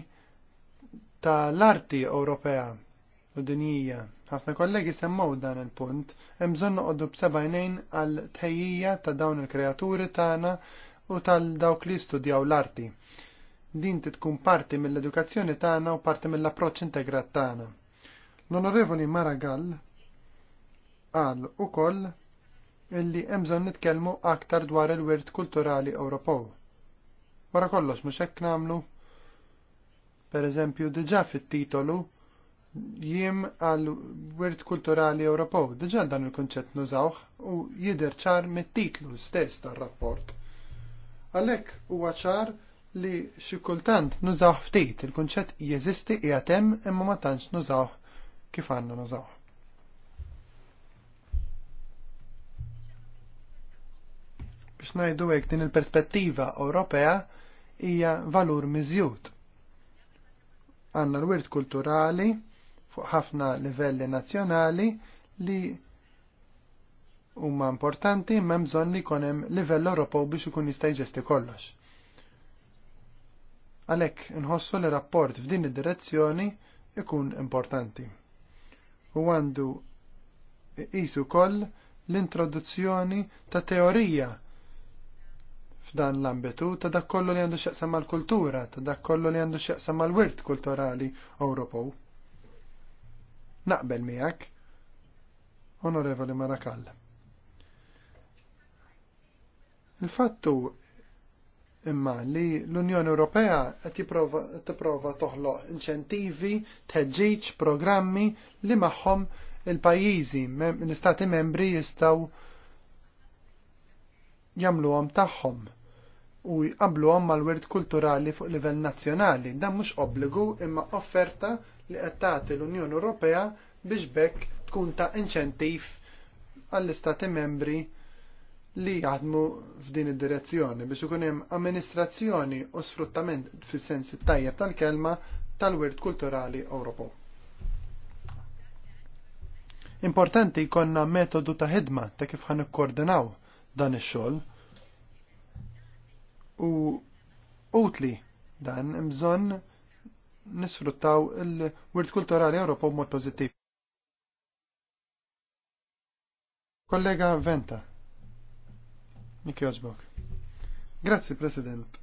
tal-arti Ewropea u dinjija. Ħafna kollegi semmaw dan il-punt, hemm bżonn noqogħdu b'sebajnejn għal tejjija ta' dawn il-kreaturi tagħna u tal-dawk li studjaw l-arti. Din titkun parti mill-edukazzjoni tagħna u parti mill-approċċ integrat tagħna. L-Onorevoli Maragall qal ukoll illi hemm bżonn nitkellmu aktar dwar il-wirt kulturali Ewropew. Wara kollox mhux hekk nagħmlu Per eżempju, diġa fit-titolu jiem għal wirt kulturali Ewropew. Diġa dan il-konċett nużawħ u jider ċar mit-titlu stess tar-rapport. Għalhekk huwa ċar li xi kultant ftit il-kunċett jeżisti i hemm imma ma tantx nużawħ kif għandna nużawħ. Biex ngħidu hekk din il-perspettiva Ewropea hija valur miżjud Għanna l-wirt kulturali fuq ħafna livelli nazzjonali li huma importanti imma bżonn li jkun hemm livell Ewropew biex ikun jista' jġesti kollox. Għalhekk inħossu li rapport f'din id-direzzjoni ikun importanti. U għandu isu koll l-introduzzjoni ta' teorija f'dan l-ambitu ta' dak kollu li għandu x'jaqsam mal-kultura, ta' dak kollu li għandu x'jaqsam mal-wirt kulturali Ewropew. Naqbel miegħek, Onorevoli Marakall. Il-fattu imma li l-Unjoni Ewropea qed tipprova toħloq inċentivi, teġġiġ, programmi li magħhom il-pajjiżi, l-istati membri jistgħu jagħmluhom tagħhom u jqablu mal-wirt kulturali fuq livell nazzjonali. Dan mhux obbligu imma offerta li qed tagħti l-Unjoni Ewropea biex bekk tkun ta' inċentiv għall-istati membri li jaħdmu f'din id-direzzjoni biex ikun hemm amministrazzjoni u sfruttament fis-sens tajjeb tal-kelma tal-wirt kulturali Ewropew. Importanti jkollna metodu ta' ħidma ta' kif ħan ikkoordinaw dan ix-xogħol u utli dan imżon nisfruttaw il-wirt kulturali Ewropa b'mod pożittiv. Kollega Venta, Miki Oġbok. Grazzi, President.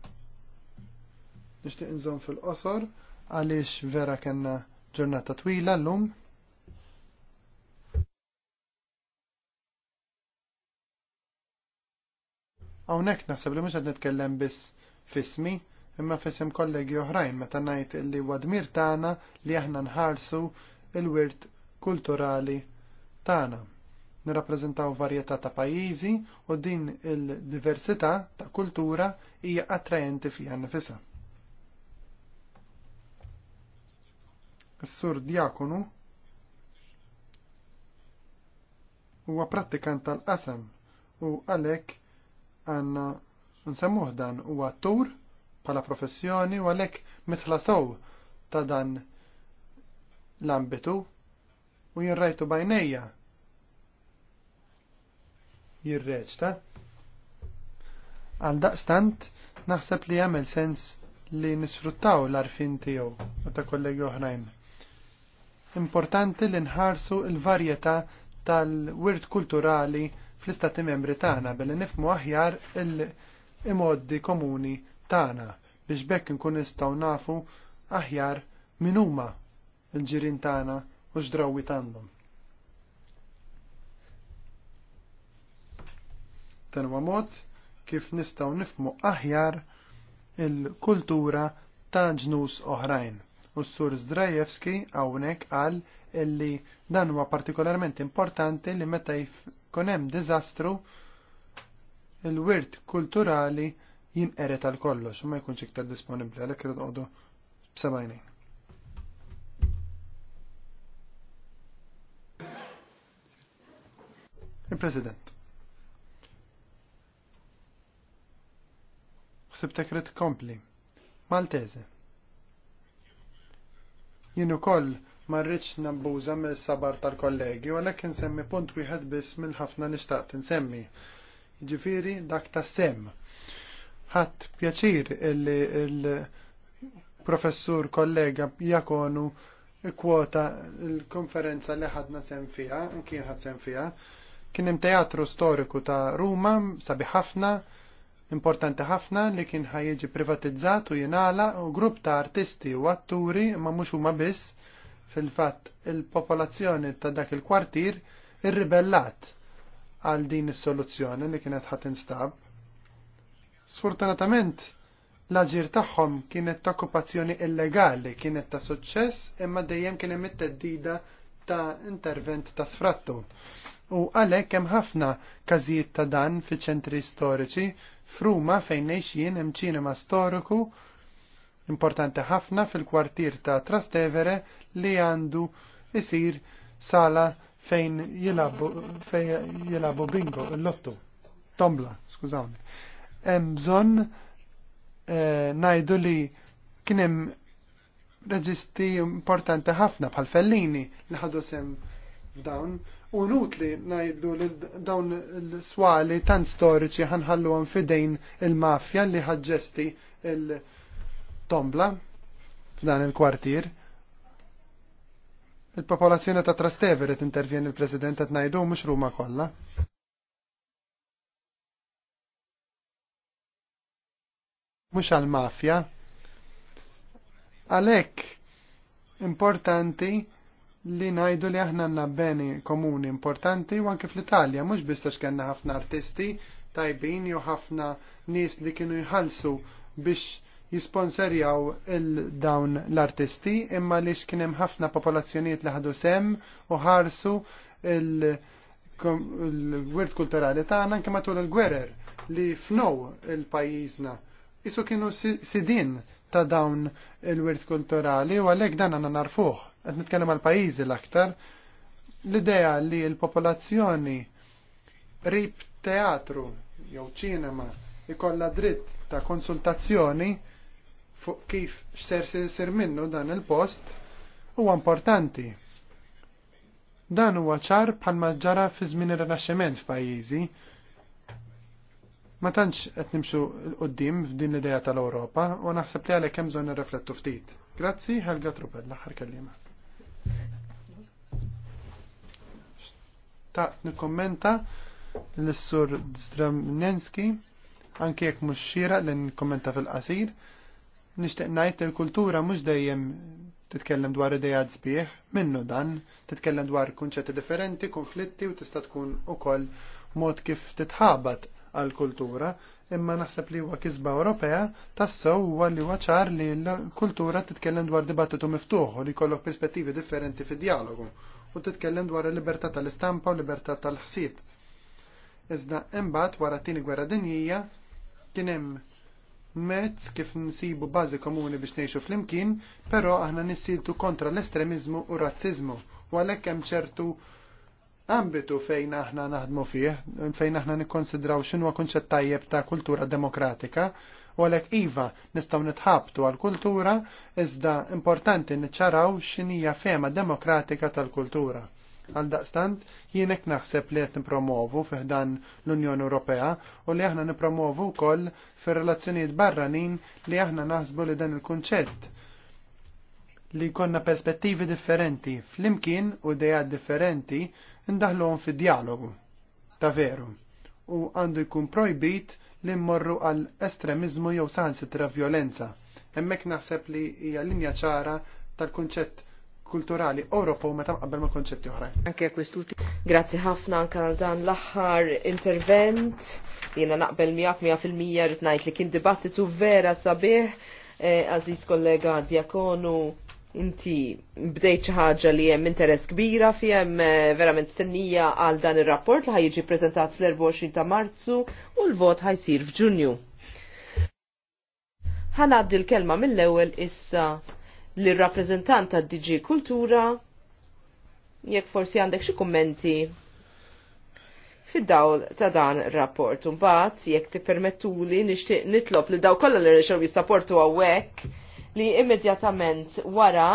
Nishtiq nżon fil-qosor għaliex vera kena ġurnata twila l-lum Hawnhekk naħseb li mhux qed nitkellem biss fismi, imma fisim kollegi oħrajn meta ngħid li wadmir tagħna li aħna nħarsu il-wirt kulturali tagħna. Nirrappreżentaw varjetà ta' pajjiżi u din il-diversità ta' kultura hija attrajenti fiha nifisha. Is-sur Diakonu huwa prattikant tal-qasam u għalhekk għanna nsemmuh dan u għattur pala professjoni u għalek sow ta' dan l-ambitu u jirrajtu bajnejja jirreċta. Għal daqstant naħseb li jagħmel sens li nisfruttaw l-arfin tiegħu u ta' kollegi oħrajn. Importanti li nħarsu l varjetà tal-wirt kulturali fl-istati membri tagħna billi nifmu aħjar il-imoddi komuni tagħna biex bekk nkun nistgħu nafu aħjar min huma l-ġirien tagħna u x'drawwi għandhom. Dan huwa mod kif nistgħu nifmu aħjar il-kultura ta' ġnus oħrajn. U s-sur Zdrajewski hawnhekk qal illi dan huwa partikolarment importanti li meta jkun hemm diżastru il-wirt kulturali jinqeret għal kollox u ma jkunx iktar disponibbli għalhekk irid qogħdu b'sebgħinejn. Il-President. Xsibtek rid kompli. Maltese. Jien ukoll ma rridx nabbuża mill-sabar tal-kollegi, għalhekk insemmi punt wieħed biss minn ħafna li xtaqt insemmi. Jiġifieri dak ta' sem. Ħadd pjaċir illi il-professur kollega jakonu kwota il-konferenza li ħadna sem fiha, kien ħad sem fija. kien hemm teatru storiku ta' Ruma sabi ħafna, importanti ħafna li kien ħajjiġi privatizzat u jingħala u grupp ta' artisti u atturi ma mhux huma biss Fil-fatt, il-popolazzjoni ta' dak il-kwartir irribellat għal din is-soluzzjoni li kienet ħat instab. Sfortunatament, l-aġir tagħhom kienet ta' okkupazzjoni illegali, kienet ta' suċċess, imma dejjem kien hemm it-teddida ta' intervent ta' sfrattu. U għalhekk hemm ħafna każijiet ta' dan fiċ-ċentri storiċi, f'Ruma fejn nejxin hemm ċinema storiku importanti ħafna fil-kwartir ta' Trastevere li għandu isir sala fejn jilabu, jilabu bingo, l-lottu, tombla, skużawni. Hemm bżonn eh, najdu li kien hemm reġisti importanti ħafna bħal Fellini li ħadu sem f'dawn u li najdu li dawn l-swali tan storiċi ħanħallu fidejn il-mafja li ħadġesti il-, -mafja, tombla f'dan il-kwartir. Il-popolazzjoni ta' Trastevere intervjeni il-President qed ngħidu mhux Ruma kollha. Mhux għal-mafja. Għalhekk importanti li ngħidu li aħna għandna beni komuni importanti u anke fl-Italja mhux biss għax ħafna artisti tajbin jew ħafna nies li kienu jħallsu biex jisponserjaw il-dawn l-artisti imma li xkienem ħafna popolazzjoniet li ħadu sem u ħarsu il-wirt kulturali tagħna anke matul il-gwerer li fnow il-pajjiżna. jisu kienu sidin ta' dawn il-wirt kulturali u għalhekk dan għanan narfuh. Qed nitkellem għal pajjiżi l-aktar. L-idea li l-popolazzjoni rib teatru jew ċinema ikolla dritt ta' konsultazzjoni fuq kif xser sir minnu dan il-post huwa importanti. Dan huwa ċar bħal maġġara fi żmien ir-Rinaxximent f'pajjiżi. Ma tantx qed nimxu l-qudiem f'din l-idea tal-Ewropa u naħseb li għalhekk hemm bżonn nirreflettu ftit. Grazzi, Helga Truppel, l-aħħar kellima. Taqt nikkommenta l-sur Zdramnenski anke jekk mhux xira li nkommenta fil-qasir nixtieq ngħid il-kultura mhux dejjem titkellem dwar idejat sbieħ, minnu dan, titkellem dwar kunċetti differenti, konflitti u tista' tkun ukoll mod kif titħabat għal kultura, imma naħseb li huwa kisba Ewropea tassew huwa li huwa ċar li l-kultura titkellem dwar dibattitu miftuħ u li jkollok perspettivi differenti fid-dialogu u titkellem dwar il-libertà tal-istampa u libertà tal-ħsieb. Iżda imbagħad wara t-tieni gwerra dinjija kien hemm mezz kif nsibu bażi komuni biex ngħixu flimkien, però aħna nissiltu kontra l-estremizmu u razzizmu, u għalhekk hemm ċertu ambitu fejn aħna naħdmu fih, fejn aħna nikkonsidraw x'inhu kunċett tajjeb ta' kultura demokratika, u għalhekk iva nistgħu nitħabtu għal kultura iżda importanti niċċaraw x'inhija fema demokratika tal-kultura. Għal daqstant, jienek naħseb li qed nipromovu fiħdan l-Unjoni Ewropea u li aħna nipromovu wkoll fir-relazzjonijiet barranin li aħna naħsbu li dan il-kunċett li konna perspettivi differenti flimkien u dejad differenti ndaħluhom fid-dialogu. Ta' veru. U għandu jkun projbit li mmorru għal estremizmu jew tra violenza. Hemmhekk naħseb li hija linja ċara tal-kunċett kulturali Ewropew meta qabel ma' konċetti oħra. Anke kwistuti. Grazzi ħafna anke għal dan l-aħħar intervent. Jiena naqbel miegħek mija fil-mija rid ngħid li kien dibattitu vera sabiħ. E, Aziz kollega Diakonu, inti bdejt xi ħaġa li hemm interess kbira fi hemm e, verament stennija għal dan ir-rapport li ħajjiġi preżentat fl-24 ta' Marzu u l-vot ħajsir f'Ġunju. Ħanaddi l-kelma mill-ewwel issa l rappresentanta DG Kultura jekk forsi għandek xi kummenti fid-dawl ta' dan rapport. Mbagħad jekk tippermettuli nixtieq nitlob li daw kollha li rexew sapportu hawnhekk li immedjatament wara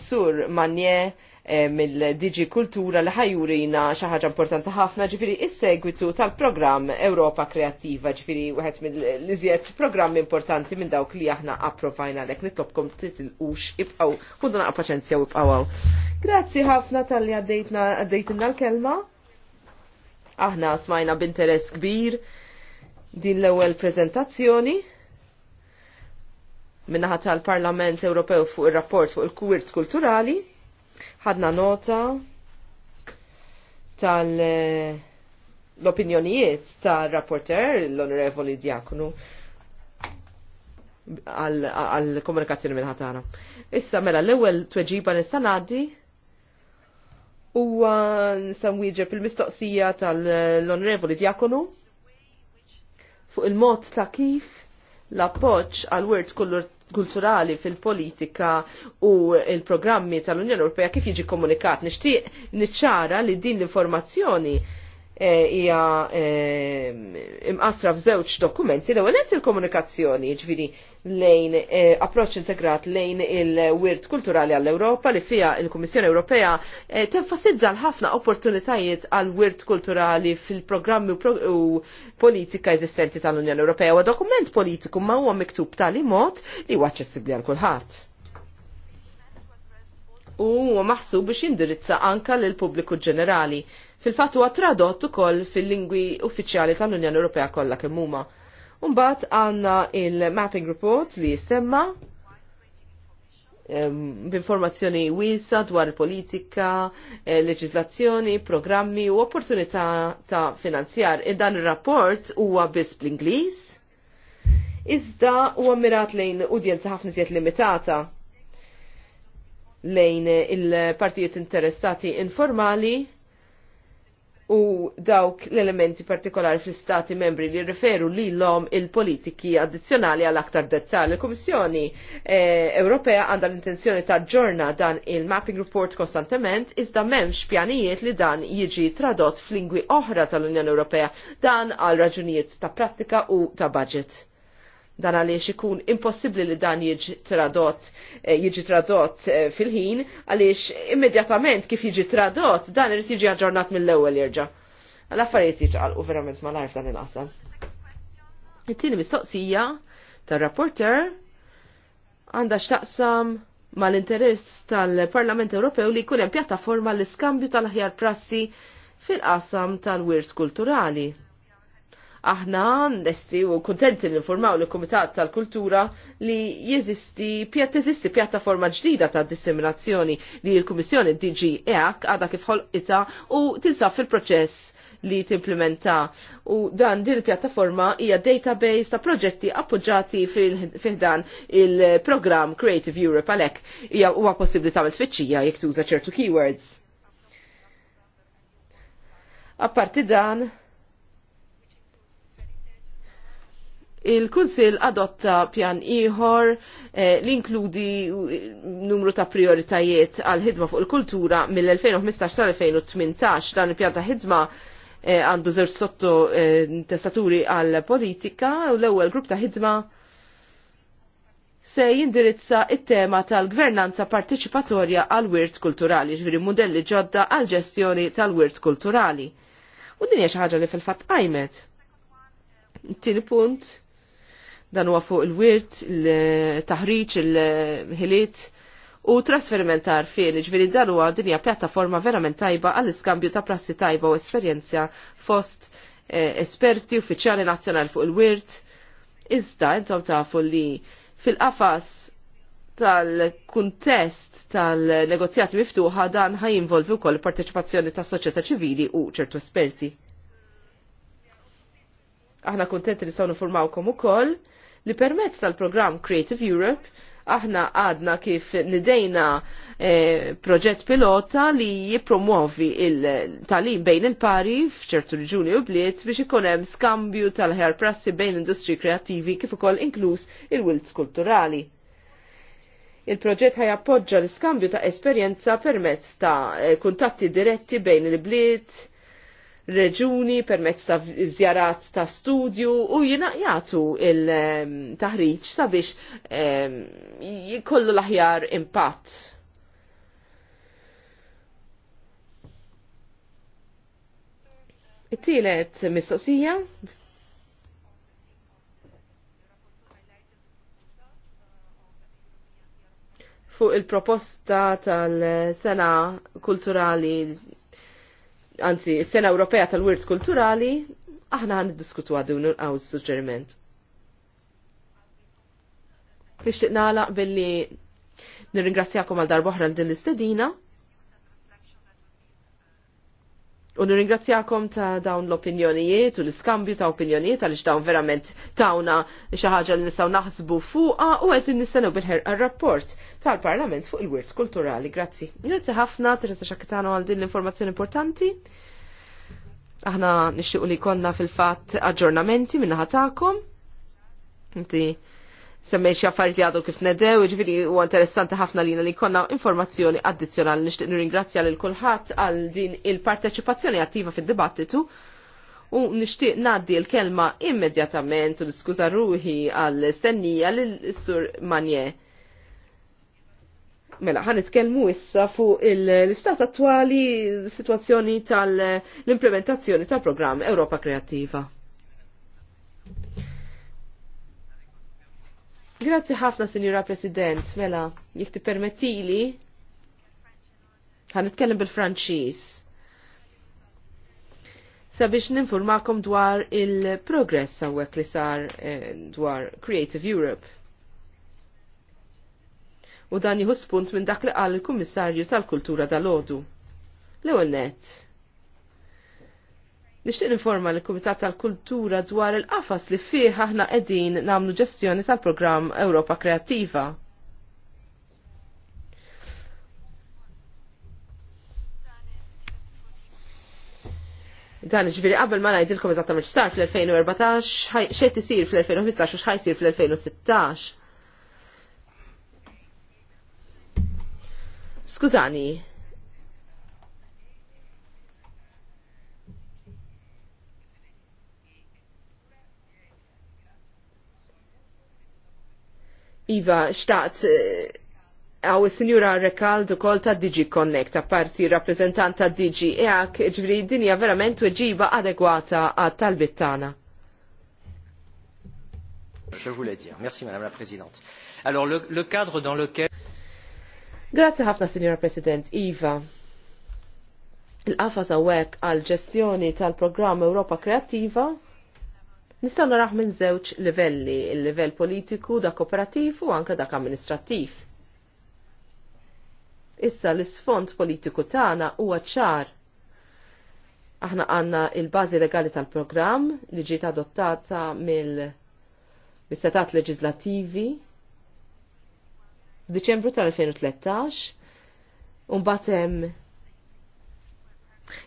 sur Manje Eh, mill-Digi Kultura li ħajurina xi ħaġa importanti ħafna ġifieri is-segwitu tal-programm Ewropa Kreattiva ġifieri wieħed mill-iżjed programm importanti minn dawk li aħna approvajna lek nitlobkom titilqux ibqgħu ħudna naqa' paċenzja u ibqgħu Grazzi ħafna tal-li għaddejtna għaddejtilna l-kelma. Aħna smajna b'interess kbir din l-ewwel preżentazzjoni minnaħat tal-Parlament Ewropew fuq ir-rapport fuq il-kwirt kulturali ħadna nota tal eh, l-opinjonijiet tal-rapporter, l-onorevoli Diakonu, għal-komunikazzjoni minn ħatana. Issa mela l-ewel tweġiba nistanaddi u nistan wieġeb il-mistoqsija tal-onorevoli Diakonu fuq il-mod ta' kif l-appoċ għal-wirt kulturali fil-politika u il-programmi tal-Unjoni Ewropea kif jiġi komunikat. Nixtieq niċċara li din l-informazzjoni E, hija e, imqasra f'żewġ dokumenti l ewwel il-komunikazzjoni ġviri jiġifieri lejn e, approċċ integrat lejn il-wirt kulturali għall-Ewropa li fija il-Kummissjoni Ewropea tenfasizza l-ħafna opportunitajiet għal wirt kulturali fil-programmi u politika eżistenti tal-Unjoni Ewropea u dokument politiku ma huwa miktub tali mod li huwa aċċessibbli għal kulħadd. U maħsub biex jindirizza anka lill pubbliku ġenerali Fil-fatt huwa tradott ukoll fil-lingwi uffiċjali tal-Unjoni Ewropea kollha kemm huma. Mbagħad għandna il-mapping report li jissemma b'informazzjoni wiesa dwar politika, eh, leġislazzjoni, programmi u opportunità ta' finanzjar. E dan ir-rapport huwa biss bl-Ingliż. Iżda huwa mirat lejn udjenza ħafna ziet limitata lejn il-partijiet interessati informali u dawk l-elementi partikolari fl-istati membri li referu li l-om il-politiki addizjonali għal-aktar dettal. Il-Komissjoni eh, Ewropea għandha l-intenzjoni ta' ġorna dan il-mapping report konstantement, iżda memx pjanijiet li dan jiġi tradott fl-lingwi oħra tal-Unjoni Ewropea, dan għal raġunijiet ta' pratika u ta' budget dan għaliex ikun impossibli li dan jiġi tradott eh, jiġi tradott eh, fil-ħin għaliex immedjatament kif jiġi tradott dan irid jiġi aġġornat mill-ewwel jerġa'. L-affarijiet jiġqalqu verament malajr dan il-qasam. It-tieni mistoqsija tar-rapporter għandha x'taqsam mal-interess tal-Parlament Ewropew li jkun hemm pjattaforma l-iskambju tal-aħjar prassi fil-qasam tal-wirs kulturali Aħna nesti u kontenti informaw li Kumitat tal-Kultura li jeżisti pjat teżisti pjattaforma ġdida ta' disseminazzjoni li l-Kummissjoni DG EAC għadha kif ħolqita u tinsab fil-proċess li timplementa. U dan din il-pjattaforma hija database ta' proġetti appoġġati fil fihdan il program Creative Europe għalhekk Ija huwa possibbli ta' sfittxija jekk tuża ċertu keywords. Apparti dan, Il-Kunsil adotta pjan ieħor eh, li inkludi eh, numru ta' prioritajiet għal ħidma fuq il-kultura mill-2015 tal-2018 dan il-pjan ta' ħidma eh, għandu eh, zewġ sotto testaturi għal politika u l-ewwel grupp ta' ħidma se jindirizza it-tema tal-gvernanza partiċipatorja għal wirt kulturali, ġviri modelli ġodda għal ġestjoni tal-wirt kulturali. U din hija xi ħaġa li fil-fatt qajmet. Tieni punt Dan huwa fuq il-wirt, il-taħriġ, il-ħiliet u trasferiment ta' arfien, ġviri dan huwa dinja pjattaforma verament tajba għall-iskambju ta' prassi tajba u esperjenza fost eh, esperti uffiċjali nazzjonali fuq il-wirt. Iżda, intom tafu li fil-qafas tal-kuntest tal-negozjati miftuħa dan ħajinvolvi wkoll parteċipazzjoni ta' soċjetà ċivili u ċertu esperti. Aħna kuntenti li saw nifurmawkom ukoll li permezz tal-programm Creative Europe aħna għadna kif nidejna eh, proġett pilota li jipromuovi il-talim bejn il-pari fċertu reġuni u bliet biex ikun hemm skambju tal ħer prassi bejn industri kreativi kif ukoll inkluż il-wilt kulturali. Il-proġett ħajappoġġa l-iskambju ta' esperjenza permezz ta' eh, kuntatti diretti bejn il-bliet, reġuni permezz ta' zjarat ta' studju u jagħtu il-taħriġ sabiex ehm, jikollu l-aħjar impatt. It-tielet mistoqsija fuq il-proposta tal-sena kulturali anzi, s-sena Ewropea tal-Wirt Kulturali, aħna għan diskutu għadu għaw suġġeriment. Nixtieq nagħlaq billi nirringrazzjakom għal darbohra l din l-istedina U nirringrazzjakom ta' dawn l-opinjonijiet u l-iskambju ta' opinjonijiet għaliex dawn verament tawna xi ħaġa li nistgħu naħsbu fuqha u qed nistennew bil-ħerqa rapport tal-Parlament fuq il-wirt kulturali. Grazzi. Grazzi ħafna Teresa Xakitano għal din l-informazzjoni importanti. Aħna nixtiequ li konna fil-fatt aġġornamenti minna ħatakom. Inti semmejn xi affarijiet li għadu kif nedew, jiġifieri huwa interessanti ħafna lina li konna informazzjoni addizzjonali nixtieq nirringrazzja lil kulħadd għal din il-parteċipazzjoni attiva fid-dibattitu u nixtieq ngħaddi l-kelma immedjatament u niskuża ruħi għal stennija lil sur Manje. Mela, ħan nitkellmu issa fuq l-istat attwali, situazzjoni tal-implementazzjoni tal-programm Europa Kreattiva. Grazzi ħafna, Signora President, mela, jek ti permettili, għan nitkellem bil-Franċis. Sabiex ninformakom dwar il-progress għawek li sar eh, dwar Creative Europe. U dan jħu spunt minn dak li għal il-Kummissarju tal-Kultura dal-Odu. L-ewel net Nixtieq informa l kumitat tal-Kultura dwar il-qafas li fih aħna qegħdin nagħmlu ġestjoni tal-programm Ewropa Kreattiva. Dan ġviri qabel ma ngħid il-Kumitat ta' sar fl-2014 xejn isir fl-2015 u x'ħajsir fl-2016. Skużani, Iva, xtaqt, eh, għaw il-Sinjura Rekaldu kol ta' Digi Connect, parti rappresentant ta' Digi, eħak ġvri dinja verament u ġiba adegwata għad tal-bittana. Je voulais dire. Merci, Madame la Présidente. Alors, le, le cadre dans lequel... Grazie Hafna, Signora President. Iva, il-qafas għawek għal-ġestjoni tal-programm Europa Kreativa Nistaw naraħ minn żewġ livelli, il-livell politiku, dak kooperativ u anka dak amministrattiv. Issa l-isfond politiku tagħna huwa ċar. Aħna għanna il-bażi legali tal-programm li ġiet adottata mill-setat leġislativi Deċembru tal-2013 un batem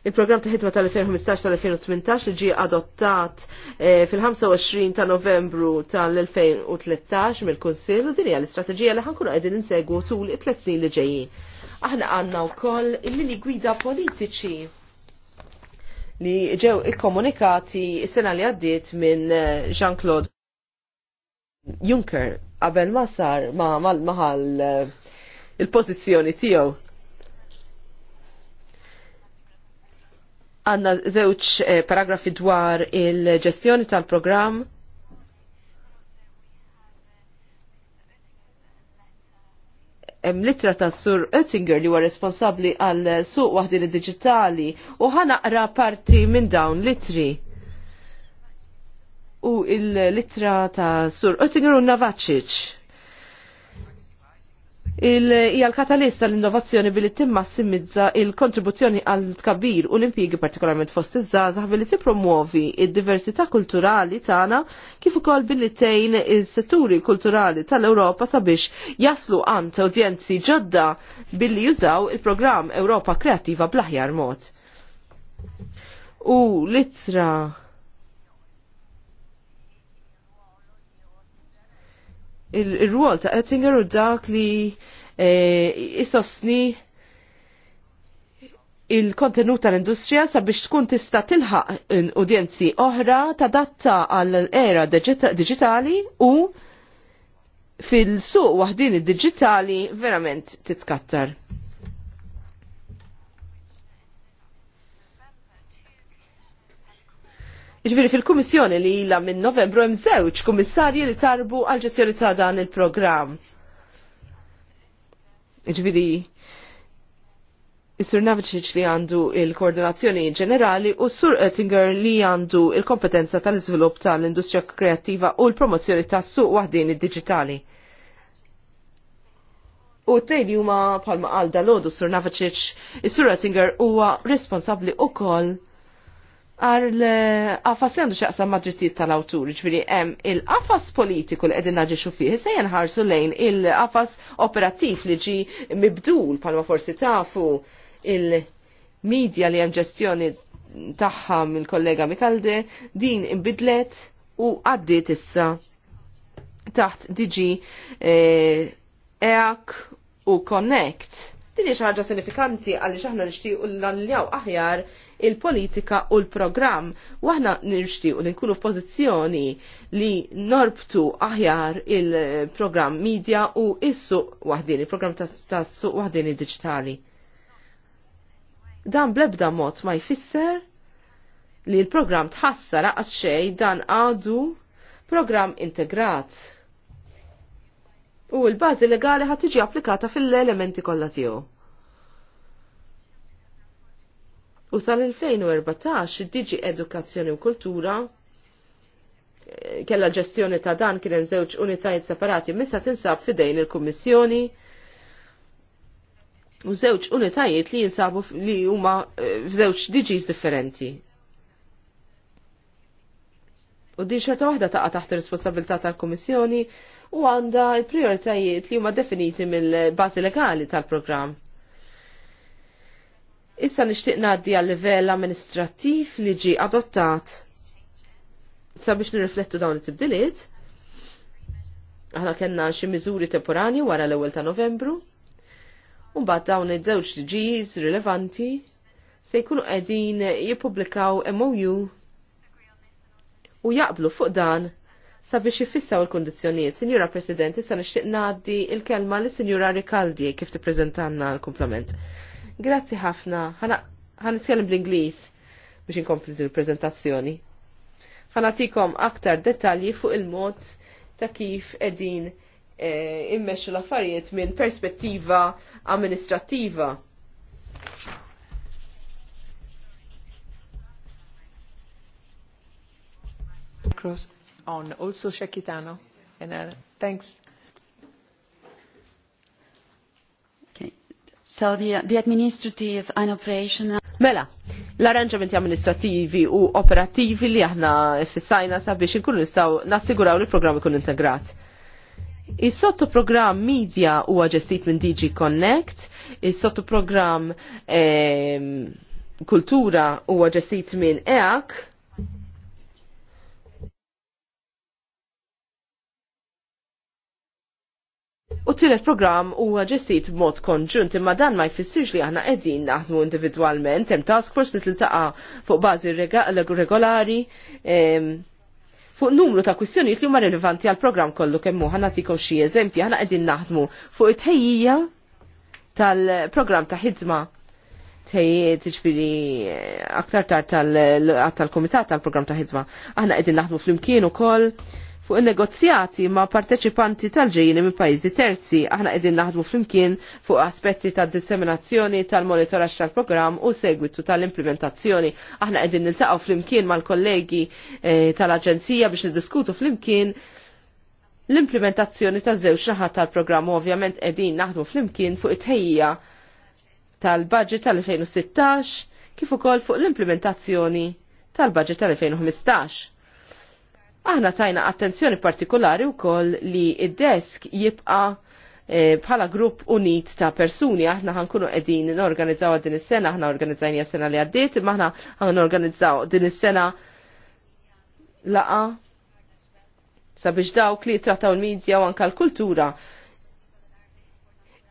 Il-programm ta' ħidma tal-2015 tal-2018 li ġie adottat eh, fil-25 ta' novembru tal-2013 mill-Kunsill u din hija l-istrateġija li ħankunu qegħdin insegwu tul it-tliet snin li ġejjin. Aħna għandna wkoll il-mini gwida politiċi li ġew ikkomunikati s-sena li għaddiet minn eh, Jean-Claude Juncker qabel ma sar ma mal-maħal eh, il-pożizzjoni tiegħu għanna zewċ eh, paragrafi dwar il-ġestjoni tal-programm. Hemm litra ta' Sur Oettinger li huwa responsabbli għal suq waħdin id-diġitali u ħanaqra parti minn dawn litri. U il-litra ta' Sur Oettinger u Navacic il l-katalista l-innovazzjoni billi timmassimizza il-kontribuzzjoni għal tkabbir u l-impjigi partikolarment fost iż-żgħażagħ billi tippromuovi id-diversità kulturali tagħna kif ukoll billi tgħin is-setturi kulturali tal-Ewropa sabiex jaslu għand udjenzi ġodda billi jużaw il-programm Ewropa Kreattiva bl-aħjar mod. U l il-rwol ta' Ettinger u dak li jisosni eh, il-kontenut tal-industrija sabiex tkun tista' tilħaq udjenzi oħra tadatta għall era digitali u fil-suq waħdin id-digitali verament titkattar. Ġviri fil-Kummissjoni li ilha minn Novembru hemm żewġ kummissarji li tarbu għal ġestjoni ta' dan il-programm. Ġviri Is-Sur Navicic li għandu il-koordinazzjoni ġenerali u s-Sur Oettinger li għandu il-kompetenza tal-iżvilupp tal-industrija kreattiva u l-promozzjoni tas-suq waħdin id-diġitali. U t tejn li huma palma għal dalodu Sur Navicic, is-Sur Oettinger huwa responsabbli ukoll għal għafas li għandu xaqsam maġġittijiet tal-awtur, ġviri hemm il-qafas politiku li qegħdin naġi fih, se jenħarsu lejn il-qafas operattiv li ġi mibdul palma forsi tafu il-medja li hemm ġestjoni tagħha mill-kollega Mikalde, din imbidlet u għaddiet issa taħt diġi EAC eh, e u Connect. Din xaħġa xi ħaġa sinifikanti għaliex aħna nixtiequ l-alljaw aħjar il-politika u l-programm. Waħna nirxtiqu li nkunu pozizjoni li norbtu aħjar il-programm media u issu suq il-programm ta' suq waħdin digitali. Dan blebda mod ma jfisser li l-programm tħassar għas xej dan għadu programm integrat. U l-bazi legali ħat tiġi applikata fil-elementi kollha tiegħu. U sal-2014 diġi edukazzjoni u kultura eh, kella ġestjoni ta' dan kien żewġ unitajiet separati missa tinsab fidejn il-Kummissjoni u żewġ unitajiet li jinsabu li huma eh, f'żewġ diġis differenti. U din xorta waħda taqa' taħt ir-responsabilità tal-Kummissjoni u għandha l-prioritajiet li huma definiti mill-bażi legali tal-programm. Issa nixtieq ngħaddi għal livell amministrattiv li ġi adottat sabiex nirriflettu dawn it-tibdiliet. Aħna kellna xi miżuri temporani wara l-ewwel ta' Novembru. u mbagħad dawn iż-żewġ ġiż rilevanti se jkunu qegħdin jippubblikaw MOU u jaqblu fuq dan sabiex jifissaw il kundizzjonijiet Sinjura President, issa nixtieq ngħaddi il-kelma li Sinjura Rikaldi kif tippreżentanna l-komplement. Grazzi ħafna. Ħan nitkellem bl-Ingliż biex inkompli il-prezentazzjoni. Ħan għatikom aktar dettalji fuq il-mod ta' kif edin e, eh, immexxu l-affarijiet minn perspettiva amministrattiva. Cross on also Shekitano. And uh, thanks. So the, the administrative and operational... Mela, l-arranġamenti amministrativi u operativi li aħna fissajna sabiex nkunu nistaw nassiguraw li l-programm ikun integrat. Is-sottoprogramm Media huwa ġestit minn DG Connect, is-sottoprogramm eh, Kultura huwa ġestit minn EAC, U t-tielet programm huwa ġestit b'mod konġunt imma dan ma jfissirx li aħna qegħdin naħdmu individwalment hemm task force li tiltaqa' fuq bażi regolari fuq numru ta' kwistjonijiet li huma rilevanti għal programm kollu kemm hu ħanatikom xi eżempji aħna qegħdin naħdmu fuq it-tejjija tal-programm ta' ħidma tejjiet ġbiri aktar tar tal-komitat tal-program ta' ħidma. Aħna qegħdin naħdmu fl-imkien ukoll fuq il-negozjati ma' parteċipanti tal-ġejjini minn pajjiżi terzi. Aħna qegħdin naħdmu flimkien fuq aspetti tad-disseminazzjoni tal-monitoraġġ tal-programm u segwitu tal-implementazzjoni. Aħna qegħdin niltaqgħu flimkien mal-kollegi eh, tal-Aġenzija biex niddiskutu flimkien l-implementazzjoni taż żewġ naħat tal-programm ovvjament qegħdin naħdmu flimkien fuq it-tejja tal-budget tal-2016 kif ukoll fuq l-implementazzjoni tal-budget tal-2015. Aħna tajna attenzjoni partikolari wkoll li id-desk jibqa' eh, bħala grupp unit ta' persuni, aħna ħankunu edin n-organizzaw din is-sena, aħna organizzajni s-sena li għaddiet, imma aħna ħan organizzaw din is-sena laqa sabiex dawk li trattaw il-medja u anka l-kultura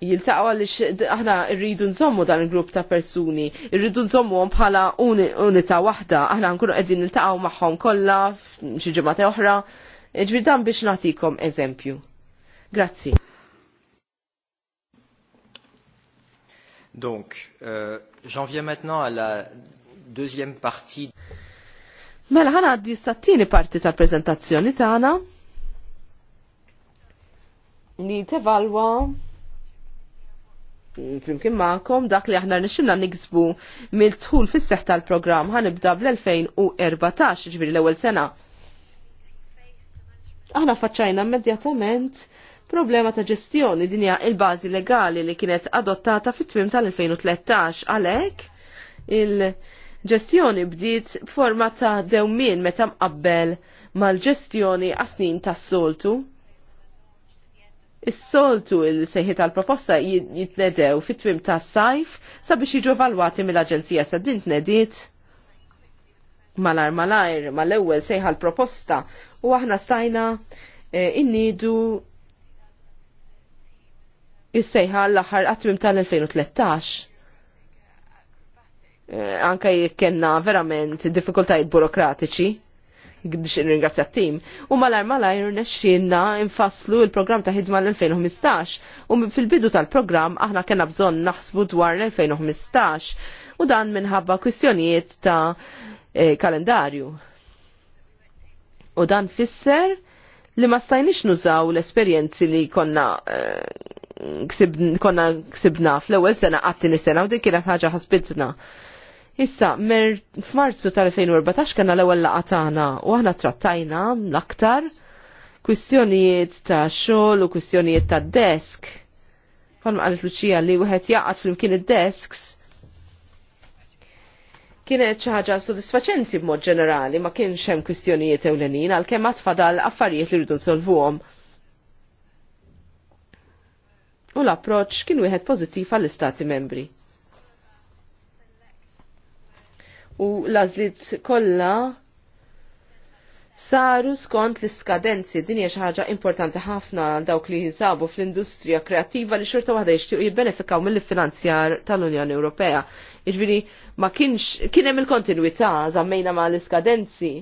jiltaqgħu għaliex aħna rridu nżommu dan il-grupp ta' persuni, rridu nżommu bħala unità waħda, aħna nkunu qegħdin niltaqgħu magħhom kollha xi ġimgħa oħra. Ġbir dan biex natikom eżempju. Grazzi. Donc, euh, j'en viens maintenant à la deuxième partie. Mela ħana għaddi s-sattini parti tal-prezentazzjoni tagħna Ni tevalwa flimkien ma'kom dak li aħna nixxilna niksbu mill-tħul fis-seħ tal-programm ħanibda bl-2014 ġifieri l-ewwel sena. Aħna faċċajna immedjatament problema ta' ġestjoni dinja il-bażi legali li kienet adottata fit-tmim tal-2013 għalhekk il-ġestjoni bdiet b'forma ta' dewmien meta mqabbel mal-ġestjoni għasnin tas-soltu. Is-soltu il seħi tal-proposta jitnedew fit-twim ta' sajf sabiex jiġu evalwati mill-Aġenzija sa' din tnediet malar malajr mal-ewwel sejħa l-proposta u aħna stajna e, innidu is-sejħa l-aħħar qattmim tal-2013. Anke anka jekk verament diffikultajiet burokratiċi biex ringrazzja t-tim. U malar malajr nexxinna infasslu il-programm ta' ħidma l-2015 u fil-bidu tal-programm aħna kena bżon naħsbu dwar l-2015 u dan minħabba kwistjonijiet ta' e, kalendarju. U dan fisser li ma stajnix nużaw l-esperienzi li konna e, konna ksibna fl-ewwel sena għattini sena u dik kienet ħaġa ħasbitna. Issa, mer f'Marzu tal-2014 kanna l-ewwel laqgħa tagħna u aħna trattajna l-aktar kwistjonijiet ta' xogħol u kwistjonijiet ta' desk. Palma qalet Luċija li wieħed jaqgħad flimkien id-desks kienet xi ħaġa sodisfaċenti b'mod ġenerali ma kienx hemm kwistjonijiet ewlenin għalkemm għad fadal affarijiet li rridu nsolvuhom. U l-approċċ kien wieħed pożittiv għall-istati membri. u lażlit kollha saru skont l-iskadenzi din hija xi ħaġa importanti ħafna għal dawk li jinsabu fl-industrija kreattiva li xorta waħda jixtiequ jibbenefikaw mill-finanzjar tal-Unjoni Ewropea. Jiġifieri ma kienx kien hemm il-kontinwità żammejna ma l-iskadenzi.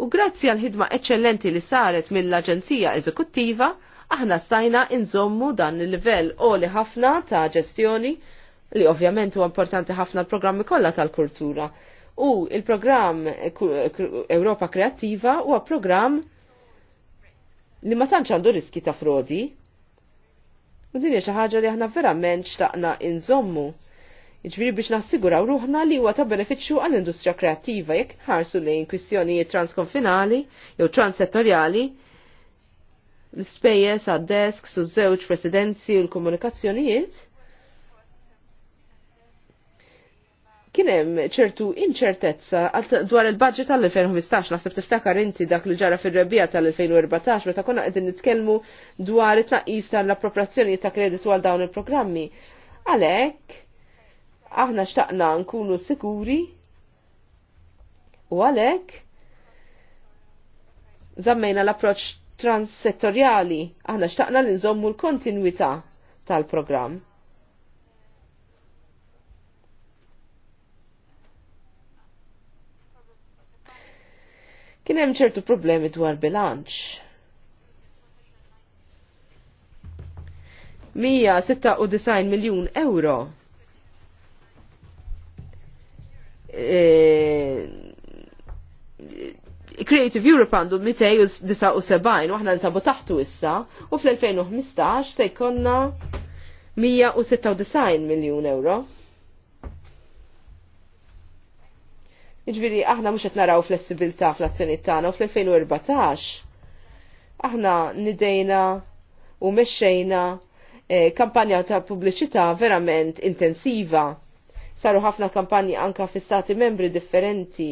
U grazzi għal ħidma eċċellenti li saret mill-Aġenzija Eżekuttiva, aħna stajna inżommu dan il-livell oli ħafna ta' ġestjoni li ovvjament huwa importanti ħafna l-programmi kollha tal-kultura. U il-programm Europa Kreattiva huwa programm li ma tantx għandu riski ta' frodi. U din xi ħaġa li aħna verament xtaqna inżommu. Iġviri biex nassiguraw ruħna li huwa ta' benefiċċju għall-industrija kreattiva jekk ħarsu lejn kwistjonijiet transkonfinali jew transsettorjali l spejjes għad-desks u żewġ presidenzi u l-komunikazzjonijiet kien hemm ċertu inċertezza dwar il-budget tal-2015 naħseb tiftakar inti dak li ġara fir-rebbija tal-2014 meta konna qegħdin nitkellmu dwar it-tnaqqis tal-appropriazzjoni ta' kreditu għal dawn il-programmi. Għalhekk aħna xtaqna nkunu sikuri u għalhekk żammejna l approċċ transsettorjali, aħna xtaqna li nżommu l-kontinuità tal-programm. Kien hemm ċertu problemi dwar bilanċ. 196 miljun euro. E... Creative Europe għandu 279 u aħna nsabu taħtu issa u fl-2015 se jkonna 196 miljun euro. Iġviri, aħna mux naraw flessibilta fl-azzjoniet tagħna u fl-2014 aħna nidejna u mexxejna eh, kampanja ta' pubbliċità verament intensiva. Saru ħafna kampanji anka fi stati membri differenti.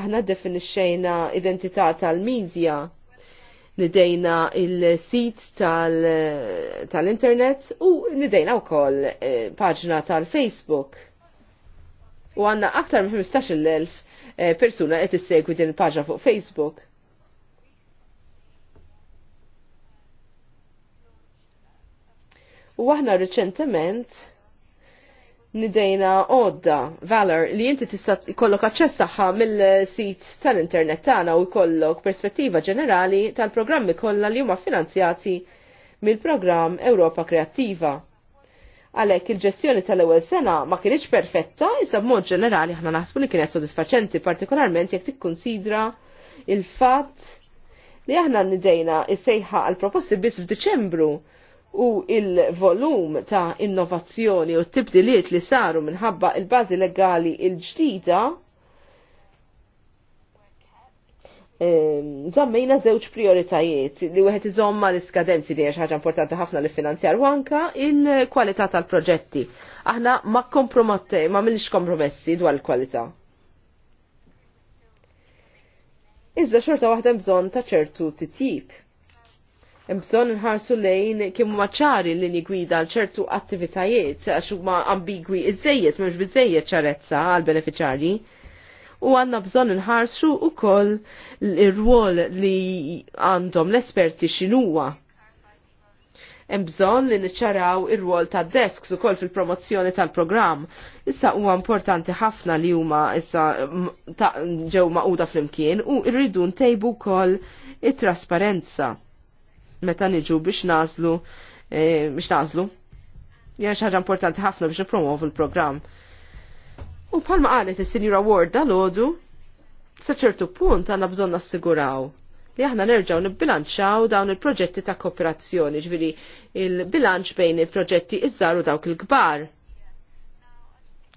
Aħna definixxejna identità tal-medja nidejna il-sit tal-internet tal u nidejna wkoll eh, paġna tal-Facebook u għanna aktar minn 15.000 eh, persuna qed issegwi din il-paġa fuq Facebook. U aħna reċentement nidejna għodda Valor li inti tista' jkollok aċċess tagħha mill-sit tal-internet tagħna u jkollok perspettiva ġenerali tal-programmi kollha li huma finanzjati mill-programm Ewropa Kreattiva. Għalhekk il-ġestjoni tal-ewwel sena ma kienieċ perfetta, iżda b'mod ġenerali aħna naħsbu li kienet sodisfaċenti partikolarment jekk tikkonsidra il-fatt li aħna nidejna is-sejħa għal proposti biss f'Diċembru u il-volum ta' innovazzjoni u t-tibdiliet li saru minħabba il-bażi legali il-ġdida Ehm, zammejna żewġ prioritajiet li wieħed iżomma l-iskadenzi li ħaġa importanti ħafna li finanzjar u anka il-kwalità tal-proġetti. Aħna ma kompromatte, ma minnix kompromessi dwar il-kwalità. Iżda xorta waħda bżonn ta' ċertu titjib. Bżonn nħarsu lejn kim huma ċari lini gwida għal ċertu attivitajiet għax huma ambigwi iżejjed mhux biżejjed ċarezza għal beneficjarji u għanna bżon nħarsu u koll l-rwol li għandhom l-esperti xinuwa. Mbżon li niċċaraw ir-rwol ta' desks u koll fil-promozzjoni tal-programm. Issa huwa importanti ħafna li huma issa ġew maquda fl-imkien u rridu ntejbu koll it-trasparenza meta niġu biex nażlu eh, biex nażlu. Ja xi ħaġa importanti ħafna biex nipromovu l-programm U palma qalet il-Sinjura Ward dal-ħodu, ċertu punt għanna bżon nassiguraw li aħna nerġaw nibbilanċaw dawn il-proġetti ta' kooperazzjoni, ġviri il-bilanċ bejn il-proġetti iż-żar u dawk il-kbar.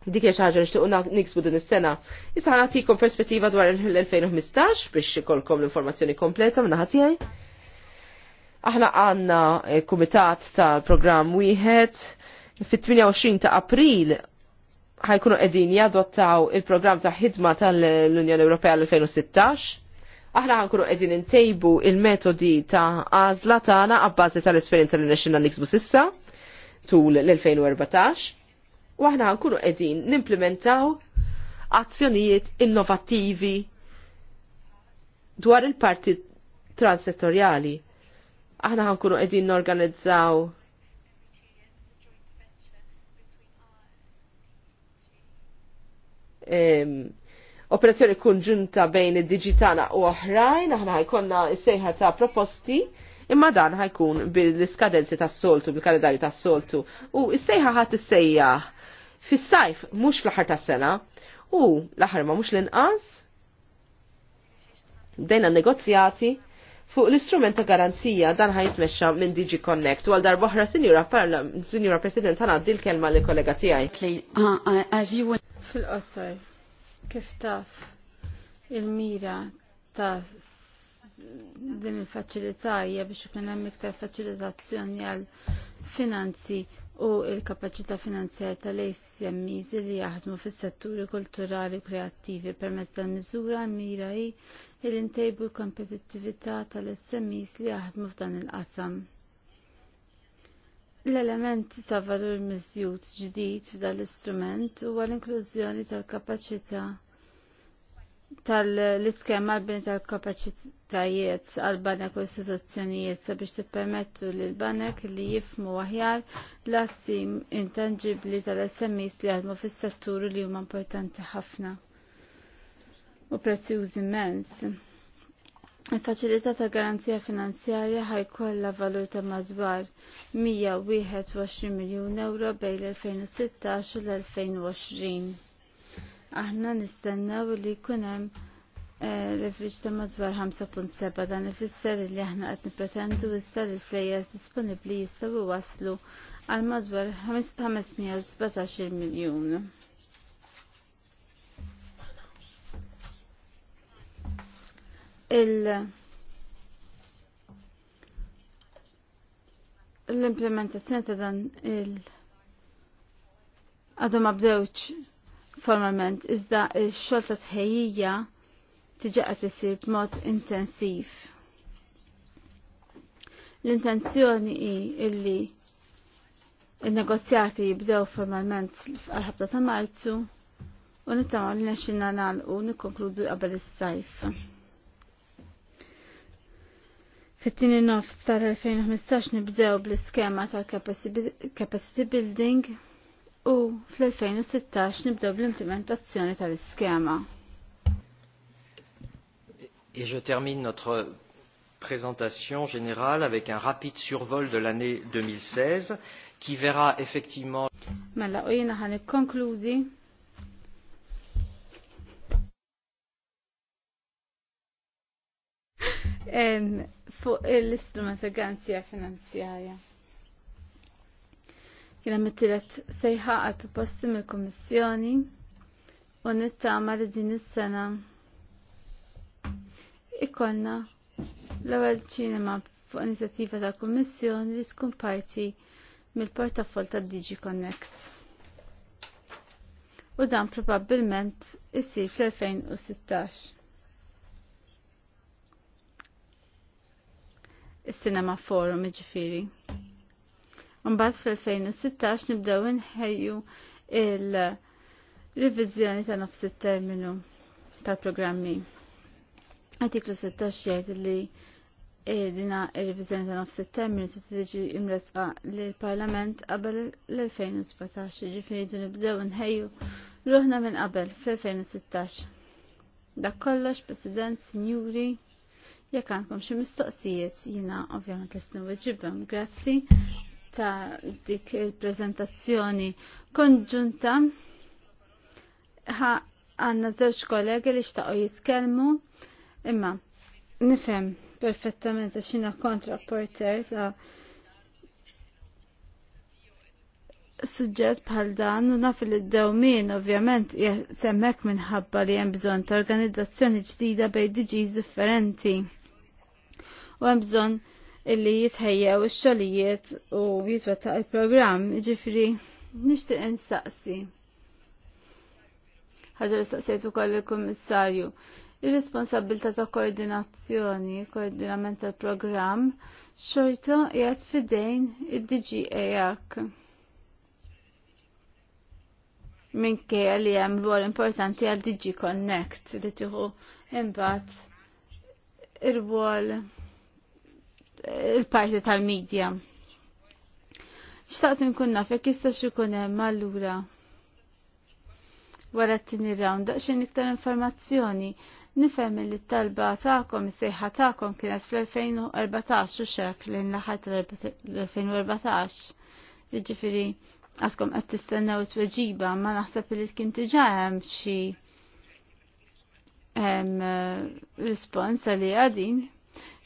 Dik hija ħaġa nixtiequ niksbu din is-sena. Issa ħanatikom perspettiva dwar il 2015 biex ikolkom l-informazzjoni kompleta minna ħatijaj. tiegħi. Aħna għandna eh, kumitat tal-programm wieħed fit-28 ta' April ħajkunu qegħdin jadottaw il-programm ta' ħidma tal-Unjoni Ewropea l-2016. Aħna ħankunu qegħdin intejbu il-metodi ta' għażla tagħna għabbazi tal-esperjenza li nexxinna niksbu sissa tul l-2014. U aħna ħankunu qegħdin nimplementaw azzjonijiet innovattivi dwar il-parti transsettorjali. Aħna ħankunu qegħdin organizzaw operazzjoni kunġunta bejn id-diġitana u oħrajn, aħna ħajkonna sejħa ta' proposti, imma dan ħajkun bil-skadenzi tas soltu, bil-kalendarju tas soltu. U s-sejħa ħat sejja fis-sajf, mhux fl aħħar tas sena, u l aħħar ma mhux l-inqas, bdejna negozjati fuq l-istrument ta' garanzija dan ħajtmexxa minn Digi Connect u għal darboħra Sinjura President ħana l kelma li kollega tiegħi fil-qosor kif taf il-mira ta' din il facilità hija biex ikun hemm iktar faċilitazzjoni għal finanzi u l-kapaċità finanzjarja tal-ACMEs li jaħdmu fis-setturi kulturali kreattivi permezz tal-miżura mira hi il-intejbu kompetittività tal-SMEs li jaħdmu f'dan il-qasam. L-element ta' valur miżjud ġdid f'dan l-istrument huwa l-inklużjoni tal-kapaċità tal-iskema għal-bini tal-kapacitajiet għal-banek u istituzzjonijiet sabiex tippermettu li l-banek li jifmu aħjar l-assim intangibli tal-SMIs li għadmu fis-settur li huma importanti ħafna u prezzjuż immens. Il-faċilità ta' garanzija finanzjarja ħajkollha valur ta' madwar 121 miljun euro bejn l-2016 u l-2020. Aħna nistennew li jkun hemm eh, leverage ta' madwar 5.7 dan ifisser li aħna qed nippretendu issa li flejjes disponibbli jistgħu waslu għal madwar 517 miljun. il- l-implementazzjoni ta' dan il- għadu ma bdewċ formalment, iżda il-xol ta' tħejjija tiġaqa tisir b'mod intensiv. L-intenzjoni hi illi il-negozjati jibdew formalment għal-ħabta ta' marzu u nittama li nexxinna nagħlqu nikkonkludu qabel is-sajf. Fit-tini nofs tal-2015 nibdew bl-iskema tal-capacity building u fl-2016 nibdew bl-implementazzjoni tal-iskema. Et je termine notre présentation générale avec un rapide survol de l'année 2016 qui verra effectivement Mela, ujina jina ħan ikkonkludi fuq l-istrument ta' garanzija finanzjarja. Jena mittilet sejħa għal proposti mill kommissjoni u nittama li din is-sena ikolna l-ewwel ċinema fuq inizjattiva ta' kummissjoni li skumparti parti mill-portafoll ta' Digi Connect. U dan probabbilment isir fl-2016. il-Cinema Forum iġifiri. Unbat fil 2016 nibdew nħejju il-revizjoni ta' nofs terminu tal-programmi. Artiklu 16 jgħid li eh, dina il-revizjoni ta' nofs terminu se tiġi imresqa lill-Parlament qabel l-2017 ġifieri dun nibdew nħejju ruħna minn qabel fil 2016 Dak kollox, President, Sinjuri, Jekk għandkom xi mistoqsijiet jiena ovvjament lest weġibhom. Grazzi ta' dik il-preżentazzjoni konġunta. Għanna żewġ kollegi li xtaqgħu jitkellmu imma nifhem perfettament għax jiena kontra porter ta' suġġett bħal dan u naf li d-dewmin ovvjament semmek minħabba li hemm bżonn ta' organizzazzjoni ġdida bejn diġis differenti u hemm bżonn illi jitħejjew ix-xogħlijiet u jitwettaq il-programm, jiġifieri nixtieq insaqsi. Ħaġa li staqsejt ukoll il-Kummissarju. Ir-responsabilità ta' koordinazzjoni, koordinament tal-programm, xorta jgħat fidejn id-DGAK. Minkejja li hemm l importanti għal DG Connect li tieħu imbagħad ir-rwol il-parti tal-medja. Xtaqt nkun naf jekk jistax ikun hemm allura wara t-tieni round daqsxejn iktar informazzjoni nifhem li t-talba tagħkom is-sejħa tagħkom kienet fl-2014 u xek lejn l-aħħar tal-2014. Jiġifieri għaskom qed tistennew it-tweġiba ma naħseb li tkien diġà hemm xi eh, rispons li għadin.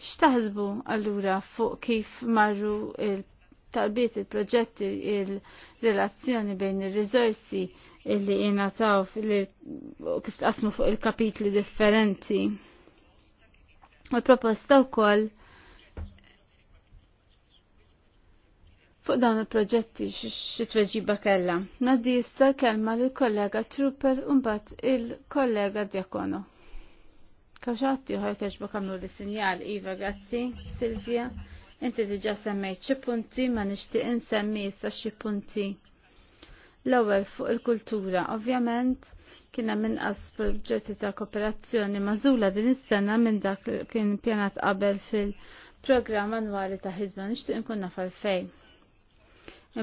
X'taħsbu allura fuq kif marru il talbiet il-proġetti il-relazzjoni bejn il-rizorsi li jenataw kif tqasmu fuq il-kapitli differenti. U l-proposta u koll fuq dawn il-proġetti xitweġiba kella. Naddi jissa kelma l-kollega Trupper un-bat il-kollega Diakono. Kawxatti uħar keġba kamlu li sinjal Iva, grazzi, Silvia. Inti diġa semmejt xi punti ma nixtieq insemmi issa xi punti. L-ewwel fuq il-kultura, ovvjament kien hemm inqas proġetti ta' kooperazzjoni mażula din is-sena minn dak kien pjanat qabel fil-programm annwali ta' ħidma nixtieq inkun naf fejn.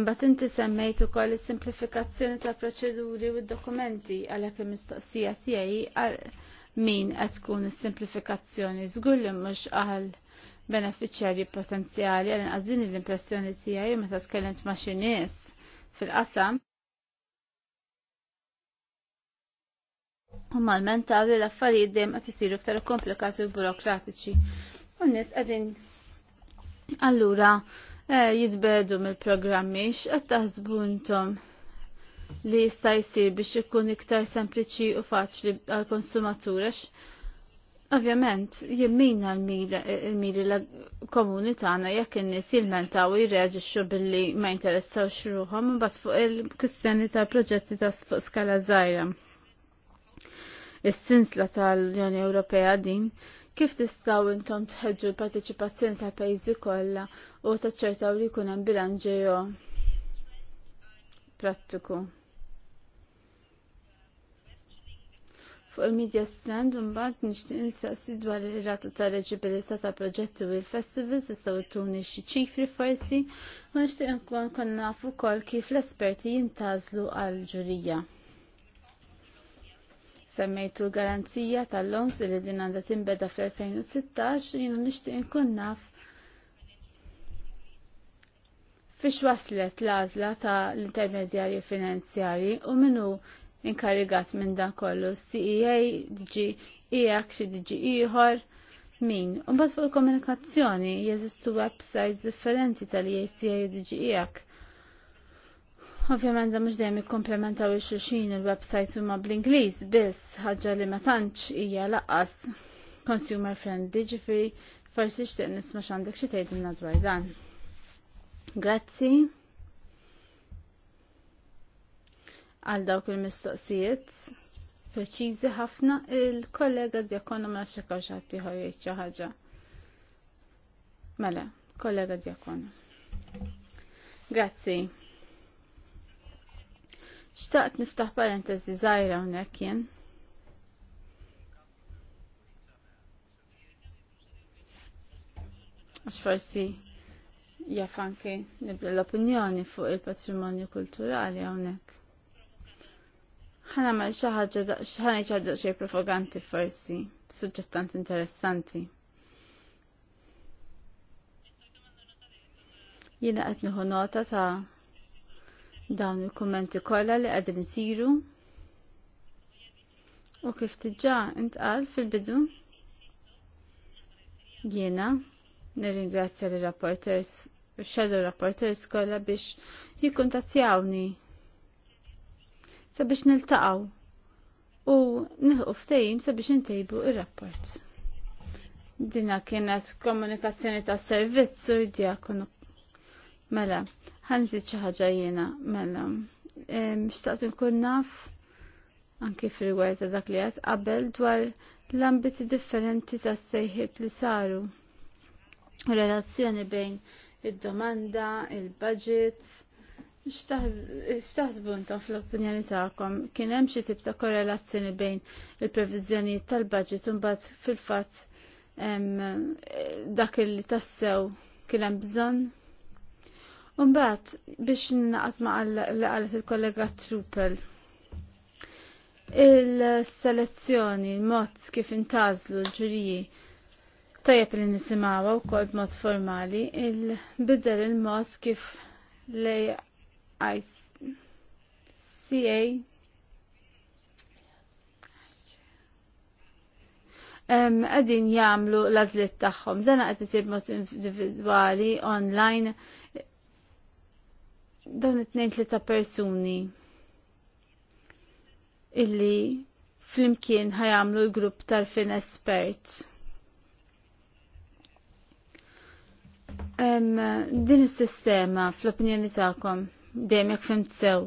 Imbagħad inti semmejt ukoll is-simplifikazzjoni ta' proċeduri u d-dokumenti għalhekk il-mistoqsija tiegħi min qed tkun is-simplifikazzjoni żgur li mhux għal beneficjarji potenzjali għal inqas din l-impressjoni tiegħi meta tkellimt ma' xi nies fil-qasam. U malment għalli l-affarijiet dejjem qed isiru ftar komplikati u burokratiċi. U n-nies qegħdin allura eh, jitbedu mill-programmi x'qed taħsbu intom li jista' jsir biex ikun iktar sempliċi u faċli għall konsumatur għax ovvjament jimmina l-miri l-komuni tagħna jekk in-nies jilmentaw jirreaġixxu billi ma jinteressawx ruħhom imbagħad fuq il-kwistjoni tal-proġetti ta' fuq skala żgħira. Is-sinsla tal-Unjoni Ewropea din kif tistgħu intom tħeġġu l parteċipazzjoni tal-pajjiżi kollha u taċċertaw li jkun hemm bilanġ ġejhom prattiku. Fuq il-Media Strand mbagħad nixtieq insaqsi dwar ir-rata ta' reġibilità ta' proġetti u l-festivals jistgħu jtuni xi ċifri forsi u nixtieq nkun kon nafu kol kif l-esperti jintazlu għal ġurija. Semmejtu l-garanzija tal-lons li din għandha tinbeda fl-2016 jiena nixtieq inkun naf fiex waslet l-għażla ta' l-intermedjarji finanzjarji u minnu inkarigat minn dan kollu CEA, DG, IAC, e xi DG e ieħor min. Unbat fuq il-komunikazzjoni jeżistu websites differenti tal aca u DG IAC. E Ovvjament da mhux dejjem ikkomplementaw il-xulxin il-websites huma bl-Ingliż biss ħaġa li ma tantx hija laqas consumer friendly ġifieri forsi xtieq nisma' x'għandek xi tgħidilna dwar dan. Grazzi. Għal dawk il-mistoqsijiet. Preċiżi ħafna il-kollega Djakonu ma xekaw xaħti ħorriċ ħaġa. Mela, kollega Djakonu. Grazzi. Xtaqt niftaħ parentesi zaħira unnek jien. Għax forsi jaf anke nibda l-opinjoni fuq il-patrimonju kulturali hawnhekk. Ħana ma xi ħaġa ħana jċaġġa xi propaganti forsi, suġġettant interessanti. Jiena qed nieħu nota ta' dawn il-kummenti kollha li qegħdin isiru. U kif tiġà intqal fil-bidu jiena nirringrazzja l-rapporters xedu rapporti l kollha biex jikkuntattjawni sabiex niltaqgħu u nħu ftehim sabiex ntejbu ir-rapport. Dina kienet komunikazzjoni ta' servizz u diakonu. Mela, ħanżid xi ħaġa jiena, mela. Mxtaqt nkun naf anki fil ta' dak li għat, qabel dwar l-ambiti differenti ta' sejħiet li saru relazzjoni bejn id-domanda, il-budget. Xtaħsbu fl-opinjoni tagħkom kien hemm xi tip ta' korrelazzjoni bejn il-previżjonijiet tal-budget u mbagħad fil-fatt dak li tassew kien hemm bżonn. Umbat, biex naqat ma' li qalet il-kollega Trupel. Il-selezzjoni, il-mod kif intazlu l-ġuriji, Tajjeb li nisimawa u kol mod formali il-bidel il-mod kif lej ICA għedin jamlu lażlit tagħhom. Dan qed isir mod individwali online dawn it-tnejn tlieta persuni illi flimkien ħajamlu l-grupp tal-fin esperts. Din is-sistema fl-opinjoni tagħkom dejjem jekk fim sew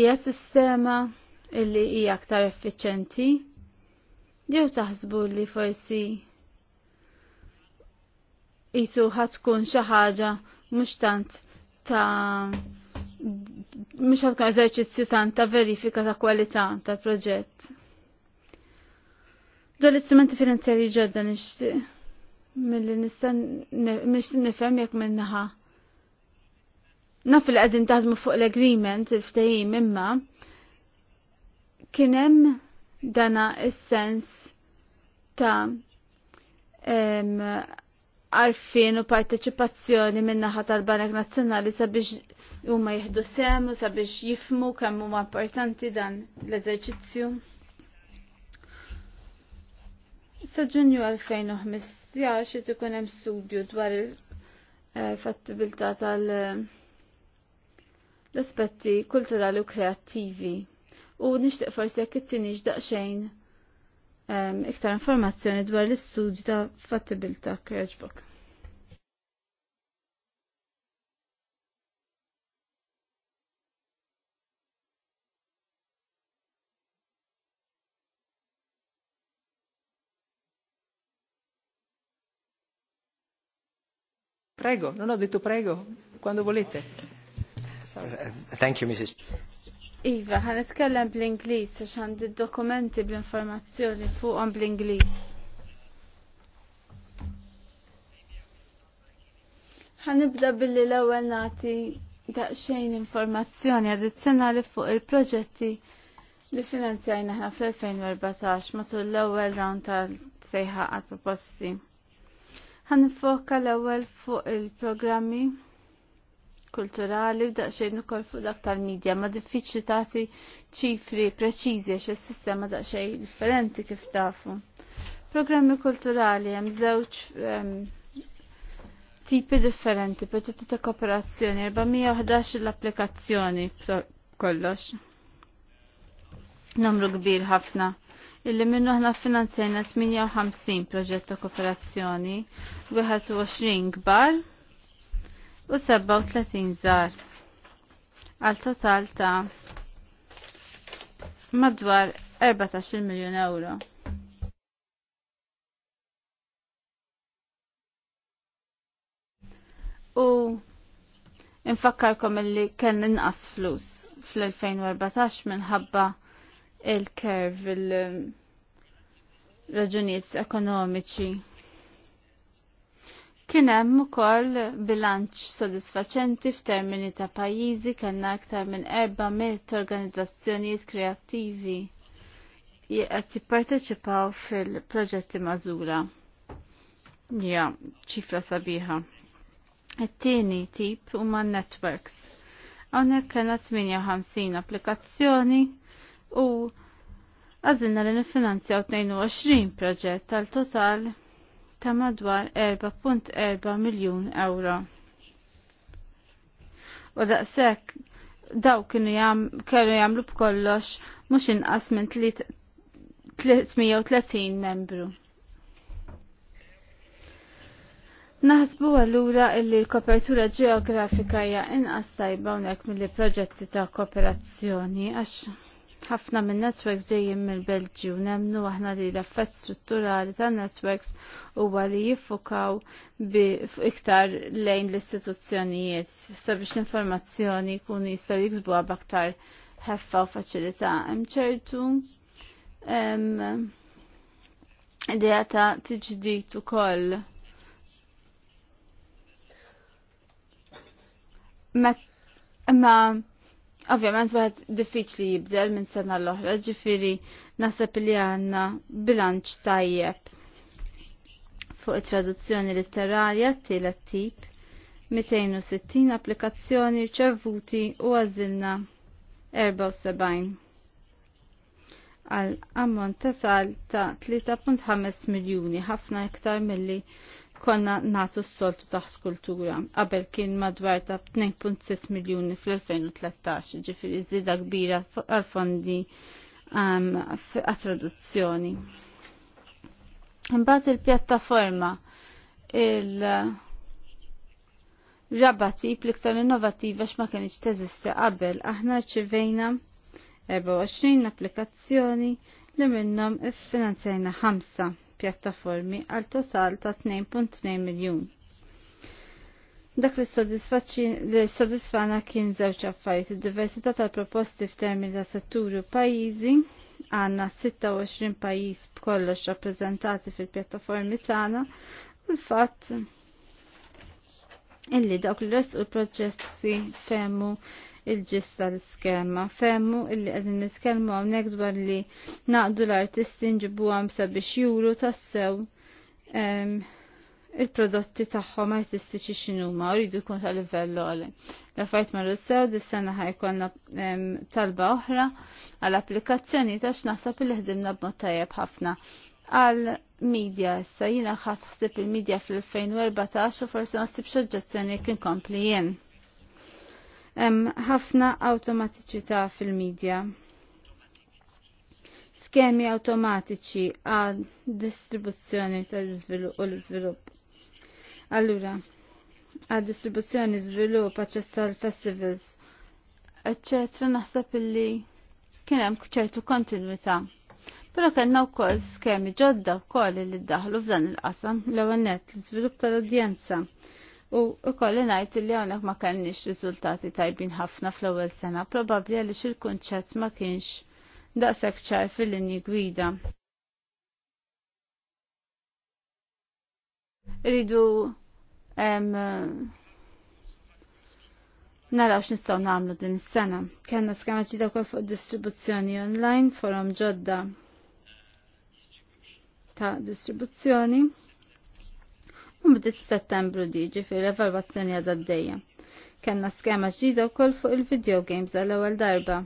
hija sistema li hija aktar effiċenti jew taħsbu li forsi qisu ħatkun xi ħaġa mhux tant ta' mhux ħatkun eżerċizzju tant ta' verifika ta' kwalità tal-proġett. Dol istrumenti finanzjarji ġodda nixtieq mill-li nistan nifem jek minnaħa. Naf li għadin taħdmu fuq l-agreement, il-ftajim imma, kienem dana il-sens ta' għarfien u parteċipazzjoni minnaħa tal-Banek Nazzjonali sabiex huma jihdu sem u sabiex jifmu kemm huma importanti dan l-eżerċizzju. Sa' ġunju 2015 Ja, xiet ikun hemm studju dwar il-fattibilità eh, tal- eh, l-aspetti kulturali u kreattivi. U nixtieq forsi jekk it tini daqsxejn eh, iktar informazzjoni dwar l-istudju ta' fattibilità Kirchbook. Prego, non ho detto prego, quando volete. Eh, eh, thank you, Mrs. Iva, għan itkellem bl-Inglis, għax għandi dokumenti bl-informazzjoni fuqhom bl-Inglis. Għan nibda billi l-ewwel nati daqsxejn informazzjoni addizzjonali fuq il-proġetti li finanzjajna ħna fl-2014 matul l-ewwel round tal-sejħa għal proposti ħanfoka l-ewwel fuq il-programmi kulturali u daqsxejn ukoll fuq dak tal-medja ma diffiċli tagħti ċifri preċiżi għax is-sistema daqsxejn differenti kif tafu. Programmi kulturali hemm żewġ tipi differenti, proġetti ta' kooperazzjoni, 411 l-applikazzjoni kollox. Numru kbir ħafna illi minnu ħna finanzjajna 58 proġett ta' kooperazzjoni, 21 kbar u 37 żgħar. Għal total ta' madwar 14 miljun euro. U infakkarkom illi kien inqas flus fl-2014 minħabba il-kerv, il-raġunijiet ekonomiċi. Kien hemm ukoll bilanċ sodisfaċenti f'termini ta' pajjiżi kellna aktar minn 400 organizzazzjonijiet kreattivi qed jipparteċipaw fil-proġetti mażula. Ja, ċifra sabiħa. It-tieni tip huma networks. Hawnhekk kellna 58 applikazzjoni u għazilna li nifinanzja 22 proġett tal-total ta' madwar 4.4 miljon euro. U daqsek daw kienu jam, kellu jamlu b'kollox mux inqas minn 330 membru. Naħsbu għallura illi l-kopertura ġeografika hija inqas tajba unek mill-proġetti ta' kooperazzjoni għax ħafna minn networks ġejjin mill-Belġju nemnu aħna li l-effett strutturali ta' networks huwa li jiffukaw bi iktar lejn l-istituzzjonijiet sabiex l-informazzjoni kun jistgħu jiksbuha b'aktar ħeffa u faċilità. Hemm ċertu idea ta' tiġdid ukoll. Ma' Ovvjament wieħed diffiċli jibdel minn sena l-oħra, ġifiri naħseb li għandna bilanċ tajjeb fuq it-traduzzjoni letterarja t-tielet tip 260 applikazzjoni rċevuti u għażilna 74 għal ammont tasal ta' 3.5 miljuni ħafna iktar milli konna natu s-soltu taħ kultura. Qabel kien madwar ta' 2.6 miljoni fl-2013, ġifiri zida kbira għal-fondi um, għat-traduzzjoni. Imbagħad il-pjattaforma il- Rabati pliktar l-iktar innovativa x'ma kienx teżisti qabel aħna rċivejna 24 applikazzjoni li minnhom iffinanzjajna ħamsa pjattaformi għal tosal ta' 2.2 miljun. Dak li s-sodisfana kien żewġ affarijiet il diversità tal-proposti f'termini ta' setturi u pajjiżi għandna 26 pajjiż b'kollox rappreżentati fil-pjattaformi tagħna u l-fatt illi dawk li resq l-proġetti femmu il-ġista l-skema. Femmu illi għedin nitkelmu għawnek dwar li naqdu l-artisti nġibu għam sabiex juru tassew il-prodotti tagħhom artistiċi x'inhuma rridu jkun ta' livellu għali. l fajt marru sew dis-sena ħajkolna talba oħra għal applikazzjoni ta' x'naħseb il ħdimna b'mod tajjeb ħafna. Għal media issa jiena ħadd ħsib il-media fl-2014 u forsi ma ħsibx oġġezzjoni kien kompli jien ħafna awtomatiċità fil-medja skemi automatiċi għal distribuzzjoni ta' u l-izvilupp. Allura, għad distribuzzjoni, izvilupp, għacċessa tal-festivals, eccetera, naħseb illi kienem ċertu kontinuità. Pero kellna wkoll skemi ġodda wkoll li ddaħlu f'dan il-qasam l-ewwel l-iżvilupp tal-udjenza. U li najt li għonek ma kenniex rizultati tajbin ħafna fl-ewwel sena, probabli għaliex il-kunċett ma kienx daqshekk ċar fil-linji gwida. Ridu naraw x'nistgħu nagħmlu din is-sena. Kellna skemaċi ġida fuq distribuzzjoni online forum ġodda ta' distribuzzjoni mbdiet settembru diġi fil-evalwazzjoni għadha d-dejja. Kenna skema ġdida wkoll fuq il-video games għal ewwel darba.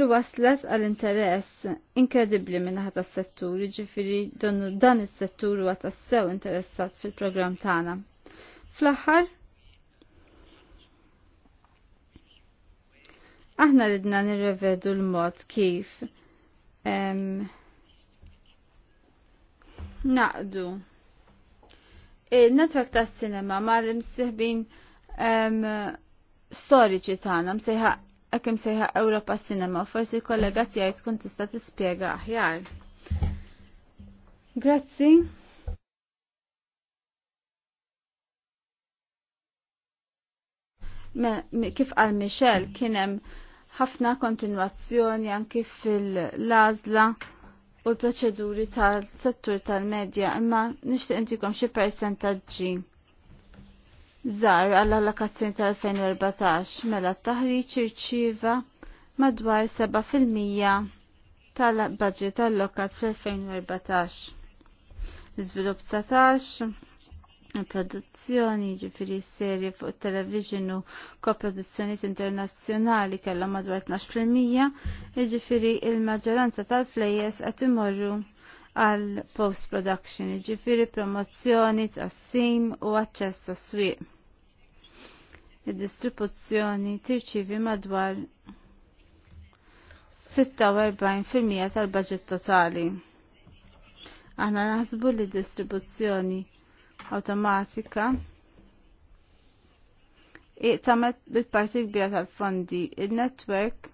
L waslet għal interess inkredibbli minn ħata s-settur, ġifiri donnu dan is-settur huwa tassew interessat fil-programm tagħna. Fl-aħħar, aħna ridna nirrevedu l-mod kif um, naqdu il-netwerk ta' cinema ma' l-imsihbin storiċi tagħna msejħa hekk imsejħa Ewropa Sinema, forsi kollega tiegħi tkun tista' tispjega aħjar. Grazzi. Kif qal Michel kien hemm ħafna kontinwazzjoni anki fil lazla u l-proċeduri tal-settur tal-medja imma nixtieq intikom xi percentagġi Żar għall allokazzjoni tal-2014 mela t-taħriġ irċieva madwar 7% tal-budget allokat fl-2014. L-iżvilupp 19 produzzjoni ġifiri serje fuq television u koproduzzjoni internazzjonali kellha madwar 12% ġifiri il-maġġoranza tal-flejjes qed imorru għal post-production, ġifiri promozzjoni, tassim u aċċess tas swieq. Id-distribuzzjoni tirċivi madwar 46% tal-budget totali. Aħna naħsbu li distribuzzjoni automatika iqtamet bil-parti kbira tal-fondi. Il-network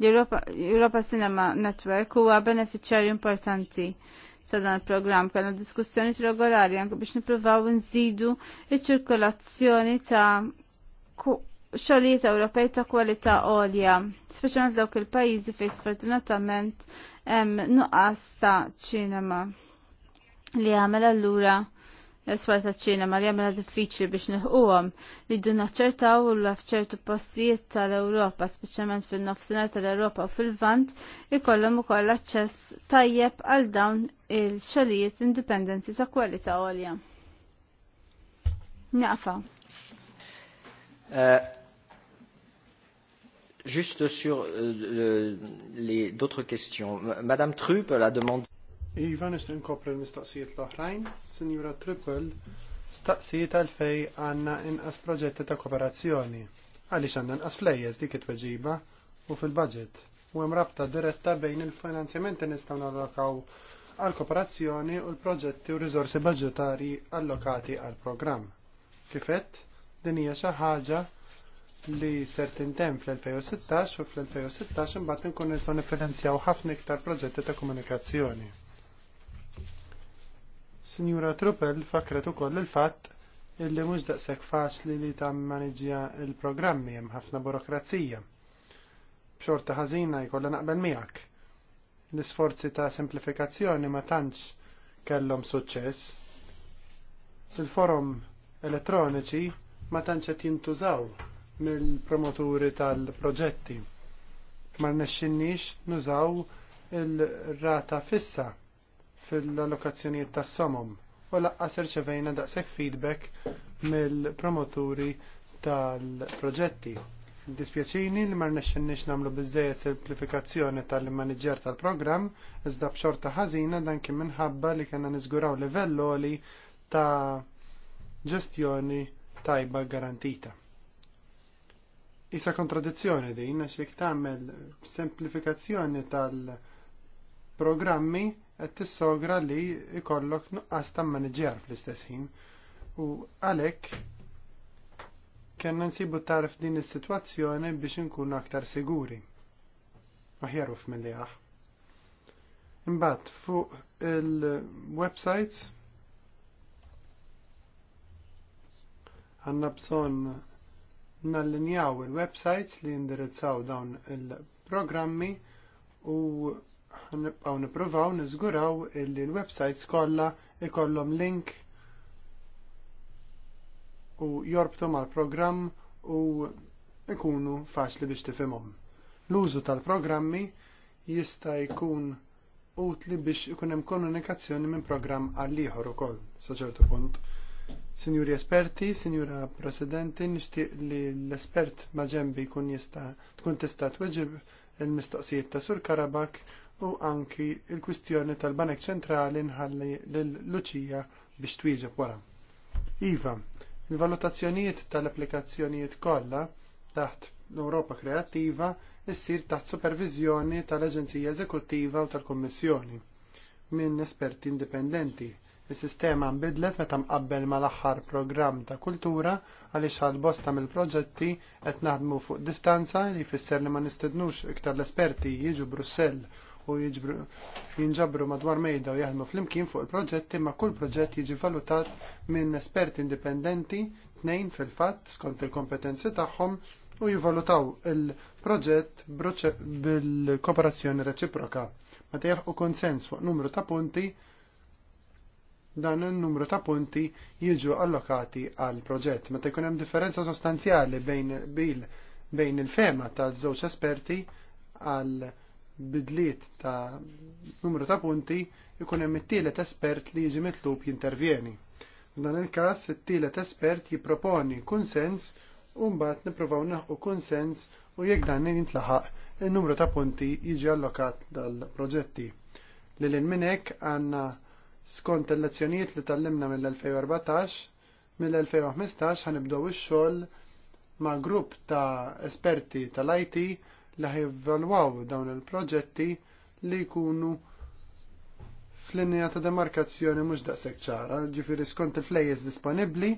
l-Europa Cinema Network huwa beneficjarju importanti ta' dan il-programm kellna diskussjoni regolari anke biex nippruvaw nżidu iċ-ċirkolazzjoni ta' xogħlijiet Ewropej ta' kwalità għolja, speċjalment f'dawk il-pajjiżi fejn sfortunatament hemm nuqqas ta' ċinema li l allura l-asfar ta' ċina ma li għamela diffiċli biex nħuqom li d-duna ċerta u l-afċertu postijiet tal-Europa, speċjalment fil-nofsinar tal-Europa u fil-Vant, ikollhom ukoll aċċess tajjeb għal dawn il-xogħlijiet independenti ta' kwalità għolja. Njaqfa. Euh, juste sur euh, les d'autres questions. Madame Trupp a demandé Iva nistgħu nkopri l-mistoqsijiet l-oħrajn, Sinjura Triple, staqsijiet għalfej għanna inqas proġetti ta' kooperazzjoni. Għalix għanna inqas flejjes dik it-tweġiba u fil-budget. U hemm rabta diretta bejn il-finanzjamenti nistgħu nallokaw għal kooperazzjoni u l-proġetti u riżorsi budgetari allokati għal programm. Kifet, din hija xi ħaġa li ser tintem fl-2016 u fl-2016 imbagħad nkun nistgħu nifinanzjaw ħafna iktar proġetti ta' komunikazzjoni. Sinjura Truppel fakret ukoll il-fatt illi mhux daqshekk faċli li tammaniġja il-programmi hemm ħafna burokrazija. B'xorta ħażina jkollha naqbel miegħek. L-isforzi ta' semplifikazzjoni ma tantx kellhom suċċess. Il-forum elettroniċi ma tantx qed jintużaw mill-promoturi tal-proġetti. Ma rnexxinniex nużaw il-rata fissa fil-allokazzjonijiet tas-somom u laqqas irċevejna daqshekk feedback mill-promoturi tal-proġetti. Dispjaċini li ma rnexxinniex nagħmlu bizzejet simplifikazzjoni tal manager tal-programm iżda b'xorta ħażina dan kien minħabba li kellna niżguraw livell ta' ġestjoni tajba garantita. Isa kontradizzjoni din għax jekk tagħmel semplifikazzjoni tal-programmi t-sogra li jkollok nuqqas ta' manager fl-istess ħin. U għalek, kellna nsibu tarf din is-sitwazzjoni biex inkunu aktar siguri. Aħjar uf mill Imbagħad fuq il-websites għandna bżonn nallinjaw il-websites li jindirizzaw dawn il-programmi u nibqaw nipruvaw niżguraw li l-websites kollha ikollhom link u jorbtu mal-programm u ikunu faċli biex tifhimhom. L-użu tal-programmi jista' jkun utli biex ikun hemm komunikazzjoni minn programm għal ieħor ukoll sa ċertu punt. Sinjuri esperti, Sinjura Presidenti, nixtieq li l-espert maġembi kun jkun jista' tkun tista' tweġib il-mistoqsijiet ta' Sur Karabak u anki il-kwistjoni tal-Banek Ċentrali nħalli l-Luċija biex twieġeb wara. Iva, il-valutazzjonijiet tal-applikazzjonijiet kollha taħt l-Europa Kreattiva issir taħt supervizjoni tal-Aġenzija Eżekuttiva u tal-Kommissjoni minn esperti indipendenti. Is-sistema nbidlet meta mqabbel mal-aħħar programm ta' kultura għaliex għal bosta mill-proġetti qed naħdmu fuq distanza li jfisser li ma nistednux iktar l-esperti jiġu Brussell u jiġbru jinġabru madwar mejda u jaħdmu flimkien fuq il-proġetti ma' kull proġett jiġi valutat minn esperti indipendenti tnejn fil-fatt skont il-kompetenzi tagħhom u jivalutaw il-proġett bil-kooperazzjoni reċiproka. Meta jaħqu konsens fuq numru ta' punti, dan il-numru ta' punti jiġu allokati għal proġett. Meta jkun hemm differenza sostanzjali bejn, bejn il-fema ta' żewġ esperti għal bidliet ta' numru ta' punti ikun hemm it-tielet espert li jiġi mitlub jintervjeni. F'dan il-każ it-tielet espert jipproponi kunsens u mbagħad nippruvaw naħqu kunsens u jekk dan jintlaħaq in-numru ta' punti jiġi allokat dal-proġetti. Lil minn hekk għandna skont il-lezzjonijiet li tallimna mill-2014 mill-2015 ħanibdew ix-xogħol ma' grupp ta' esperti tal-IT li ħajvalwaw dawn il-proġetti li jkunu fl-linja ta' demarkazzjoni mhux daqshekk ċara, ġifieri skont il-flejjes disponibbli,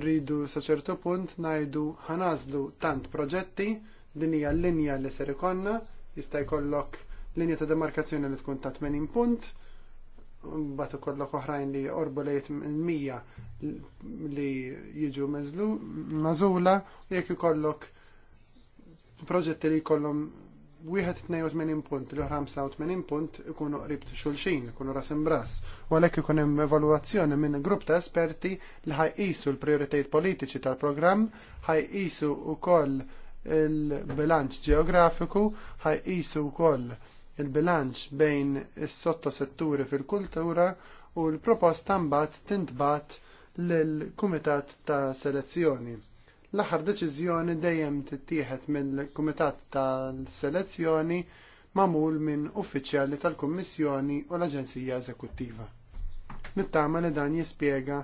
rridu sa ċertu punt ngħidu ħanażlu tant proġetti din hija l-linja li ser ikonna, jista' jkollok linja ta' demarkazzjoni li tkun ta' 80 punt, mbagħad ikollok oħrajn li orbu lejt mija li jiġu mażula, jekk ikollok proġetti li jkollhom wieħed 82 punt, l-oħra 85 punt ikunu qrib xulxin, ikunu ras imbras. U għalhekk ikun hemm evalwazzjoni minn grupp ta' esperti li ħajqisu l-prijoritajiet politiċi tal-programm, ħajqisu wkoll il-bilanċ ġeografiku, ħajqisu wkoll il-bilanċ bejn is-sottosetturi fil-kultura u l-proposta mbagħad tintbat lill-Kumitat ta' Selezzjoni L-aħħar deċiżjoni dejjem tittieħed mill-Kumitat tal-Selezzjoni mamul minn uffiċjali tal-Kummissjoni u l-Aġenzija Eżekuttiva. Nittama li dan jispjega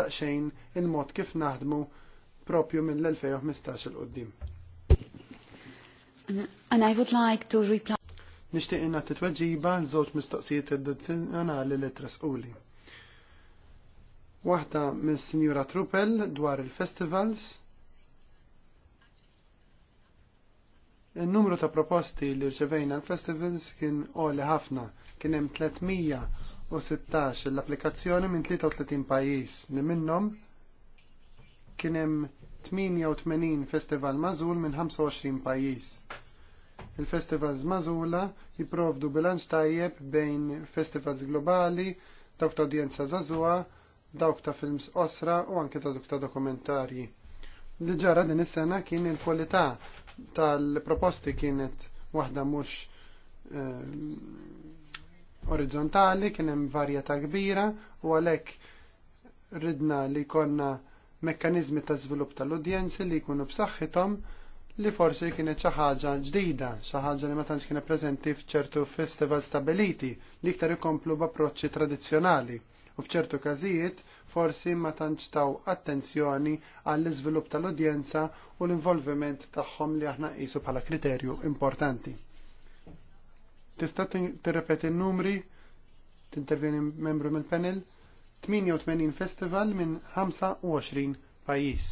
daqsxejn il-mod kif naħdmu propju mill-2015 il-qoddim. And I would like to reply. Nishtiq inna titweġiba l-żewġ mistoqsijiet addizzjonali li trasquli. Waħda mis-Sinjura Truppel dwar il-festivals Il-numru ta' proposti li rċevejna l-festivals kien oli ħafna, kien hemm 316 l-applikazzjoni minn 33 pajjiż li minnhom kien hemm 88 festival mażul minn 25 pajjiż. Il-festivals mażula jipprovdu bilanċ tajjeb bejn festivals globali, dawk ta' udjenza żagħżugħa, dawk ta' films osra u anke ta' dawk ta' dokumentarji. Diġara ġara din is-sena kien il-kwalità tal-proposti kienet waħda mhux eh, orizzontali, kien hemm kbira u għalhekk ridna li konna mekkanizmi ta' żvilupp tal-udjenzi li jkunu b'saħħithom li forsi kienet xi ħaġa ġdida, xi ħaġa li ma tantx kienet preżenti f'ċertu festival stabiliti li iktar ikomplu b'approċċi tradizzjonali u f'ċertu każijiet forsi ma tantx taw attenzjoni għall iżvilupp tal-udjenza u l-involviment tagħhom li aħna qisu bħala kriterju importanti. Tista' tirrepeti n-numri, tintervjeni membru mill-panel, 88 festival minn 25 pajjiż.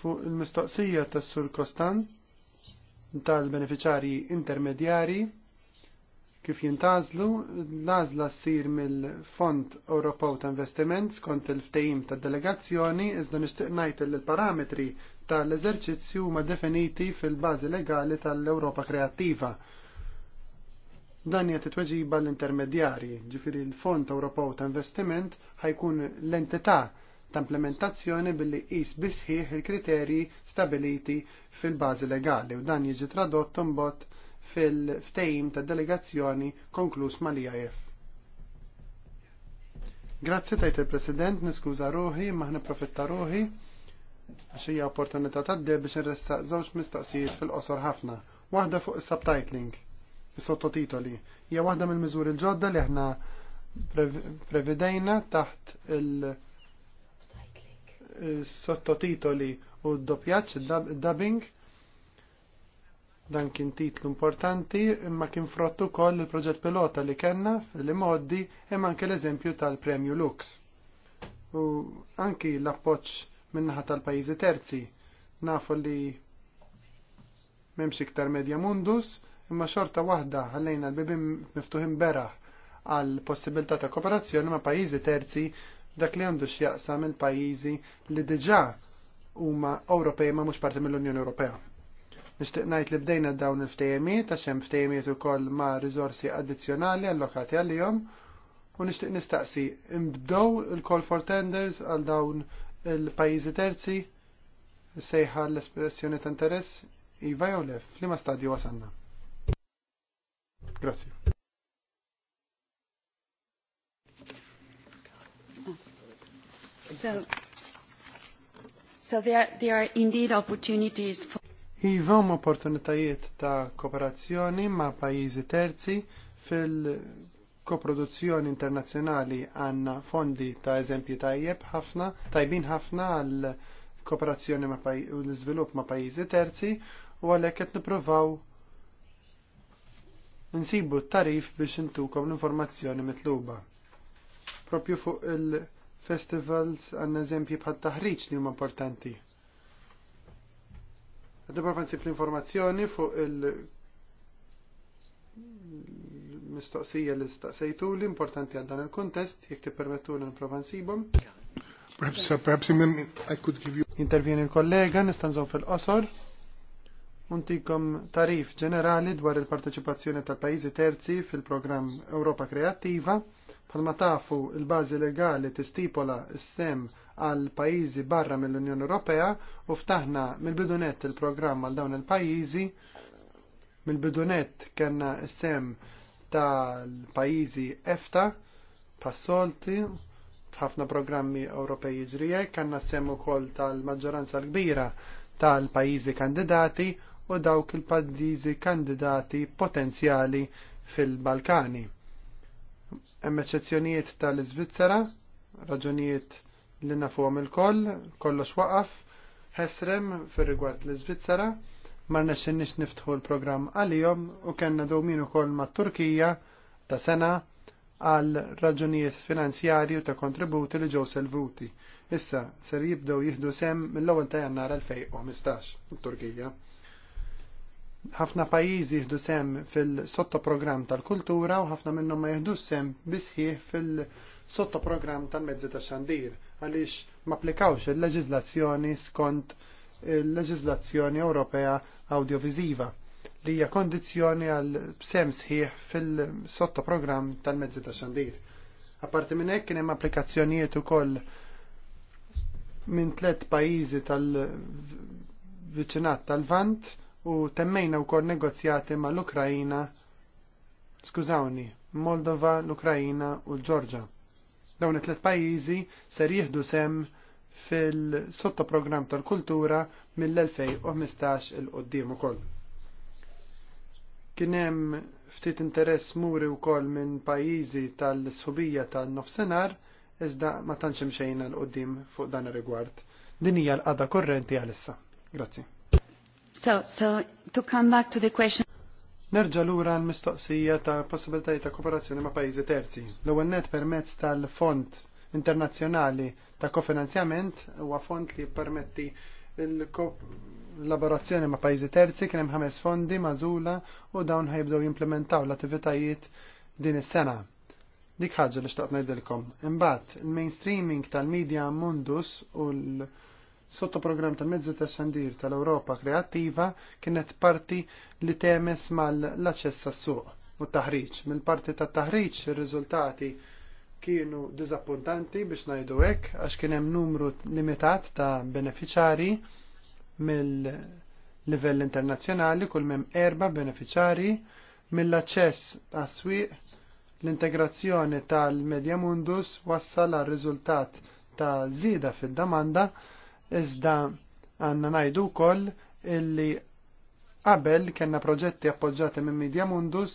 Fuq il-mistoqsija tas-Sur Kostan tal-beneficjarji intermedjari kif jintazlu, l s ssir mill-Fond Europew ta' Investiment skont il-ftehim ta' delegazzjoni iżda nixtieq ngħid li l-parametri tal-eżerċizzju huma definiti fil-bażi legali tal-Ewropa Kreattiva. Dan hija titweġiba l-intermedjarji, ġifieri l-Fond Europew ta' Investiment ħajkun l-entità ta' implementazzjoni billi qis bisħiħ il-kriterji stabiliti fil-bażi legali u dan jiġi tradott imbagħad fil-ftejim ta' delegazzjoni konkluż mal-IAF. Grazzi tajt il-President, niskuża ruħi, maħna profitta ruħi, għaxija opportunità deb biex nressa żewġ mistoqsijiet fil-qosor ħafna, waħda fuq is-subtitling, il sottotitoli hija waħda mill-miżuri il ġodda li aħna prevedejna taħt il-sottotitoli u d dopjaċ il-dubbing, Dan kien titlu importanti imma kien frottu koll il-proġett pilota li kenna fil moddi imma anke l-eżempju tal-Premju Lux. U anki l-appoċ minnaħat tal-pajizi terzi nafu li memx iktar medja mundus imma xorta waħda għallejna l-bibim miftuħin beraħ għal possibilità ta' kooperazzjoni ma' pajjiżi terzi dak li għandu x'jaqsam il-pajjiżi li diġà huma Ewropej ma mhux parti mill-Unjoni Ewropea. Nixtieq ngħid li bdejna dawn il-ftejemiet għax hemm ftejemiet ukoll ma' riżorsi addizzjonali allokati għalihom u nixtieq nistaqsi imbdew il-call for tenders għal dawn il-pajjiżi terzi sejħa l-espressjoni ta' interess iva jew lef ma stadju wasanna. Grazzi. So, so there, there are indeed opportunities for Jivom opportunitajiet ta' kooperazzjoni ma' pajjiżi terzi fil-koproduzzjoni internazzjonali għandna fondi ta' eżempju tajjeb ħafna, tajbin ħafna għal kooperazzjoni ma' u l-iżvilupp ma' pajjiżi terzi u għalhekk qed nippruvaw nsibu t-tarif biex intukom l-informazzjoni mitluba. Propju fuq il-festivals għandna eżempji bħal taħriġ li huma importanti Id-debarva l-informazzjoni fuq il-mistoqsija li staqsejtu li importanti għal dan il-kontest, jek ti permettu l-improva Perhaps, uh, perhaps I could give you... Intervjeni l kollega nistanżon fil-qosor. Untikom tarif ġenerali dwar il-parteċipazzjoni tal pajjiżi terzi fil-programm Europa Kreattiva. Palma tafu il-bazi legali tistipola s-sem għal pajjiżi barra mill-Unjoni Ewropea u ftaħna mill-bidunet il-programm għal dawn il-pajjiżi. Mill-bidunet kellna sem tal-pajjiżi EFTA, passolti, ħafna programmi Ewropej jiġrije, kellna sem ukoll tal-maġġoranza l-kbira tal-pajjiżi kandidati u dawk il-pajjiżi kandidati potenzjali fil-Balkani. Hemm eċċezzjonijiet tal svizzera raġunijiet li nafuhom il-koll, kollox waqaf, ħesrem fir-rigward l-Iżvizzera, ma rnexxinniex niftħu l-programm għalihom u kellna domin ukoll mat-Turkija ta' sena għal raġunijiet finanzjarju ta' kontributi li ġew selvuti. Issa ser jibdew jieħdu sem mill-ewwel ta' jannar 2015 turkija Ħafna pajjiżi jieħdu sem fil-sottoprogramm tal-kultura u ħafna minnhom ma jieħdu sem bisħieħ fil-sottoprogramm tal-mezzi ta' xandir għaliex ma applikawx il leġizlazzjoni skont il-leġiżlazzjoni Ewropea Awdjoviżiva li hija kondizzjoni għal sem sħiħ fil-sottoprogramm tal-mezzi ta' xandir. Apparti minn hekk kien hemm applikazzjonijiet ukoll minn tliet pajjiżi tal-viċinat tal-Vant u temmejna wkoll negozjati mal-Ukrajina, skużawni, Moldova, l-Ukrajina u l-Ġorġa. Dawn it-tlet pajjiżi ser jieħdu sem fil-sottoprogramm tal-kultura mill-2015 il-qoddim ukoll. Kien hemm ftit interess muri wkoll minn pajjiżi tal-sħubija tan-nofsinhar iżda ma tantx xejn l-qoddim fuq dan ir-rigward. Din hija l-qada korrenti għalissa. Grazzi. So, so to come back to the question Nerġa' lura l-mistoqsija ta' possibilitajiet ta' kooperazzjoni ma' pajjiżi terzi. L-ewwel net permezz tal-Fond Internazzjonali ta' Kofinanzjament huwa fond li jippermetti l-kollaborazzjoni ma' pajjiżi terzi kien hemm ħames fondi mażula u dawn ħajbdew jimplementaw l-attivitajiet din is-sena. Dik ħaġa li xtaqt ngħidilkom. Imbagħad il-mainstreaming tal media Mundus u l- Sotto program ta' mezzi ta' xandir tal-Europa Kreattiva kienet parti li temes mal-aċċess suq u taħriġ. Mill-parti ta' taħriġ ir-riżultati kienu diżappuntanti biex ngħidu hekk għax kien hemm numru limitat ta' beneficiari mill-livell internazzjonali kull mem erba beneficiari mill-aċċess għas-swieq l-integrazzjoni tal-Media Mundus wassal għal riżultat ta' zida fid-domanda iżda għanna najdu koll illi qabel kena proġetti appoġġati minn Media Mundus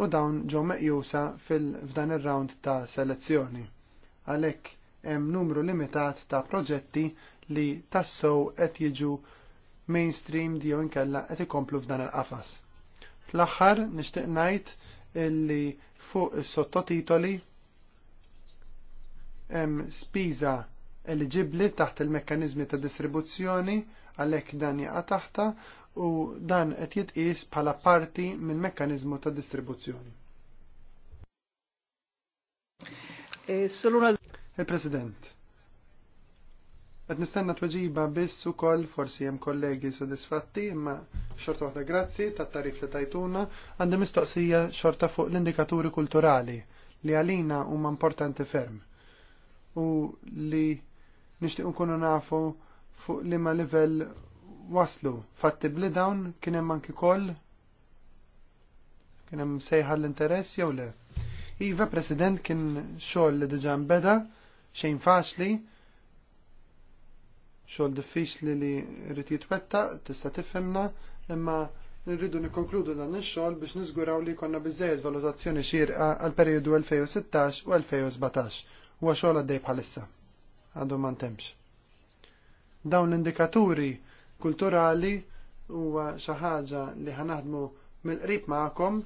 u dawn ġew meqjusa fil f'dan ir-round ta' selezzjoni. Għalhekk hemm numru limitat ta' proġetti li tassew qed jiġu mainstream di jew inkella qed ikomplu f'dan il-qafas. Fl-aħħar nixtieq ngħid illi fuq is-sottotitoli hemm spiża eligibli taħt il-mekkanizmi ta' distribuzzjoni għalhekk dan jaqa' taħta u dan qed jitqies bħala parti mill mekkanizmu ta' distribuzzjoni. E, Il-President, qed nistenna tweġiba biss ukoll forsi hemm kollegi sodisfatti imma xorta waħda grazzi tat-tarif li tajtuna għandi mistoqsija xorta fuq l-indikaturi kulturali li għalina huma importanti ferm u li nishtiq nkunu nafu fuq liema livell waslu. Fatti bli dawn kien hemm anki koll kien hemm sejħa l-interess jew le. Iva President kien xogħol li diġà nbeda xejn faċli xogħol diffiċli li rrid jitwettaq, tista' tifhimna, imma nirridu nikkonkludu dan ix-xogħol biex niżguraw li jkollna biżejjed valutazzjoni xirqa għal perjodu 2016 u 2017. Huwa xogħol għaddej bħalissa għadhom ma ntemx. Dawn l-indikaturi kulturali huwa xi ħaġa li ħanaħdmu mill-qrib magħkom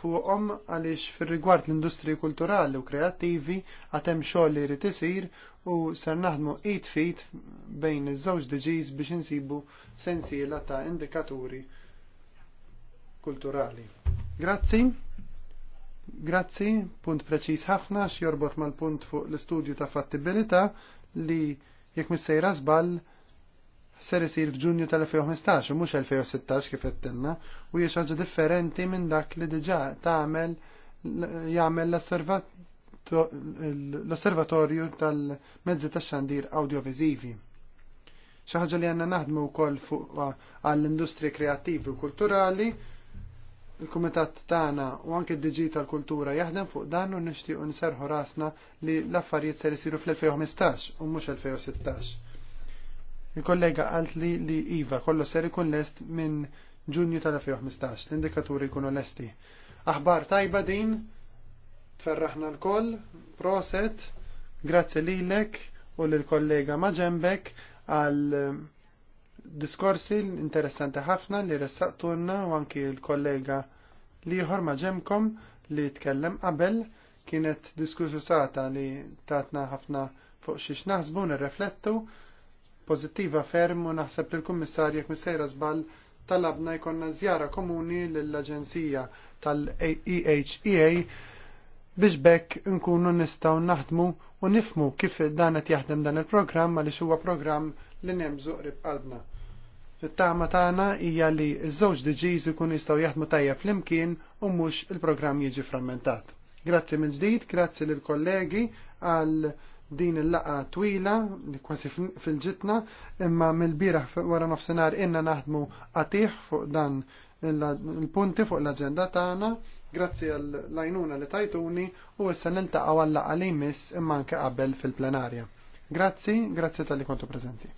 fuqhom għaliex fir-rigward l-industriji kulturali u kreattivi għad hemm xogħol li jrid isir u ser naħdmu 8 fit bejn iż-żewġ diġis biex insibu sensiela ta' indikaturi kulturali. Grazzi. Grazzi, punt preċis ħafna x'jorbot mal-punt fuq l-istudju ta' fattibilità li jekk missejra żball ser isir f'Ġunju tal-2015 u mhux 2016 kif qedtilna u hija ħaġa differenti minn dak li diġà tagħmel jagħmel l-osservatorju tal-mezzi tax-xandir audiovisivi. Xi ħaġa li għandna naħdmu wkoll fuq għall-industri kreattivi u kulturali il-Kumitat tagħna u anke d-Diġi tal-Kultura jaħdem fuq dan u nixtiequ nserħu rasna li l-affarijiet se jsiru fl-2015 u mhux 2016. Il-kollega qalt li li iva kollu ser ikun lest minn Ġunju tal-2015 l-indikaturi jkunu lesti. Aħbar tajba din, tferraħna l-koll, proset, grazzi lilek u lill kollega maġembek għal diskorsi interessanti ħafna li ressaqtunna u anki l-kollega liħor maġemkom li tkellem qabel kienet diskussusata li tatna ħafna fuq xiex naħsbu nirreflettu pozittiva ferm u naħseb li l-kummissarju jekk missejra żball talabna jkonna zjara komuni l-Aġenzija tal-EHEA biex bekk nkunu nistaw naħdmu u nifmu kif dan qed jaħdem dan il-programm għaliex huwa programm li nemżu qrib qalbna. It-tama tagħna hija li ż-żewġ diġiż ikun jistgħu jaħdmu tajjeb flimkien u mhux il-programm jiġi frammentat. Grazzi minn ġdid, grazzi lill kollegi għal din il-laqa twila, kważi fil-ġitna, imma mill bieraħ wara nofsinhar inna naħdmu qatiħ fuq dan il-punti fuq l-aġenda tagħna. Grazzi għall-lajnuna li tajtuni u issa niltaqgħu għal laqa li jmiss imma anke qabel fil-plenarja. Grazzi, grazzi tal-li kontu preżenti.